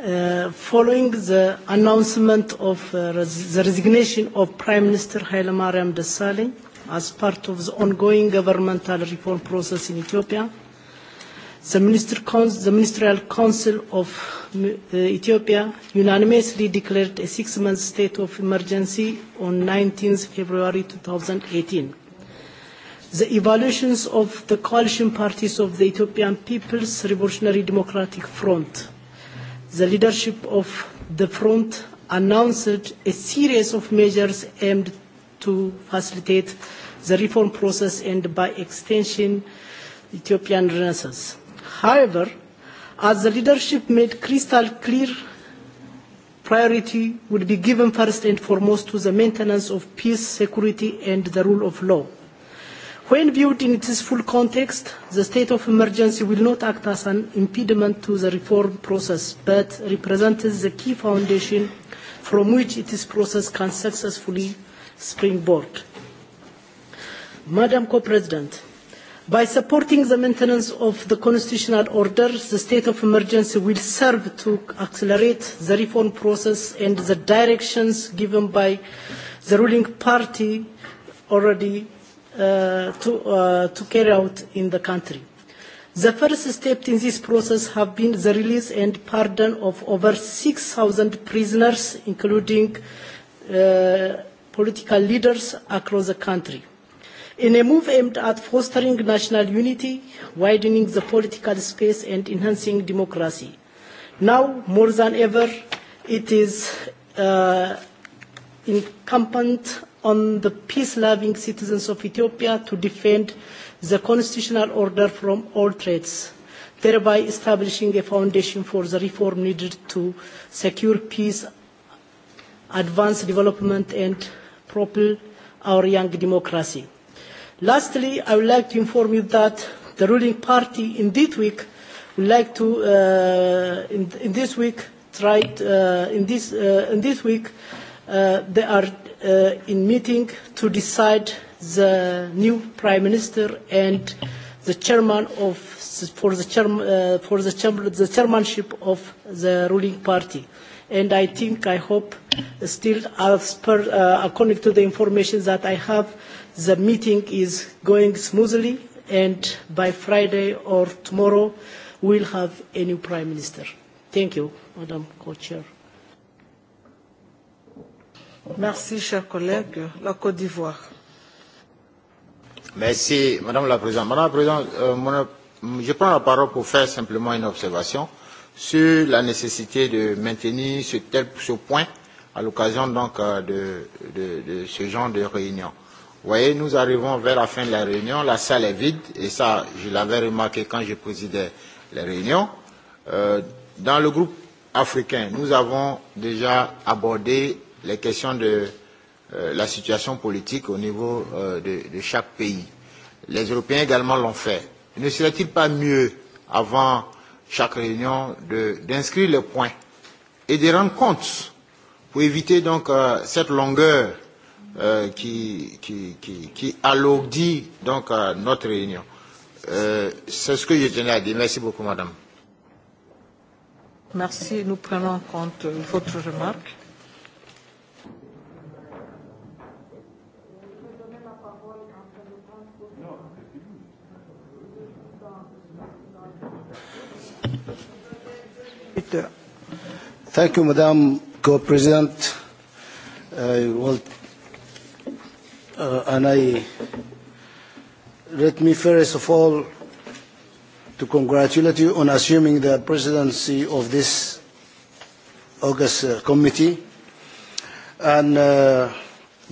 Speaker 2: Uh, following the announcement of uh, res the resignation of Prime Minister Hailemariam Desalegn as part of the ongoing governmental reform process in Ethiopia, The, Minister the Ministerial Council of Ethiopia unanimously declared a six-month state of emergency on 19th February 2018. The evaluations of the coalition parties of the Ethiopian People's Revolutionary Democratic Front. The leadership of the front announced a series of measures aimed to facilitate the reform process and by extension Ethiopian Renaissance However, as the leadership made crystal clear, priority would be given first and foremost to the maintenance of peace, security and the rule of law. When viewed in its full context, the state of emergency will not act as an impediment to the reform process, but represents the key foundation from which its process can successfully springboard. Madam Co-President, By supporting the maintenance of the constitutional order, the state of emergency will serve to accelerate the reform process and the directions given by the ruling party already uh, to, uh, to carry out in the country. The first step in this process have been the release and pardon of over 6,000 prisoners, including uh, political leaders across the country in a move aimed at fostering national unity, widening the political space and enhancing democracy. Now, more than ever, it is uh, incumbent on the peace-loving citizens of Ethiopia to defend the constitutional order from all threats, thereby establishing a foundation for the reform needed to secure peace, advance development, and propel our young democracy. Lastly, I would like to inform you that the ruling party in this week would like to uh, in, in this week tried uh, in this uh, in this week uh, they are uh, in meeting to decide the new prime minister and the chairman of for the chair, uh, for the, chair, the chairmanship of the ruling party and I think I hope still as per uh, according to the information that I have the meeting is going smoothly and by Friday or tomorrow we'll have a new Prime Minister. Thank you,
Speaker 1: Madam Co-Chair. Merci, chers collègue. La Côte d'Ivoire.
Speaker 10: Merci, Madame la Présidente. Madame la Présidente, euh, mon, je prends la parole pour faire simplement une observation sur la nécessité
Speaker 3: de maintenir ce, tel, ce point à l'occasion donc de, de, de ce genre de réunion. Euh, voyez, nous arrivons vers la fin de la réunion, la salle est vide, et ça, je l'avais remarqué quand je présidais les réunions. Euh, dans le groupe
Speaker 10: africain, nous avons déjà abordé les questions de euh, la
Speaker 3: situation politique au niveau euh, de, de chaque pays. Les Européens également l'ont fait. Ne serait-il pas mieux, avant chaque réunion, d'inscrire les points et de rendre compte pour éviter donc euh, cette longueur euh, euh, qui, qui, qui, qui alourdit donc à notre réunion.
Speaker 10: Euh, C'est ce que je tenais à dire. Merci beaucoup, madame.
Speaker 1: Merci. Nous prenons en compte votre remarque.
Speaker 14: Thank you, Madam Co-President. I will uh, and I let me first of all to congratulate you on assuming the presidency of this August uh, committee and uh,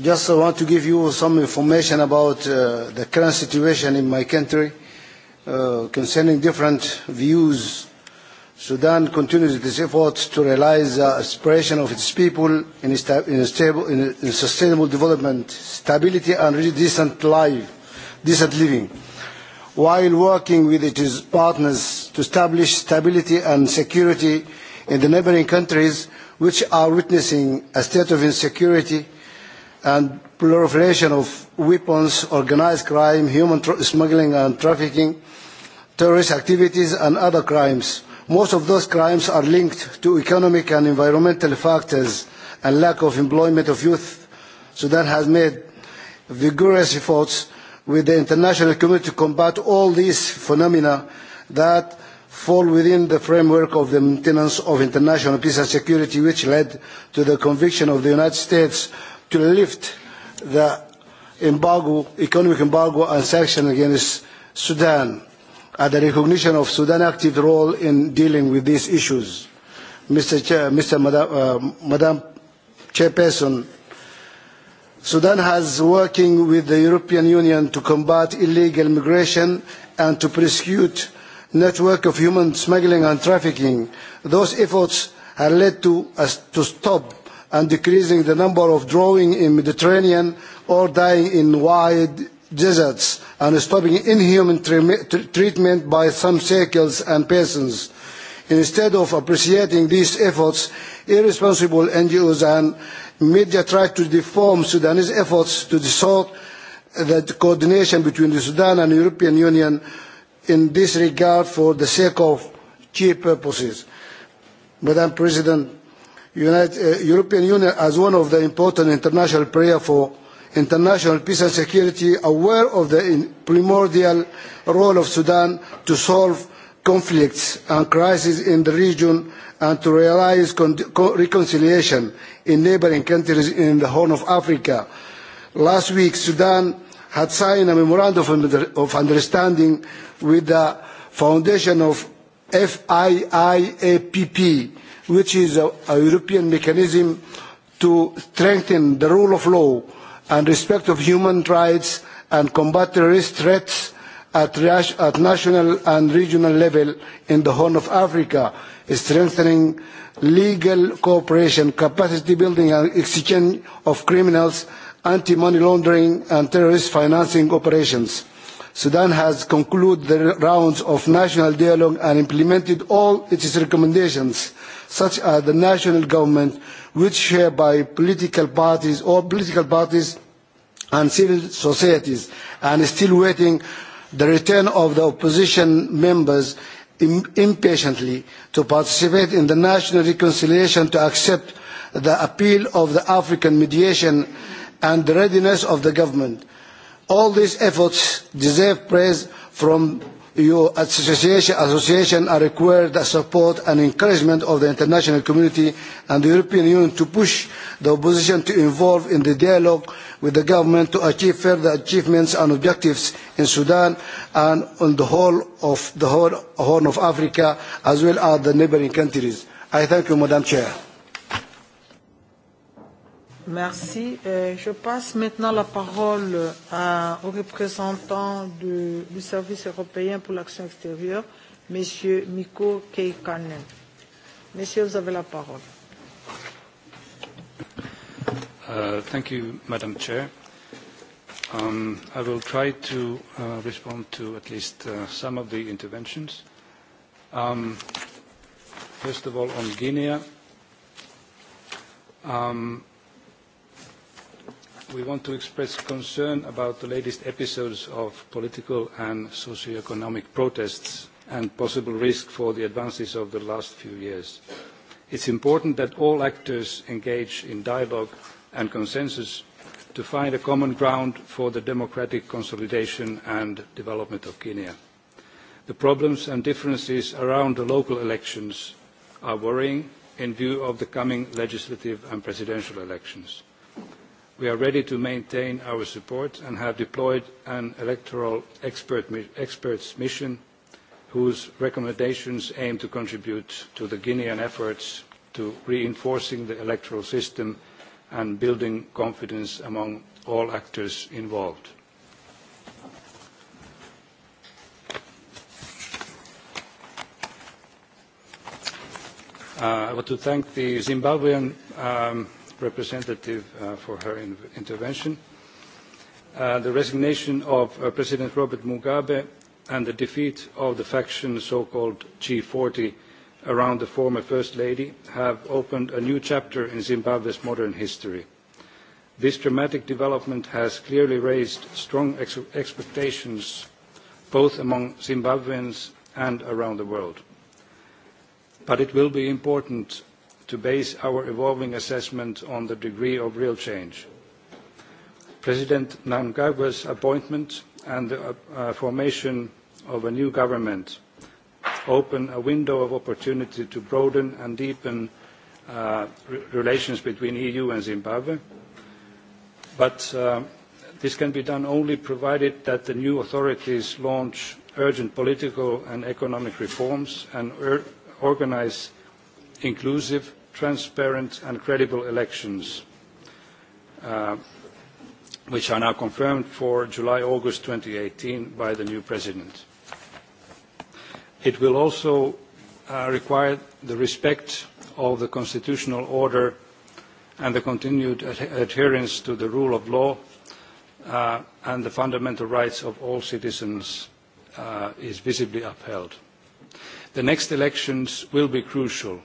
Speaker 14: just I want to give you some information about uh, the current situation in my country uh, concerning different views Sudan continues its efforts to realize the aspiration of its people in, stable, in, in sustainable development, stability and really decent life, decent living, while working with its partners to establish stability and security in the neighboring countries which are witnessing a state of insecurity and proliferation of weapons, organised crime, human smuggling and trafficking, terrorist activities and other crimes Most of those crimes are linked to economic and environmental factors and lack of employment of youth. Sudan has made vigorous efforts with the international community to combat all these phenomena that fall within the framework of the maintenance of international peace and security, which led to the conviction of the United States to lift the embargo, economic embargo and sanctions against Sudan at the recognition of Sudan's active role in dealing with these issues. Mr. Chair, Mr. Madam, uh, Madam Chairperson, Sudan has working with the European Union to combat illegal migration and to prosecute network of human smuggling and trafficking. Those efforts have led to us to stop and decreasing the number of drowning in Mediterranean or dying in wide deserts and stopping inhuman treatment by some circles and persons. Instead of appreciating these efforts, irresponsible NGOs and media try to deform Sudanese efforts to distort the coordination between the Sudan and the European Union in this regard for the sake of cheap purposes. Madam President, the European Union as one of the important international players for international peace and security aware of the primordial role of Sudan to solve conflicts and crises in the region and to realise reconciliation in neighbouring countries in the Horn of Africa. Last week, Sudan had signed a memorandum of understanding with the foundation of FIIAPP, which is a, European mechanism to strengthen the rule of law and respect of human rights and combat terrorist threats at, national and regional level in the Horn of Africa, strengthening legal cooperation, capacity building and exchange of criminals, anti-money laundering and terrorist financing operations. Sudan has concluded the rounds of national dialogue and implemented all its recommendations such as the national government, which share by political parties or political parties and civil societies, and is still waiting the return of the opposition members impatiently to participate in the national reconciliation to accept the appeal of the African mediation and the readiness of the government. All these efforts deserve praise from EU association are required the support and encouragement of the international community and the European Union to push the opposition to involve in the dialogue with the government to achieve further achievements and objectives in Sudan and on the whole of the Horn of Africa as well as the neighbouring countries. I thank you, Madam Chair.
Speaker 1: Merci. Euh, je passe maintenant la parole à, au représentant du, du Service européen pour l'action extérieure, M. Mikko Keikanen. Monsieur, vous avez la parole.
Speaker 16: Uh, thank you, Madam Chair. Um, I will try to uh, respond to at least uh, some of the interventions. Um, first of all, on Guinea. Um, we want to express concern about the latest episodes of political and socio-economic protests and possible risk for the advances of the last few years. It is important that all actors engage in dialogue and consensus to find a common ground for the democratic consolidation and development of Guinea. The problems and differences around the local elections are worrying in view of the coming legislative and presidential elections we are ready to maintain our support and have deployed an electoral experts mission whose recommendations aim to contribute to the Guinean efforts to reinforcing the electoral system and building confidence among all actors involved. I want to thank the Zimbabwean representative uh, for her in intervention. Uh, the resignation of uh, President Robert Mugabe and the defeat of the faction so-called G40 around the former First Lady have opened a new chapter in Zimbabwe's modern history. This dramatic development has clearly raised strong ex expectations both among Zimbabweans and around the world. But it will be important to base our evolving assessment on the degree of real change. President Mnangagwa's appointment and the formation of a new government open a window of opportunity to broaden and deepen relations between EU and Zimbabwe. But this can be done only provided that the new authorities launch urgent political and economic reforms and organise inclusive transparent and credible elections, which are now confirmed for July-August 2018 by the new president. It will also require the respect of the constitutional order and the continued adherence to the rule of law and the fundamental rights of all citizens is visibly upheld. The next elections will be crucial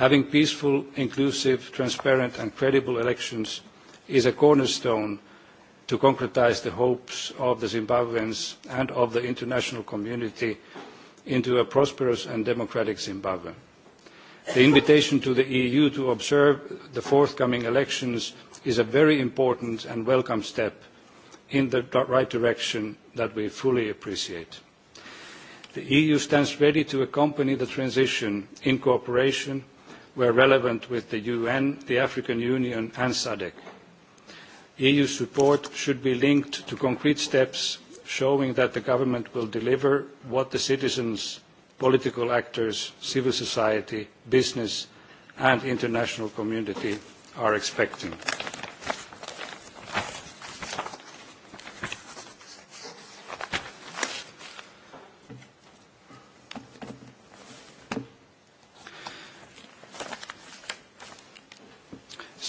Speaker 16: Having peaceful, inclusive, transparent and credible elections is a cornerstone to concretise the hopes of the Zimbabweans and of the international community into a prosperous and democratic Zimbabwe. The invitation to the EU to observe the forthcoming elections is a very important and welcome step in the right direction that we fully appreciate. The EU stands ready to accompany the transition in cooperation were relevant with the UN, the African Union and SADC. EU support should be linked to concrete steps showing that the government will deliver what the citizens, political actors, civil society, business and international community are expecting.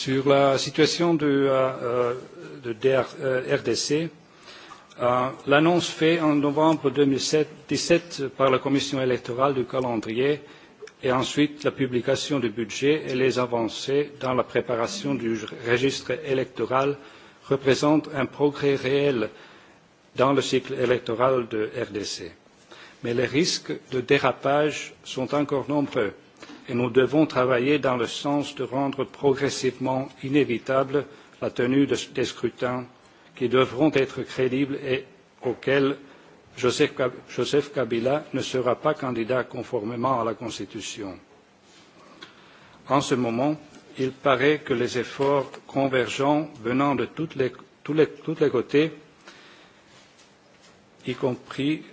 Speaker 16: Sur la situation de, RDC, l'annonce faite en novembre deux mille dix sept par la Commission électorale du calendrier et ensuite la publication du budget et les avancées dans la préparation du registre électoral représentent un progrès réel dans le cycle électoral de RDC. Mais les risques de dérapage sont encore nombreux et nous devons travailler dans le sens de rendre progressivement inévitable la tenue des scrutins qui devront être crédibles et auxquels Joseph Kabila ne sera pas candidat conformément à la Constitution. En ce moment, il paraît que les efforts convergents venant de tous les, côtés, y compris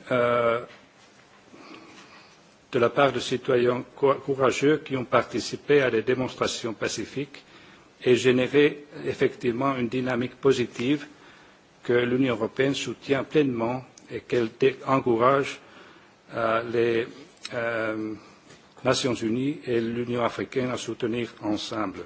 Speaker 16: de la part de citoyens courageux qui ont participé à des démonstrations pacifiques et généré effectivement une dynamique positive que l'Union européenne soutient pleinement et qu'elle encourage les Nations unies et l'Union africaine à soutenir ensemble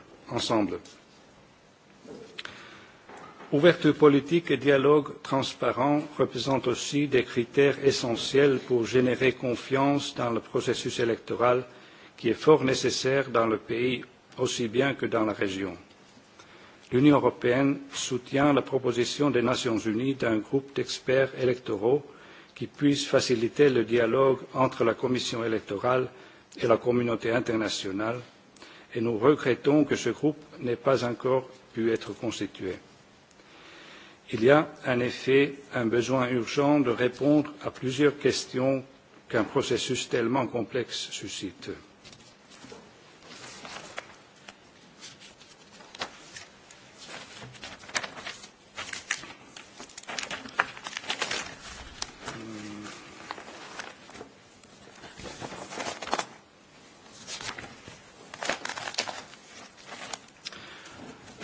Speaker 16: Ouverture politique et dialogue transparent représentent aussi des critères essentiels pour générer confiance dans le processus électoral qui est fort nécessaire dans le pays aussi bien que dans la région. L'Union européenne soutient la proposition des Nations unies d'un groupe d'experts électoraux qui puisse faciliter le dialogue entre la Commission électorale et la communauté internationale et nous regrettons que ce groupe n'ait pas encore pu être constitué. Il y a en effet un besoin urgent de répondre à plusieurs questions qu'un processus tellement complexe suscite.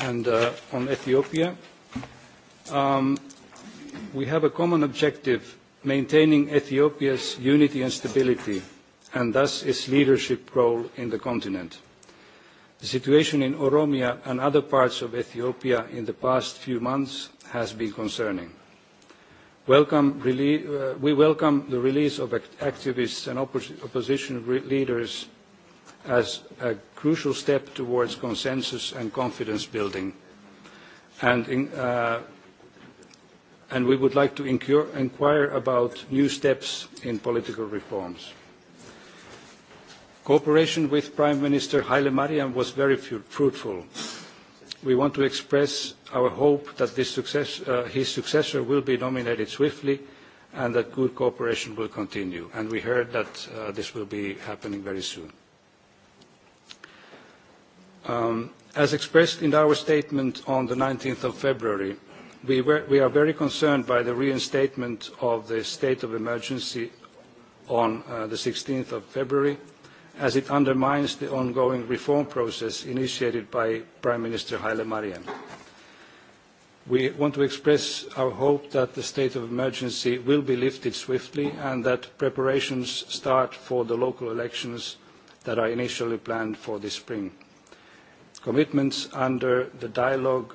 Speaker 16: And uh, on Ethiopia, Um, we have a common objective, maintaining Ethiopia's unity and stability, and thus its leadership role in the continent. The situation in Oromia and other parts of Ethiopia in the past few months has been concerning. We welcome the release of activists and opposition leaders as a crucial step towards consensus and confidence building, and and we would like to inquire about new steps in political reforms. Cooperation with Prime Minister Haile Mariam was very fruitful. We want to express our hope that his successor will be nominated swiftly and that good cooperation will continue. And we heard that this will be happening very soon. as expressed in our statement on the 19th of February, We are very concerned by the reinstatement of the state of emergency on the 16th of February, as it undermines the ongoing reform process initiated by Prime Minister Haile Mariam. We want to express our hope that the state of emergency will be lifted swiftly and that preparations start for the local elections that are initially planned for this spring. Commitments under the dialogue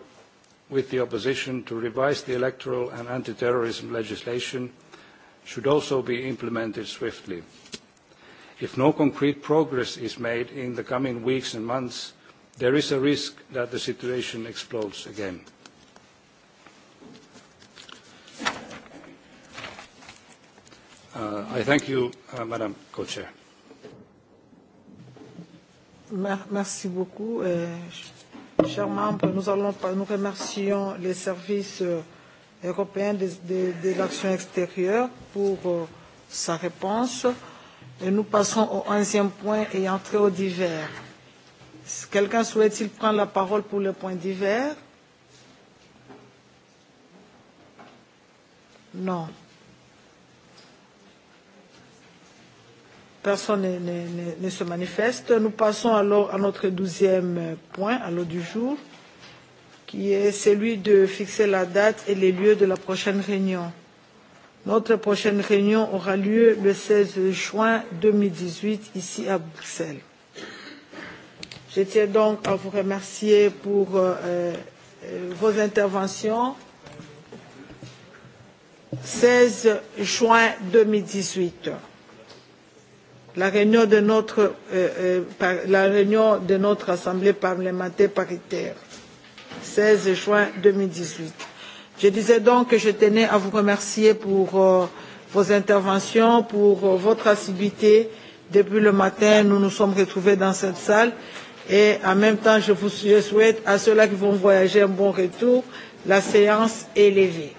Speaker 16: with the opposition to revise the electoral and anti-terrorism legislation should also be implemented swiftly. If no concrete progress is made in the coming weeks and months, there is a risk that the situation explodes again. I thank you, Madam Co-Chair.
Speaker 1: Merci beaucoup. Chers membres, nous, allons, nous remercions les services européens de, de, de l'action extérieure pour euh, sa réponse. Et nous passons au onzième point et entrer au divers. Quelqu'un souhaite-t-il prendre la parole pour le point divers Non. personne ne, ne, ne, ne se manifeste, nous passons alors à notre douzième point, à l'ordre du jour, qui est celui de fixer la date et les lieux de la prochaine réunion. Notre prochaine réunion aura lieu le 16 juin 2018 ici à Bruxelles. Je tiens donc à vous remercier pour euh, vos interventions. 16 juin 2018. La réunion de notre, euh, euh, la réunion de notre Assemblée parlementaire paritaire, 16 juin 2018. Je disais donc que je tenais à vous remercier pour euh, vos interventions, pour euh, votre assiduité. Depuis le matin, nous nous sommes retrouvés dans cette salle. Et en même temps, je, vous, je souhaite à ceux-là qui vont voyager un bon retour. La séance est levée.